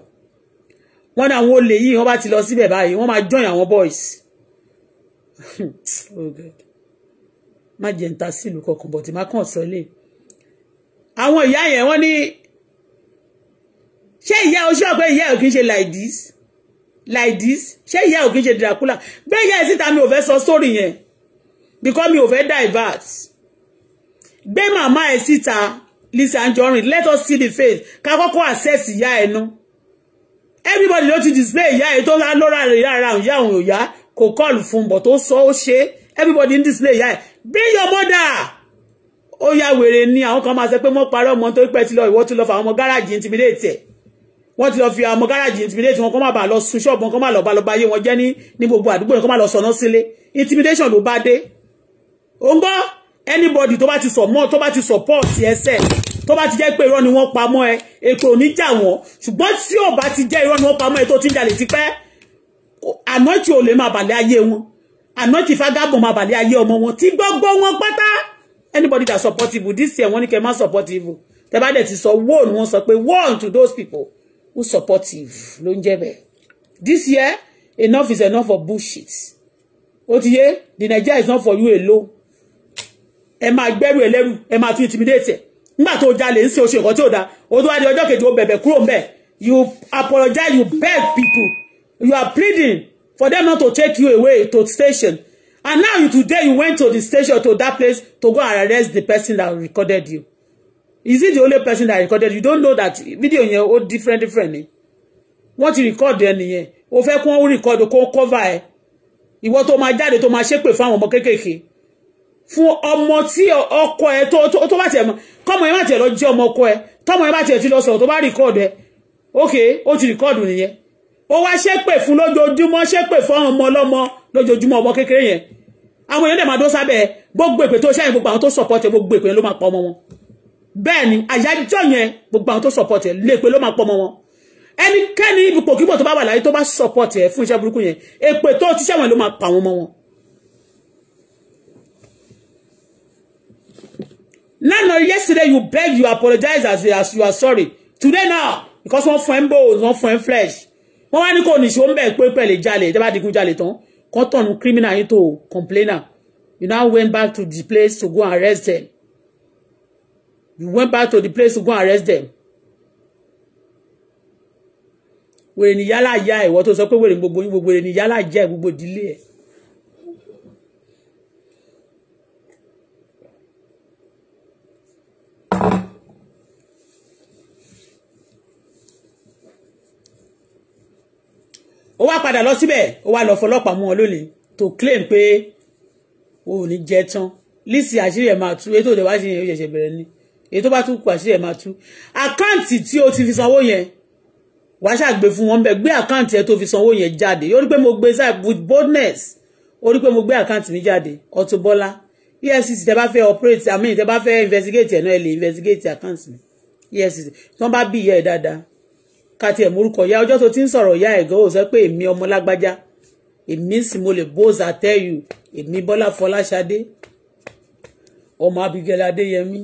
wọ́n ní àwọn olè yìí wọ́n bá ti lọ síbẹ̀ báyìí wọ́n máa join àwọn boys oh God má jẹ́ ń ta sílùú kankan bọ̀tì má kàn sọ lè àwọn ìyá yẹn wọ́n ní ṣé ìyá o ṣọ́ pé ìyá ò kí ń ṣe like this like this ṣé ìyá ò kí ń ṣe dracula gbé ìyá ẹ̀ síta mi ò fẹ́ sọ story yẹn because mi ò fẹ́ divert gbé màmá ẹ̀ síta Lizzy Anjorin let us see the face ká kọ́kọ́ access ìyá ẹ̀ náà everybody don't ti display ìyá ẹ̀ tó lọ́ra rẹ̀ yára ìyá òun ìyá kò kọ́ọ̀lù fún un bọ̀ tó sọ ó ṣe everybody in display ìyá ẹ̀ bring your mother ó yá we're ni àwọn kan máa sọ pé wọ́n parọ́ ọmọ tó pẹ́ ti lọ ìwọ́ tó lọ fà àwọn ọmọ intimidate ẹ̀ wọ́n ti lọ fi àwọn gáràjì intimidate wọn kọ́ máa bà lọ sun ṣọ́ọ̀bù wọn kọ́ máa lo ba. lọ bá yé wọn jẹ́ ní ní gbogbo àdúgbò wọn kọ́ máa lọ sọ̀nà sílé intimidation ló bá dé ó ń go anybody tó bá ti support to bá ti support ẹsẹ̀ tó bá ti jẹ́ pé irọ́ ni wọ́n pamọ́ ẹ èpè ò ní jà wọ́n ṣùgbọ́n tí ò bá ti jẹ́ irọ́ ni wọ́n pamọ́ ẹ tó ti ń jalè ti pẹ́ àná tí ò lè máa bàlẹ́ ayé wọn àná tí fagábọ̀n máa bàlẹ́ ayé ọmọ wọn tí gbogbo wọn pátá anybody that supportive this year wọ́n ní kẹ́ má supportive, evil tẹ́ bá dẹ̀ ti sọ wọ́ọ̀nù wọn sọ pé wọ́ọ̀nù to those people who supportive. evil ló ń this year enough is enough for bullshit ó ti yé the Nigeria is not for you alone ẹ máa gbẹ́rù ẹlẹ́rù ẹ máa tún intimidate ẹ̀ nígbà tó jalè ń ṣe oṣù ẹ̀kọ́ tí ò da ó tó wá di ọjọ́ kejì ó bẹ̀bẹ̀ kúrò ńbẹ̀ you apologize you beg people you are pleading for them not to take you away to the station and now you today you went to the station to that place to go and arrest the person that recorded you is it the only person that recorded you don't know that video yẹn ó different different ni wọ́n ti record ẹni yẹn o fẹ́ kí wọ́n record kó cover ẹ ìwọ tó máa jáde tó máa ṣépè fáwọn ọmọ kéékèèké fún ọmọ tí ọkọ ẹ tó bá tiẹ̀ mọ̀ kọ́mọ ẹ má tiẹ̀ lọ jẹ́ ọmọ ọkọ ẹ tọ́mọ ẹ má tiẹ̀ ti lọ sọ̀rọ̀ tó bá rìkọ́ọ̀dù ẹ ókè ó ti rìkọ́ọ̀dù nìyẹn ó wá ṣépè fún lójoojúmọ́ ṣépè fún ọmọ ọlọ́mọ lójoojúmọ́ ọmọ kékeré yẹn àwọn èèyàn dẹ̀ máa dó sábẹ́ gbogbo èpè tó ṣáyìn gbogbo àwọn tó sọ̀pọ̀tẹ̀ gbogbo èpè ló máa pọ̀ ọmọ wọn bẹ́ẹ̀ ni àyájọ́ yẹn gbogbo àwọn tó sọ̀pọ̀tẹ̀ lépè ló máa pọ̀ ọmọ wọn ẹnikẹ́ni ibùpò kíbọ̀ tó bá wà láyé tó bá sọ̀pọ̀tẹ̀ fún iṣẹ́ burúkú yẹn èpè tó ti ṣẹ̀wọ̀n ló máa pa àwọn ọmọ wọn lánàá yesterday you begged you apologize as, as you are sorry today now because one friend bones one friend flesh wọ́n wá ní kò ní ṣe ó ń bẹ̀ pé pẹ̀lẹ́ jalè ìjọba digun jalè tán kan tọ̀nù criminal yín tó complainer you now went back to the place to go and arrest them you went back to the place to go and arrest them We ní yálà yá ẹ̀wọ́ tó sọ pé wèrè ní gbogbo yín gbogbo wèrè ní yálà ó wá padà lọ síbẹ̀ ó wá lọ fọlọ́pàá mú wọn lólè tó claim pé o ní jẹ tán lísì àṣírí ẹ̀ máa tú ètò ìdẹ̀wá ṣe yẹn ṣẹ̀ṣẹ̀ bẹ̀rẹ̀ ni èyí tó bá tún kù àṣírí ẹ̀ máa tú àkáǹtì tí o ti fi sanwó yẹn wà á ṣàgbé fún wọn bẹ́ẹ̀ gbé àkáǹtì ẹ̀ tó fi sanwó yẹn jáde ó pé mo gbé sáà with boldness ó rí pé mo gbé àkáǹtì mi jáde Auto Bola EFCC tẹ bá fẹ́ operate I mean tẹ bá fẹ́ investigate ẹ̀ náà ẹ lè investigate àkáǹtì mi EFCC tí wọ́n bá bí ìyá ẹ̀ dáadáa kàti ẹ̀ morúkọ ìyá ọjọ́ tó ti ń sọ̀rọ̀ ìyá ẹ̀gọ́ ò sọ pé èmi ọmọ lágbájá èmi sì mo lè bóòsì àtẹ́yù èmi bọ́lá fọláṣadé ọmọ abigail adéyẹmí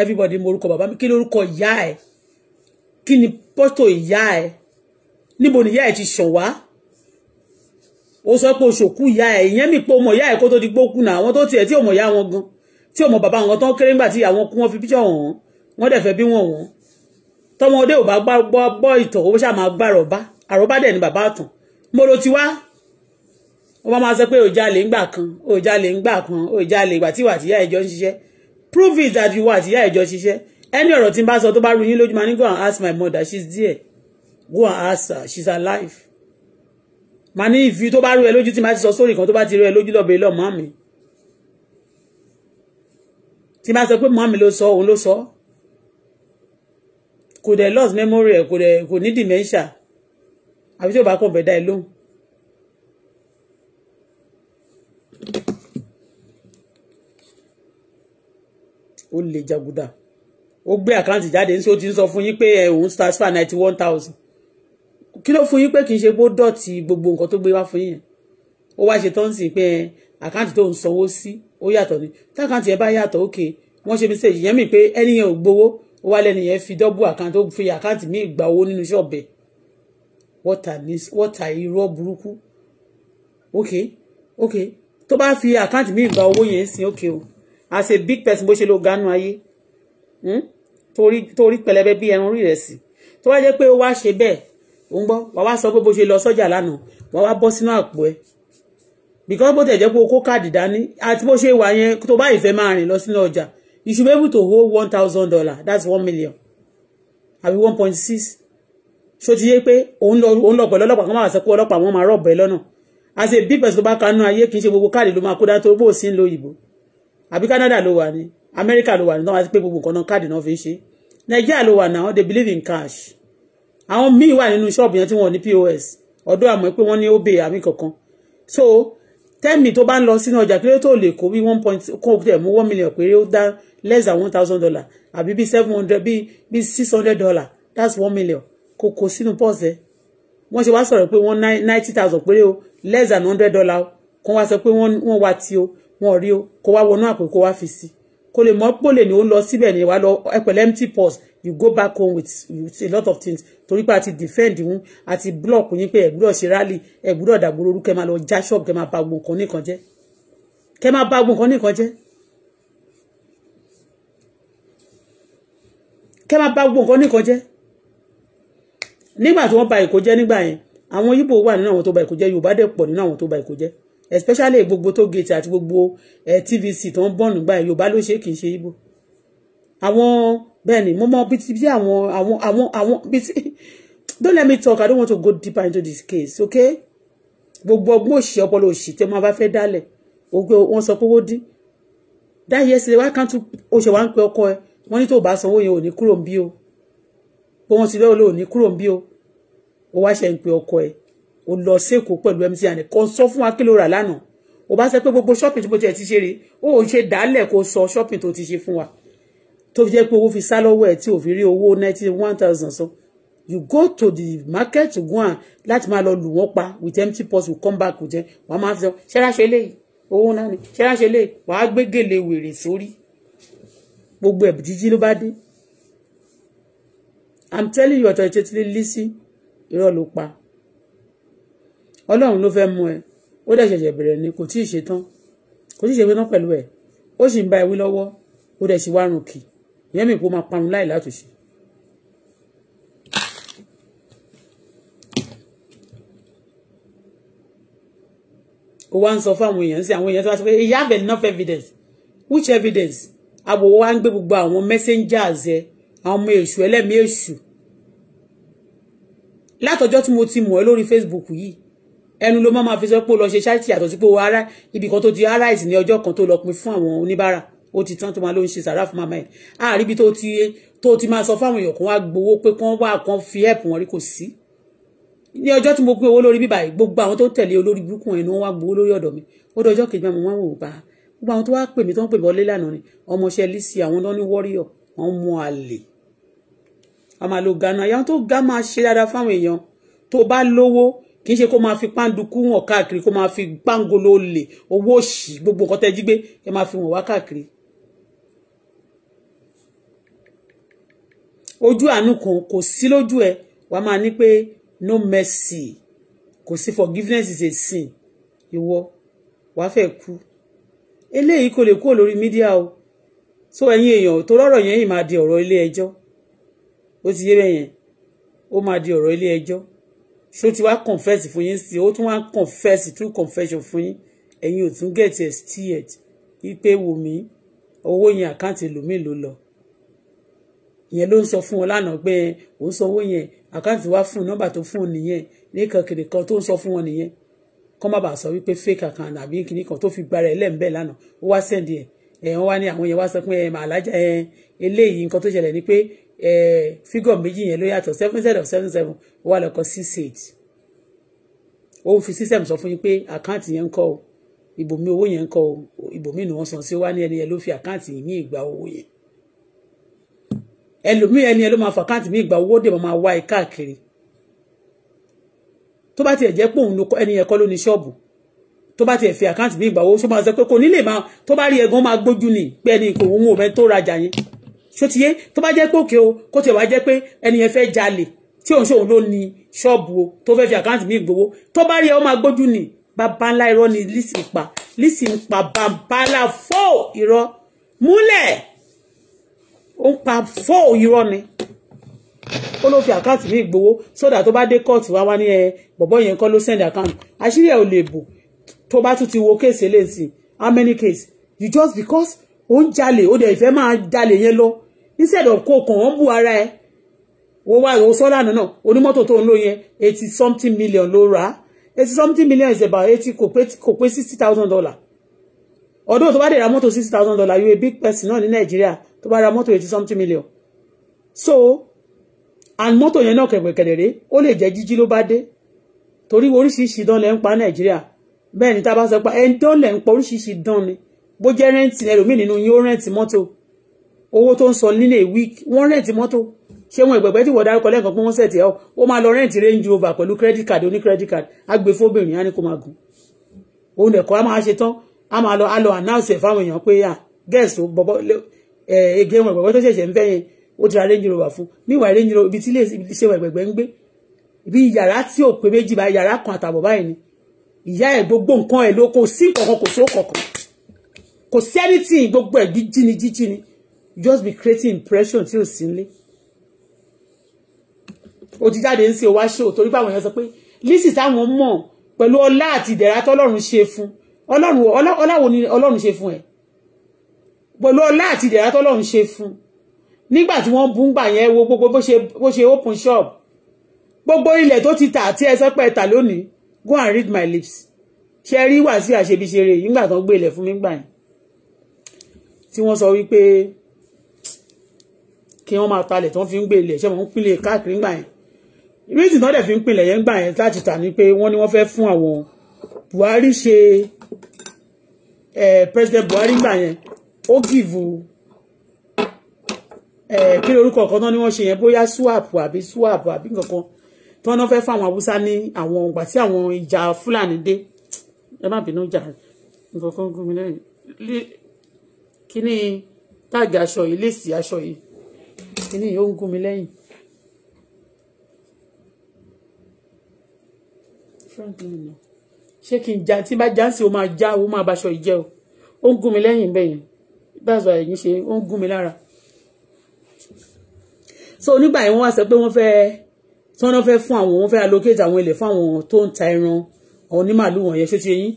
everybody morúkọ bàbá mi kí lórúkọ ìyá ẹ kí ni pọ́tò ìyá ẹ níbo ni ìyá ẹ ti ṣàn wá ó sọ pé oṣòkú ìyá ẹ ìyẹn mi pé ọmọ ìyá ẹ kó tó di gbókù náà àwọn tó tiẹ̀ tí ọmọ ìyá wọn gan tí ọmọ bàbá wọn tán kéré ńgbà tí àwọn kú wọn fi píṣọ̀ wọn wọn dẹ̀ fẹ́ bí wọn wọn tọmọdé ò bá gbọ́ bọ́ ìtọ̀ ó ṣáà máa gbà rọ̀bá àròbá dẹ̀ ni bàbá àtàn mo lo ti wá wọ́n máa sọ pé ò jalè ńgbà kan ò jalè ńgbà kan ò ìgbà tí ìwà àtìyá ìjọ ń ṣiṣẹ́ prove it that ìwà àtìyá ìjọ ṣiṣẹ́ ẹni ọ̀rọ̀ tí n bá sọ tó bá rú yín lójú ní go and ask my mother She is there go and ask her She is alive máa ní ìfi tó bá rú ẹ lójú tí máa ti sọ sórí kan tó bá ti rú ẹ lójú lọ́bẹ̀ẹ́ lọ́ mọ́ mi tí máa sọ pé mọ́ mi ló sọ òun ló sọ ọ́ kò dẹ̀ lost memory ẹ̀ kò dẹ̀ kò ní dementia àbí tí ò bá kàn bẹ̀ dá ẹ lóhùn. ó lè jagunda ó gbé àkáǹtì jáde ní sí ó ti ń sọ fún yín pé òun star ninety one thousand kí ló fún yín pé kì í ṣe pé ó dọ̀tí gbogbo nǹkan tó gbé wá fún yín ó wá ṣe tán sí pé àkáǹtì tó ń sanwó sí ó yàtọ̀ ni táàkáǹtì ẹ bá yàtọ̀ ókè wọ́n ṣe mistake yẹn mi pé ẹnìyẹn ò gbowó ó wá lẹ́nu yẹn fi dọ́bù àkáǹtì ó fi àkáǹtì míì gba owó nínú ṣọ́ọ̀bẹ wọ́tà irọ́ burúkú ok ok tó bá fi àkáǹtì míì gba owó yẹn sìn ok o as a big person bó ṣe lo ganu ayé hmm? torí torí pẹlẹbẹ bí ẹran orí rẹ sí tó bá jẹ́ pé ó wá ṣe bẹ́ẹ̀ ó ń gbọ́ wà wá sọ pé bó ṣe lọ sọ́jà lánàá wà wá bọ́ sínú àpò ẹ̀ because bó tẹ̀ jẹ́ pé o kó káàdì dání àti bó ṣe wà yẹn tó bá ìfẹ́ máa rìn lọ sínú ọjà you should be able to hold one thousand dollar that's one million àbí one point six ṣó ti yé pé òun lọ òun lọ pẹ̀lú ọlọ́pàá kan máa sọ pé ọlọ́pàá wọn máa rọ̀bọ̀ ẹ lọ́nà àti bí pẹ̀sì tó bá kanú ayé kì í ṣe gbogbo káàdì ló máa kó dáńtó bó sì ń lo ìbò àbí Canada ló wà ní America ló wà ní náà àti pé gbogbo nǹkan náà káàdì náà fi ń ṣe Nàìjíríà ló wà náà they believe in cash àwọn míì wà nínú ṣọ́ọ̀bù yẹn tí wọ́n ní POS ọ̀dọ́ àmọ́ pé wọ́n ní ó bè àmì kankan so tẹ́mi tó bá ń lọ sínú ọjà kí ló tó lè kó bí one point kó tẹ̀ mú one million péré ó dá less than one thousand dollar àbí bíi seven hundred bíi bíi six hundred dollar that's one million kò kò sínú pọ́ọ̀sì ẹ̀ wọ́n ṣe wá sọ̀rọ̀ pé wọ́n ninety thousand péré o less than hundred dollar o kò wá sọ pé wọ́n wá tí o wọ́n rí o kò wá wọnú àpò kò wá fi sí kò lè mọ́ pòlè ni ó ń lọ síbẹ̀ ni wàá lọ ẹ̀pẹ̀lẹ̀ empty pause. you go back home with with a lot of things torí pé a defend wọn a block yín pé ẹ gbọ́dọ̀ ṣe rally ẹ gbọ́dọ̀ dàgbòrò orúkẹ́ máa lọ já ṣọ́ọ̀bù kẹ́ máa ba gbọ̀ǹkan nìkan jẹ́ kẹ́ máa ba gbọ̀ǹkan nìkan jẹ́ kẹ́ máa bá gbogbo nǹkan nìkan jẹ́ nígbà tí wọ́n ba Èkó jẹ́ nígbà yẹn àwọn Ìgbò wà nínú àwọn tó ba Èkó jẹ́ Yorùbá dẹ̀ pọ̀ nínú àwọn tó ba Èkó especially gbogbo tó gate àti gbogbo eh, TVC tó ń bọ̀ nígbà yẹn Yorùbá ló ṣe kì í ṣe Ìgbò àwọn bẹ́ẹ̀ ni mo mọ bí ti bí àwọn àwọn àwọn àwọn bí ti don't let me talk I don't want to go deeper into this case okay gbogbo ọgbọ́n òṣì ọpọlọ òṣì tí wọ́n bá fẹ́ dálẹ̀ wọ́n sọ pé wọ́n dín that yesterday why can't you ó ṣe wá ń pe ọkọ ẹ̀ wọ́n ní tó bá sanwó yẹn ò ní kúrò ń bí o bó wọ́n ti lọ́wọ́ lò ò ní kúrò ń bí o ó wá ṣe ń pe ọkọ ẹ̀ ó lọ sékòó pẹ̀lú mc àná kan sọ fún wa kí ló rà lánàá ó bá sọ pé gbogbo shopping tí mo tiẹ̀ ti ṣe rè ó ò ṣe dálẹ̀ kó sọ shopping tó ti ṣe fún wa tó fi jẹ́ pé owó fi sá lọ́wọ́ ẹ̀ tí ò fi rí owó ninety one thousand san you go to the market to go and láti máa lọ lù wọ́n pa with empty purse will come back with them wàá máa fi sọ ṣẹ́ra ṣe owó náà ni ṣẹ́ra ṣe wàá gbé gèlè wèrè sórí gbogbo ẹ̀bù jíjí ló bá dé i'm telling you ọ̀tọ̀ ìtẹ́tílé lísí irọ́ ló pa ọlọ́run ló fẹ́ mú ẹ ó dẹ̀ ṣẹ̀ṣẹ̀ bẹ̀rẹ̀ ni kò tí ì ṣetán kò tí ì ṣetán pẹ̀lú ẹ̀ ó sì ń bá ewé lọ́wọ́ ó dẹ̀ sì wá rùn kì ìyẹn mi kò máa parun láì látòṣe. ó wá ń sọ fún àwọn èèyàn sí àwọn èèyàn tó wá sọ pé you have enough evidence which evidence àwòwọ́ wa ń gbé gbogbo àwọn messengers ẹ àwọn ọmọ èṣù ẹlẹ́mìí èṣù látọjọ́ tí mo ti mọ̀ ẹ́ lórí Facebook yìí ẹnu ló máa fi sọ pé ó lọ ṣe ṣáìtì yàtọ̀ sí pé ó ara ibì kan tó di arise ní ọjọ́ kan tó lọ pin fún àwọn oníbàárà ó ti tán tó máa ló ń ṣe sàrà fún màmá ẹ̀ àríbi tó tó ti máa sọ fáwọn èèyàn kan wá gbowó pé kán wá kan fi help wọn rí kò sí ní ọjọ́ tí mo pín owó lórí bíbá gbogbo àwọn tó tẹ̀lé olórí burúkú ẹ̀ ni wọ́n wá gbowó lórí ọ̀dọ̀ mi ó dọjọ́ kejì máa mọ̀ wọ́n wò bá a ah, gbogbo àwọn tó wá pè mí tó ń pè wọlé lánàá ni ọmọọṣẹ́ lisi àwọn tó ní wọ́ríọ̀ wọ́n mú àlè a máa lo gana àwọn tó ga máa ṣe dáadáa fáwọn èèyàn tó bá lówó kì í ṣe kó máa fi pàǹdùkú wọn káàkiri kó máa fi pàǹgolo lè owó òṣì gbogbo nǹkan tẹ́ jí gbé ẹ máa fi wọn wá káàkiri. ojú àánú kan kò sí lójú ẹ wàá máa ní pé no mercy kò sí forgiveness is a sin ìwọ wàá fẹ́ kú eléyìí kò lè kúrò lórí mídíà o so ẹ̀yin èèyàn tó rọ̀rọ̀ yẹn yìí máa di ọ̀rọ̀ ilé ẹjọ́ ó ti yé bẹ́yẹn ó máa di ọ̀rọ̀ ilé ẹjọ́ ṣó ti wá confess fún yín sí ó tún wá confess through confession fún yín ẹ̀yin ò tún get it steered wípé Wùmí owó yẹn àkáǹtì lòmíì ló lọ ìyẹn ló ń sọ fún wọn lánàá pé òun sanwó yẹn àkáǹtì wá fún nọ́mbà tó fún un nìyẹn ní kankan tó ń sọ fún wọn nìyẹn kọ́ má bàa sọ wípé fake account àbí kìíní kan tó fi gbára ẹ̀ lẹ́m̀bẹ́ lánàá ó wá sẹ́ndì ẹ̀ ẹ̀ wọ́n wá ní àwọn yẹn wá sọ pé ẹ̀ màlájà ẹ̀ eléyìí nǹkan tó ṣẹlẹ̀ ni pé ẹ̀ figure méjì yẹn ló yàtọ̀ seven instead of seven seven wà lọ́kọ̀ six eight ó fi system sọ fún yín pé àkáǹtì yẹn ń kọ́ o ìbòmí owó yẹn ń kọ́ o ìbòmí ni wọ́n san sí wá ní ẹni yẹn ló fi àkáǹtì yìí ní ìgbà owó yẹn ẹlòmíì ẹni yẹn ló máa fàkáǹtì ní ìgbà owó dè máa wá ẹ káàkiri tó bá tiẹ̀ jẹ́ pé òun ẹni yẹn kọ́ ló ní ṣọ́ọ̀bù tó bá tiẹ̀ fi àkáǹtì mi ìgbàwó ṣó máa sọ pé máa tó bá rí ẹ̀gán máa gbójú ni pé ẹni kò òun ò mẹ́ tó rajà yẹn ṣó ti yé tó bá jẹ́ pé òkè o kó tiẹ̀ wá jẹ́ pé ẹni yẹn fẹ́ jalè tí òun ṣòun ló ní ṣọ́ọ̀bù o tó fẹ́ fi àkáǹtì mi ìgbòwó tó bá rí ẹ máa gbójú ni bàbá ńlá irọ́ ni Lizzy pa Lizzy pa bàbá ńlá fọ́ irọ́ múlẹ̀ ó ń pa fọ́ irọ́ ni ó ló fi àkáǹtì mi gbowó sódà tó bá dé kóòtù wá wá ní ẹ eh, bọ̀bọ́ yẹn kọ́ ló send account àṣírí ẹ̀ ò lè bò tó bá tún ti wo case eléyìí how many case you just because ó ń jalè ó dẹ̀ ìfẹ́ máa jalè yẹn lọ instead of kó kàn án bù ara ẹ̀ wo wá ìwọ sọ́lá náà onímọ́tò tó ń lò yẹn eighty something million ló rà eighty something million is about eighty kò pé kò pé sixty thousand dollar ọdún tó bá dẹ̀ ra mọ́tò sixty thousand dollar you a big person náà ní nàìjíríà tó bá ra mọ́tò eighty something million so and mọ́tò yẹn náà kẹ̀kẹ̀kẹ̀rẹ̀ ó lè jẹ́ jíjí ló bá dé torí oríṣiríṣi dán lẹ́ ń pa nàìjíríà bẹ́ẹ̀ ni tá a bá sọ pé ẹni dán lẹ́ ń pa oríṣiríṣi dán ni bó jẹ́ rẹ́ǹtì ẹlòmíì nínú yín ó rẹ́ǹtì mọ́tò owó tó ń sọ nílé week wọ́n rẹ́ǹtì mọ́tò ṣé wọn ìgbẹ̀gbẹ́ tí wọ́n dárúkọ lẹ́ẹ̀kan pé wọ́n sẹ̀tì ẹ̀ ó máa lọ rẹ́ǹtì range rover pẹ̀lú credit card oní credit card agbèfóbìnrin á ní kó máa gùn òun ẹ̀kọ́ á máa ṣe tán á máa lọ á lọ announce ẹ̀ fáwọn èèyàn pé à gẹ́ẹ̀sì bọ́bọ́ ẹ̀ ẹ̀gẹ́ wọn ìgbẹ̀gbẹ́ tó ṣẹ̀ṣẹ̀ ń fẹ́ yẹn ó ti ra range rover fún meanwhile range rover ibi tí ilé iṣẹ́ ẹ̀gbẹ̀gbẹ̀ ń gbé ibi yàrá tí ò pé méjì bá yàrá kan àtàbọ̀ báyìí ni ìyá ẹ̀ gbogbo nǹkan ẹ̀ ló kò sí kankan kò sóò kankan kò sí anything gbogbo ẹ̀ jíjìnì jíjìnì just be creating impression tí ò sí nílé ó ti jáde ń ṣe wá ṣó torí báwọn èèyàn sọ pé lísì táwọn mọ̀ pẹ̀lú ọlá àti ìdẹ̀ra tọ́lọ́run ṣe fún ọlọ́run ọláwo ni ọlọ́run ṣe fún ẹ̀ pẹ̀lú ọlá àti ìdẹ̀ra tọ́lọ́run ṣe fún un nígbà tí wọ́n bú ń gbà yẹn wo gbogbo bó ṣe bó ṣe open shop gbogbo ilẹ̀ tó ti tà àti ẹsẹ̀ pẹ́ tà lónìí go and read my lips ṣe rí wàásù àṣebiṣere yìí nígbà tó ń gbélé fún mi gbà yẹn tí wọ́n sọ wípé kí wọ́n máa talẹ̀ tó ń fi ń gbélé ṣé wọ́n ń pinlẹ̀ káàkiri gbà yẹn reason tó dẹ̀ fi ń pinlẹ̀ yẹn gbà yẹn láti tà ní pé wọ́n ní wọ́n fẹ́ fún àwọn Buhari ṣe eh, president Buhari gbà yẹn ó gìvù Eh, kí lórúkọ kan tán ni wọ́n ṣe yẹn bóyá swap àbí swap àbí nǹkan tí wọ́n náà fẹ́ fáwọn haúsá ní àwọn ìgbà tí àwọn ìjà fúlàní dé ẹ má bínú jà nǹkan kan gún mi lẹ́yìn kíní táàgì aṣọ yìí léèsì aṣọ yìí kíní yìí ó ń gún mi lẹ́yìn. ṣé kí n já tí bá já sí o máa já o máa baṣọ ìjẹ o ó ń gún mi lẹ́yìn bẹ́yìn báṣọ ẹ̀yìn ṣe ó ń gún mi lára so nígbà yẹn wọ́n wá sọ pé wọ́n fẹ́ tí wọ́n fẹ́ fún àwọn wọ́n fẹ́ allocate àwọn ilẹ̀ fún àwọn tó ń ta ẹran àwọn onímàálù wọ̀nyẹn ṣó ti yẹn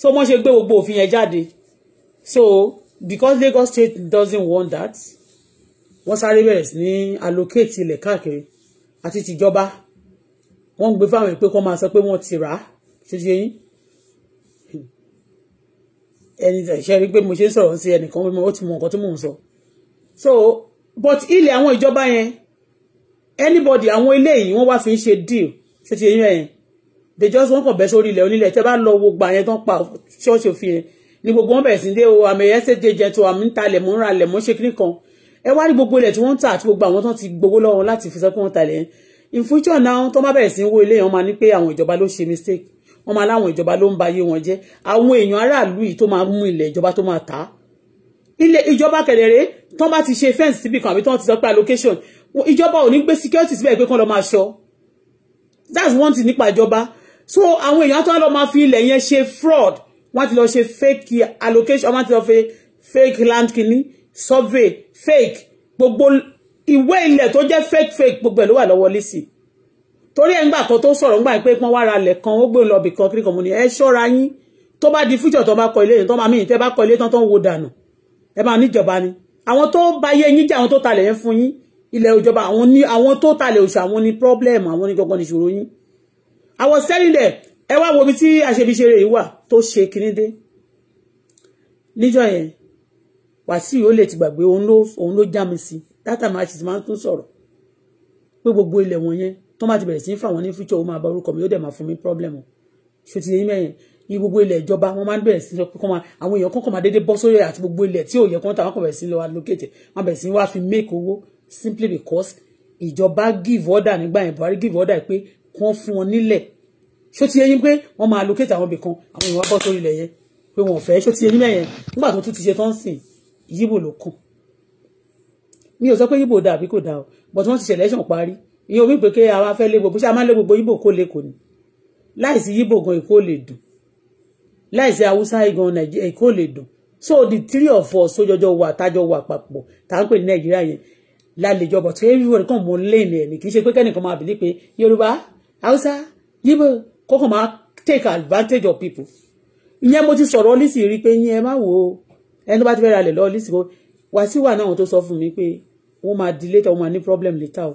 so wọ́n ṣe gbé gbogbo òfin yẹn jáde so because Lagos state doesn't want that wọ́n sáré bẹ̀rẹ̀ sí ní allocate ilẹ̀ káàkiri àti tìjọba wọ́n ń gbé fáwọn èèyàn pé kó máa sọ pé wọ́n ti rà á ṣe ti yẹn ẹni tẹ̀ ṣe rí pé mo ṣe ń sọ̀rọ̀ sí ẹnìkan pé ó ti mọ nǹkan tí mò ń sọ so but ilẹ̀ àwọn ìjọba yẹn anybody àwọn ilé yìí wọ́n wá fi ń ṣe deal ṣe ti yẹn yẹn they just wọ́n kàn bẹ́ sórí ilẹ̀ onílẹ̀ tẹ́ bá lọ wo gbà yẹn tán pa ṣọ́ọ̀ṣì òfin yẹn ni gbogbo wọn bẹ̀rẹ̀ sí dé o àmì ẹ̀sẹ̀ jẹjẹ tó àmì ń talẹ̀ mò ń ra lẹ̀ mò ń ṣe kíní kan ẹ wá rí gbogbo ilẹ̀ tí wọ́n ń tà àti gbogbo àwọn tán ti gbowó lọ́wọ́ láti fi sọ́kún talẹ̀ yẹn in future náà tó má bẹ̀rẹ̀ sí wo ilé yẹn wọ́n máa ní pé àwọn ìjọba ló ṣe mistake wọ́n máa láwọn ìjọba ló ń ba ayé wọn jẹ́ àwọn èèyàn aráàlú yìí tó máa mú ilẹ̀ ìjọba tó máa tà á ilé ìjọba kẹ̀lẹ̀rẹ́ tán bá ti ṣe fẹ́ǹsì síbì kan àbí tán ti sọ pé allocation ìjọba ò ní gbé security síbẹ̀ pé kán lọ máa ṣọ́ that's one thing nípa ìjọba so àwọn èèyàn tó ń lọ máa fi ilẹ̀ yẹn ṣe fraud wọ́n ti lọ ṣe fake allocation wọ́n ti lọ fi fake land kìíní survey fake gbogbo ìwé ilẹ̀ tó jẹ́ fake fake gbogbo ẹ̀ ló wà lọ́wọ́ lẹ́sì torí ẹ̀ ńgbà kan tó sọ̀rọ̀ ńgbà pé wọ́n wá ra lẹ̀ kan ó gbé lọ bì kan kíríkan mo ní ẹ ṣọ́ra yín tó bá di future tó bá kọ́ ilé yẹn tó máa mí tẹ́ bá kọ́ ilé tán tó ń wo dànù ẹ máa níjọba ni àwọn tó bá yé yín jẹ́ àwọn tó talẹ̀ yẹn fún yín ilẹ̀ òjọba àwọn ní àwọn tó talẹ̀ òṣù àwọn ní problem àwọn ní gbọ̀ngàn ìṣòro yín àwọn sẹ́yìn dẹ̀ ẹ wá wo mi tí àṣebiṣere yìí wà tó ṣe kinní dé níjọ́ yẹn Wàsíù ó lè ti gbàgbé òun ló òun ló já mi sí dátà máa ṣì ti máa ń tún sọ̀rọ̀ pé gbogbo ilẹ̀ wọn yẹn tó má ti bẹ̀rẹ̀ sí í fà wọ́n ní future ó máa bá orúkọ mi ó dẹ̀ máa fún mi problem ṣòtìyẹ́yìn mẹ́yìn ní gbogbo ilẹ̀ ìjọba wọ́n máa ń bẹ̀rẹ̀ sí lọ kọ́ máa àwọn èèyàn kọ́kọ́ máa dédé bọ́ sórí àti gbogbo ilẹ̀ tí ò yẹ kọ́ńtà wọ́n kọ̀ bẹ̀rẹ̀ sí lọ allocate wọ́n bẹ̀rẹ̀ sí wá fi make owó simply because ìjọba give order nígbà yẹn Buhari give order pé kán fún wọn nílẹ̀ ṣó ti yé yín pé wọ́n máa allocate àwọn ibìkan àwọn èèyàn wá bọ́ sórí ilẹ̀ yẹn pé wọ́n fẹ́ ṣó ti yé yín mẹ́yẹn nígbà tó tún ti ṣe tán sìn yíbò ló kù mi ò sọ pé yíbò dà àbí kò dà o but wọ́n ti ṣẹlẹ̀ ṣàn parí ìyẹn omi pé kí a wá fẹ́ lé gbogbo ṣé a máa lé gbogbo yíbò kó lè kò ní láìsí yíbò gan èkó lè dùn láìsí haúsá igan nàìjíríà èkó lè dùn so the three of us sójọjọ wà tájọ wà papọ̀ tá à ń pè ní nàìjíríà yẹn lálejò bọ̀ tí everybody kàn mọ́ lẹ́nu ẹ̀ ní kì í ṣe pé kẹ́nìkan máa bìlí pé yorùbá haúsá yíbo kọ́kàn máa take advantage of people ìyẹn mo ti sọ̀rọ̀ ọ́lísì rí pé yín ẹ má wò ó ẹni tó bá ti fẹ́ ra lẹ̀ lọ́ọ́ ọ́lísì kó wàásù wà náà tó sọ fún mi pé wọ́n máa di later wọ́n máa ní problem later o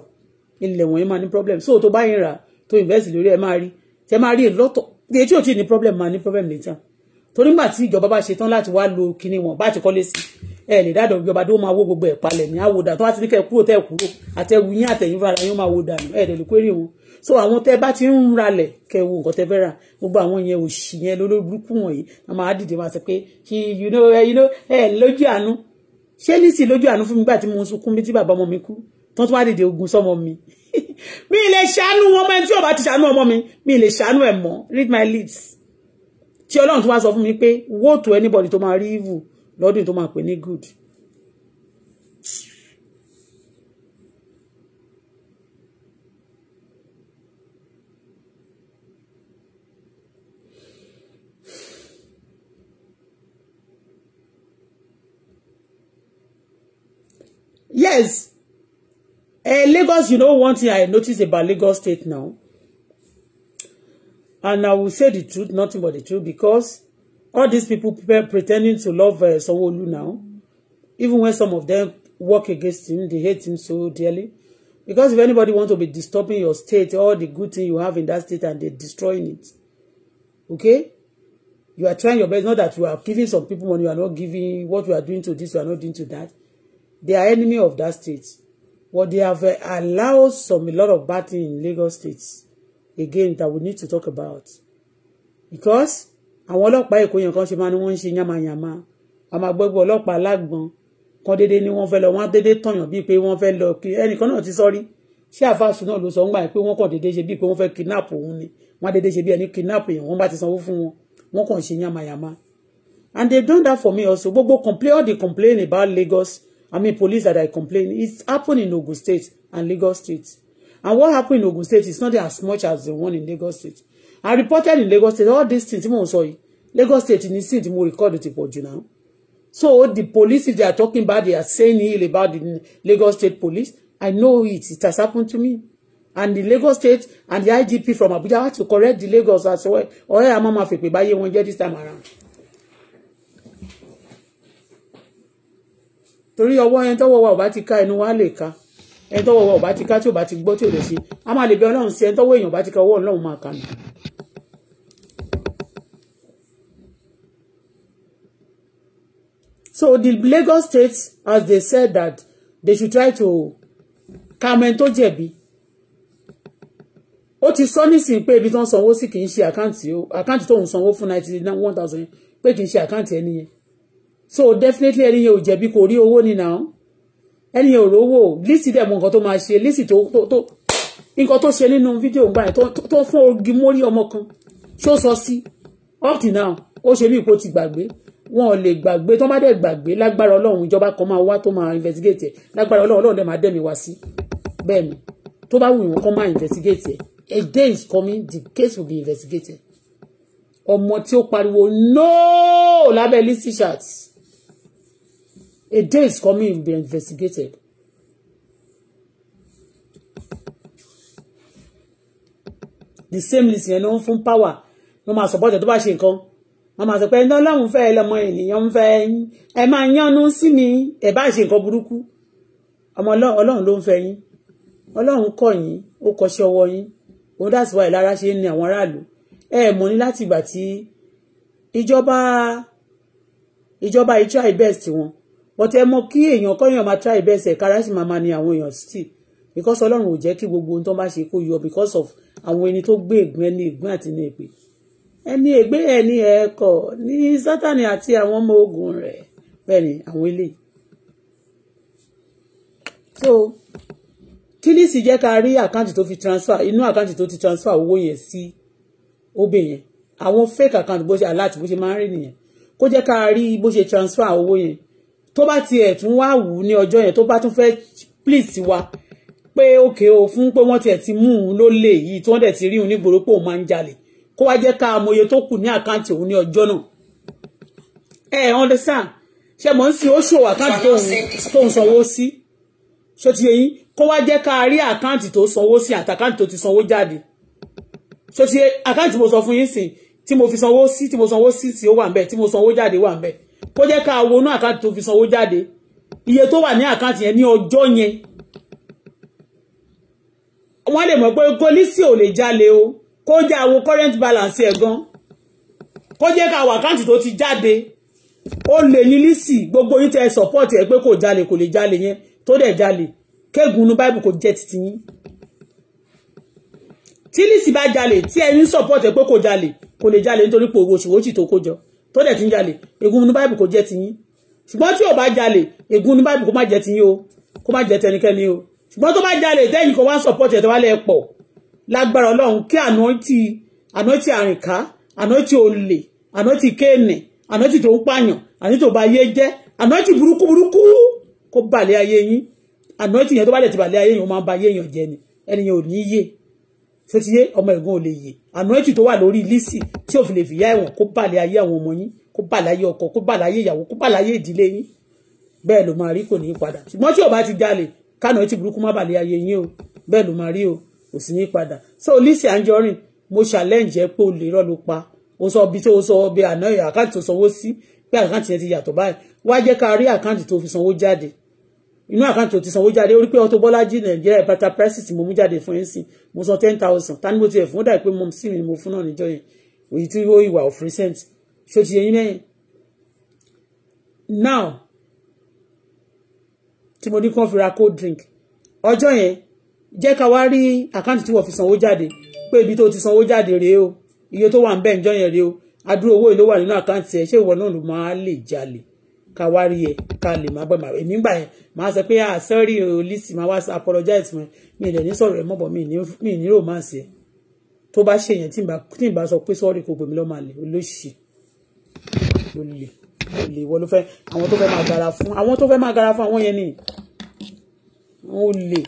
ilẹ̀ wọ̀nyí máa ní problem so tó bá yín rà tó invest lórí ẹ máa rí tẹ máa rí lọ́tọ̀ tí ò tí ní problem máa ní problem later torí nígbà tí ìjọba bá ṣe tán láti wá lo kinní wọn bá ti kọ́lé sí ẹ lè dáadọ̀ ìjọba tó máa wó gbogbo ẹ̀ palẹ̀ ní àwòdà tó bá ti ní kẹ́ kúrò tẹ́ kúrò àtẹ̀wù yín àtẹ̀yìn fara yín máa wò dànù ẹ̀ dẹ̀ lè kórè wọn so àwọn tẹ́ bá ti ń ralẹ̀ kẹ́ wo nǹkan tẹ́ fẹ́ rà gbogbo àwọn yẹn òṣì yẹn lólórúkú wọ̀nyí a máa dìde máa sọ pé you know eh, you know ẹ lójú àánú ṣé nísì lójú àánú fún mi gbà tí mo ń sunkún bí tí bàbá ọmọ mi kú tó tún wá dìde ogun sọmọ mi mi lè ṣàánú ọmọ ẹni tí ò bá ti ṣàánú ọmọ mi mi lè ṣàánú ẹ mọ read my lips tí ọlọ́run tó wá sọ fún mi pé wó to anybody tó máa rí evil lọ́dún tó máa pè ní good. yes uh, Lagos you know one thing I notice about Lagos state now And I will say the truth, nothing but the truth, because all these people pretending to love uh, sanwo now, even when some of them work against him, they hate him so dearly. Because if anybody want to be disturbing your state, all the good thing you have in that state, and they destroying it. Okay? You are trying your best. Not that you are giving some people money, you are not giving what you are doing to this, you are not doing to that. They are enemy of that state. What they have uh, allowed some a lot of bad thing in Lagos states again that we need to talk about because àwọn ọlọ́pàá èkó yẹn kan ṣe máa ni wọ́n ń ṣe yamayama àmọ́ àgbẹ̀gbẹ̀ ọlọ́pàá alágbọ̀n kan dédé ni wọ́n fẹ́ lọ wọ́n á dédé tọ̀yàn bíi pé wọ́n fẹ́ lọ kí ẹnìkan náà ti sọ́rí ṣé àfàṣù náà ló sọ ńgbà pé wọ́n kàn dédé ṣe bíi pé wọ́n fẹ́ kidnap òun ni wọ́n á dédé ṣe bíi ẹni kidnap èèyàn wọ́n bá ti sanwó fún wọn wọ́n kàn ṣe yamayama and they done that for me also gbogbo complain all the complain about Lagos I mean police that I complain it's happened in Ogun State and Lagos State And what happened in Ogun State is not as much as the one in Lagos State. I reported in Lagos State all these things Even sorry, Lagos State in this tí mo recorded ti pọ̀ jù náà. So the police, if they are talking bad, they are saying ill about the Lagos State police. I know it. It has happened to me. And the Lagos State and the IGP from Abuja had to correct the Lagos as well. Or I'm a mafe but you won't get this time around. Torí ọwọ́ yẹn and wa ò bá ti ká ẹnu wa lè ẹni tọ́wọ́ wa ò ti ká tí ò bá ti gbọ́ tí ò lè ṣe a máa lè bẹ ọlọ́run sí ẹni tọ́wọ́ èèyàn ò ti ká ọwọ́ ọlọ́run máa kà mí. So the Lagos State, as they said that they should try to calm ẹni tó jẹ̀bi ó ti sọ nísìnyí pé ibi tó ń sanwó sí kì í ṣe àkáǹtì tó ń sanwó fún ninety one thousand pé kì í ṣe àkáǹtì ẹni yẹn so definitely ẹni yẹn ò jẹ̀bi kò rí owó ni náà ẹni òrówó Lizzy dẹ̀ mọ nǹkan tó máa ṣe Lizzy tó tó nǹkan tó ṣe nínú fídíò gbà yẹn tó fún ogi mórí ọmọ kan ṣó sọ sí up till now ó ṣe bí ipò ti gbàgbé wọn ò lè gbàgbé tó má dẹ̀ gbàgbé lágbára ọlọ́run ìjọba kan máa wá tó máa investigate ẹ̀ lágbára ọlọ́run ọlọ́run dẹ̀ máa dẹ̀mí wá sí bẹ́ẹ̀ ni tó bá wù wọ́n kọ́ máa investigate ẹ̀ a day is coming the case will be investigated ọmọ tí ó pariwo no lábẹ́ Lizzy Shatt A day is coming, to be investigated. The same list yẹn ló ń power wọ́n máa support the tó bá ṣe nǹkan wọ́n máa sọ pé ẹ̀ńdán láwọn fẹ́ ẹ lọ́mọ ènìyàn ń fẹ́ ẹ máa yánnu sí mi ẹ̀ bá ṣe nǹkan burúkú ọmọ ọlọ́run ló ń fẹ́ yín ọlọ́run kọ̀ yín ó kọṣẹ́ ọwọ́ yín òun dá sí wa ìlara ṣe ń ní àwọn aráàlú ẹ mọ̀ but ẹ mọ kí èèyàn kọ́yàn máa try best ẹ̀ kára sì máa ma ni àwọn èèyàn still because ọlọ́run ò jẹ́ kí gbogbo ohun tó bá ṣe kó yọ because of àwọn ẹni tó gbé ègbín ẹni ègbín àti ní èpè ẹni ègbé ẹni ẹ̀kọ́ ní sátani àti àwọn ọmọ ogun rẹ̀ bẹ́ẹ̀ ni àwọn eléyìí so kíní sì jẹ́ ká rí àkáǹtì tó fi transfer inú àkáǹtì tó ti transfer owó yẹn sí obè yẹn àwọn fake àkáǹtì bó ṣe aláàtì bó ṣe máa ń rí nìyẹn kó jẹ́ ká rí bó ṣe transfer owó yẹn tó bá tiẹ̀ tún wá wù ú ní ọjọ́ yẹn tó bá tún fẹ́ please wa pé òkè o fún pé wọ́n tiẹ̀ ti mú un lólè yìí tí wọ́n dẹ̀ ti rí un nígboro pé máa ń jalè kó wá jẹ́ ká amòye tó kù ní àkáǹtì òun ní ọjọ́ náà ẹ ẹ understand ṣe mọ̀ ń sin oṣù àkáǹtì tó ń sanwó sí ṣó ti yé yín kó wá jẹ́ ká rí àkáǹtì tó sanwó sí àtàkáǹtì tó ti sanwó jáde ṣó ti yé àkáǹtì mo sọ fún yín sìn tí mo fi sanwó sí tí mo sanwó sí sí ó wà ń bẹ̀ tí mo sanwó jáde wà ń bẹ̀ kó jẹ́ ká wọnú àkáǹtì tó fi sanwó jáde iye tó wà ní àkáǹtì yẹn ní ọjọ́ yẹn wọ́n lè mọ̀ pé kólísì ò lè jalè o kó jẹ́ àwo current balance ẹ̀ gan kó jẹ́ ká wọ àkáǹtì tó ti jáde ó lè ní lísì gbogbo yín tẹ́ support ẹ̀ pé kò jalè kò lè jalè yẹn tó dẹ̀ jalè kéègùn inú báìbù kò jẹ́ títí yín tí lísì bá jalè tí ẹ̀yin support ẹ̀ pé kò jalè kò lè jalè nítorí pé owó oṣù wòṣì tó kó jọ tó dẹ̀ ti ń jalè ègún ní báìbù kò jẹ́ tiyín ṣùgbọ́n tí ò bá jalè ègún ní báìbù kò má jẹ́ tiyín o kó má jẹ́ tẹnikẹ́ni o ṣùgbọ́n tó bá jalè tẹ́yìn kan wá ń sọ̀pọ̀tì ẹ̀ tó wá lẹ́ pọ̀ lágbára ọlọ́run kí ànọ́tì ànọ́tì àrìnká ànọ́tì olè ànọ́tì kéènì ànọ́tì tó ń pààyàn ànọ́tì tó bá yé jẹ́ ànọ́tì burúkú burúkú kó bàlẹ́ ayé yín ànọ́tì yẹn tó bá dẹ̀ ti bàlẹ́ ayé yín ó máa ba ayé yín jẹ́ ni ẹni yẹn ò ní yé ṣètìyé ọmọ ẹ̀gbọ́n ò lè yè ànúẹ́tì tó wà lórí lísì tí ò fi lè fìyà ẹ̀wọ̀n kó bàlẹ̀ ayé àwọn ọmọ yín kó bàlẹ̀ ayé ọkọ kó bàlẹ̀ ayé ìyàwó kó bàlẹ̀ ayé ìdílé yín bẹ́ẹ̀ ló máa rí kò ní í padà ṣùgbọ́n tí ò bá ti jalè kánà tí burúkú má bàlẹ̀ ayé yín o bẹ́ẹ̀ ló máa rí o kò sì ní í padà so lisi Anjorin mo challenge ẹ pé o lè rọ́ ló pa o sọ bí tó sọ bí àná àkáǹtì tó sanwó sí pé àkáǹtì yẹn ti yàtọ̀ báyìí wá jẹ́ ká rí àkáǹtì tó fi sanwó jáde inú àkáǹtì ò ti sanwó jáde orí pé Auto Bọ́lájí nàìjíríà ìbátà prices mo mú jáde fún ẹ̀sìn mo san ten thousand tani mo ti ẹ̀ fún ó dàbí pé mo sì ni mo fún náà níjọ́ yẹn òyì tí ó ìwà of recent ṣó ti yẹ yín now tí mo ní kàn fi cold drink ọjọ́ yẹn jẹ́ ká wá rí àkáǹtì tí wọ́n fi sanwó jáde pé ibi tó ti sanwó jáde rèé o iye tó wà ń bẹ̀ ńjọ́ yẹn rèé o adúrò owó ìlówà nínú àkáǹtì ẹ̀ ṣé ìwọ náà ló máa lè jalè ká wá rí ẹ ká lè má gbàgbà èmi gbà yẹn máa sọ pé ah sorry o Lizzy máa wá apologize fún ẹ mi ì lẹ̀ ní sọ̀rọ̀ ẹ mọ̀bọ̀ mi ì ní romance ẹ tó bá ṣe yẹn tí ì bá sọ pé sorry kò gbèmí lọ́mọ àlè olóṣì olè olè wọ́n ló fẹ́ àwọn tó fẹ́ máa gara fún àwọn tó fẹ́ máa gara fún àwọn yẹn ni olè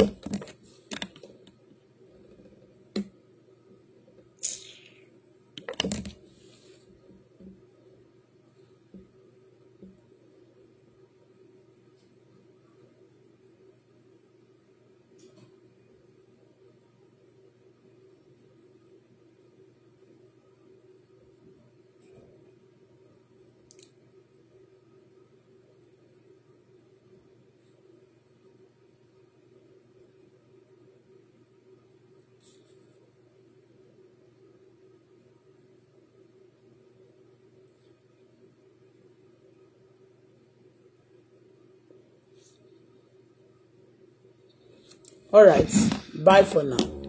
All right. Bye for now.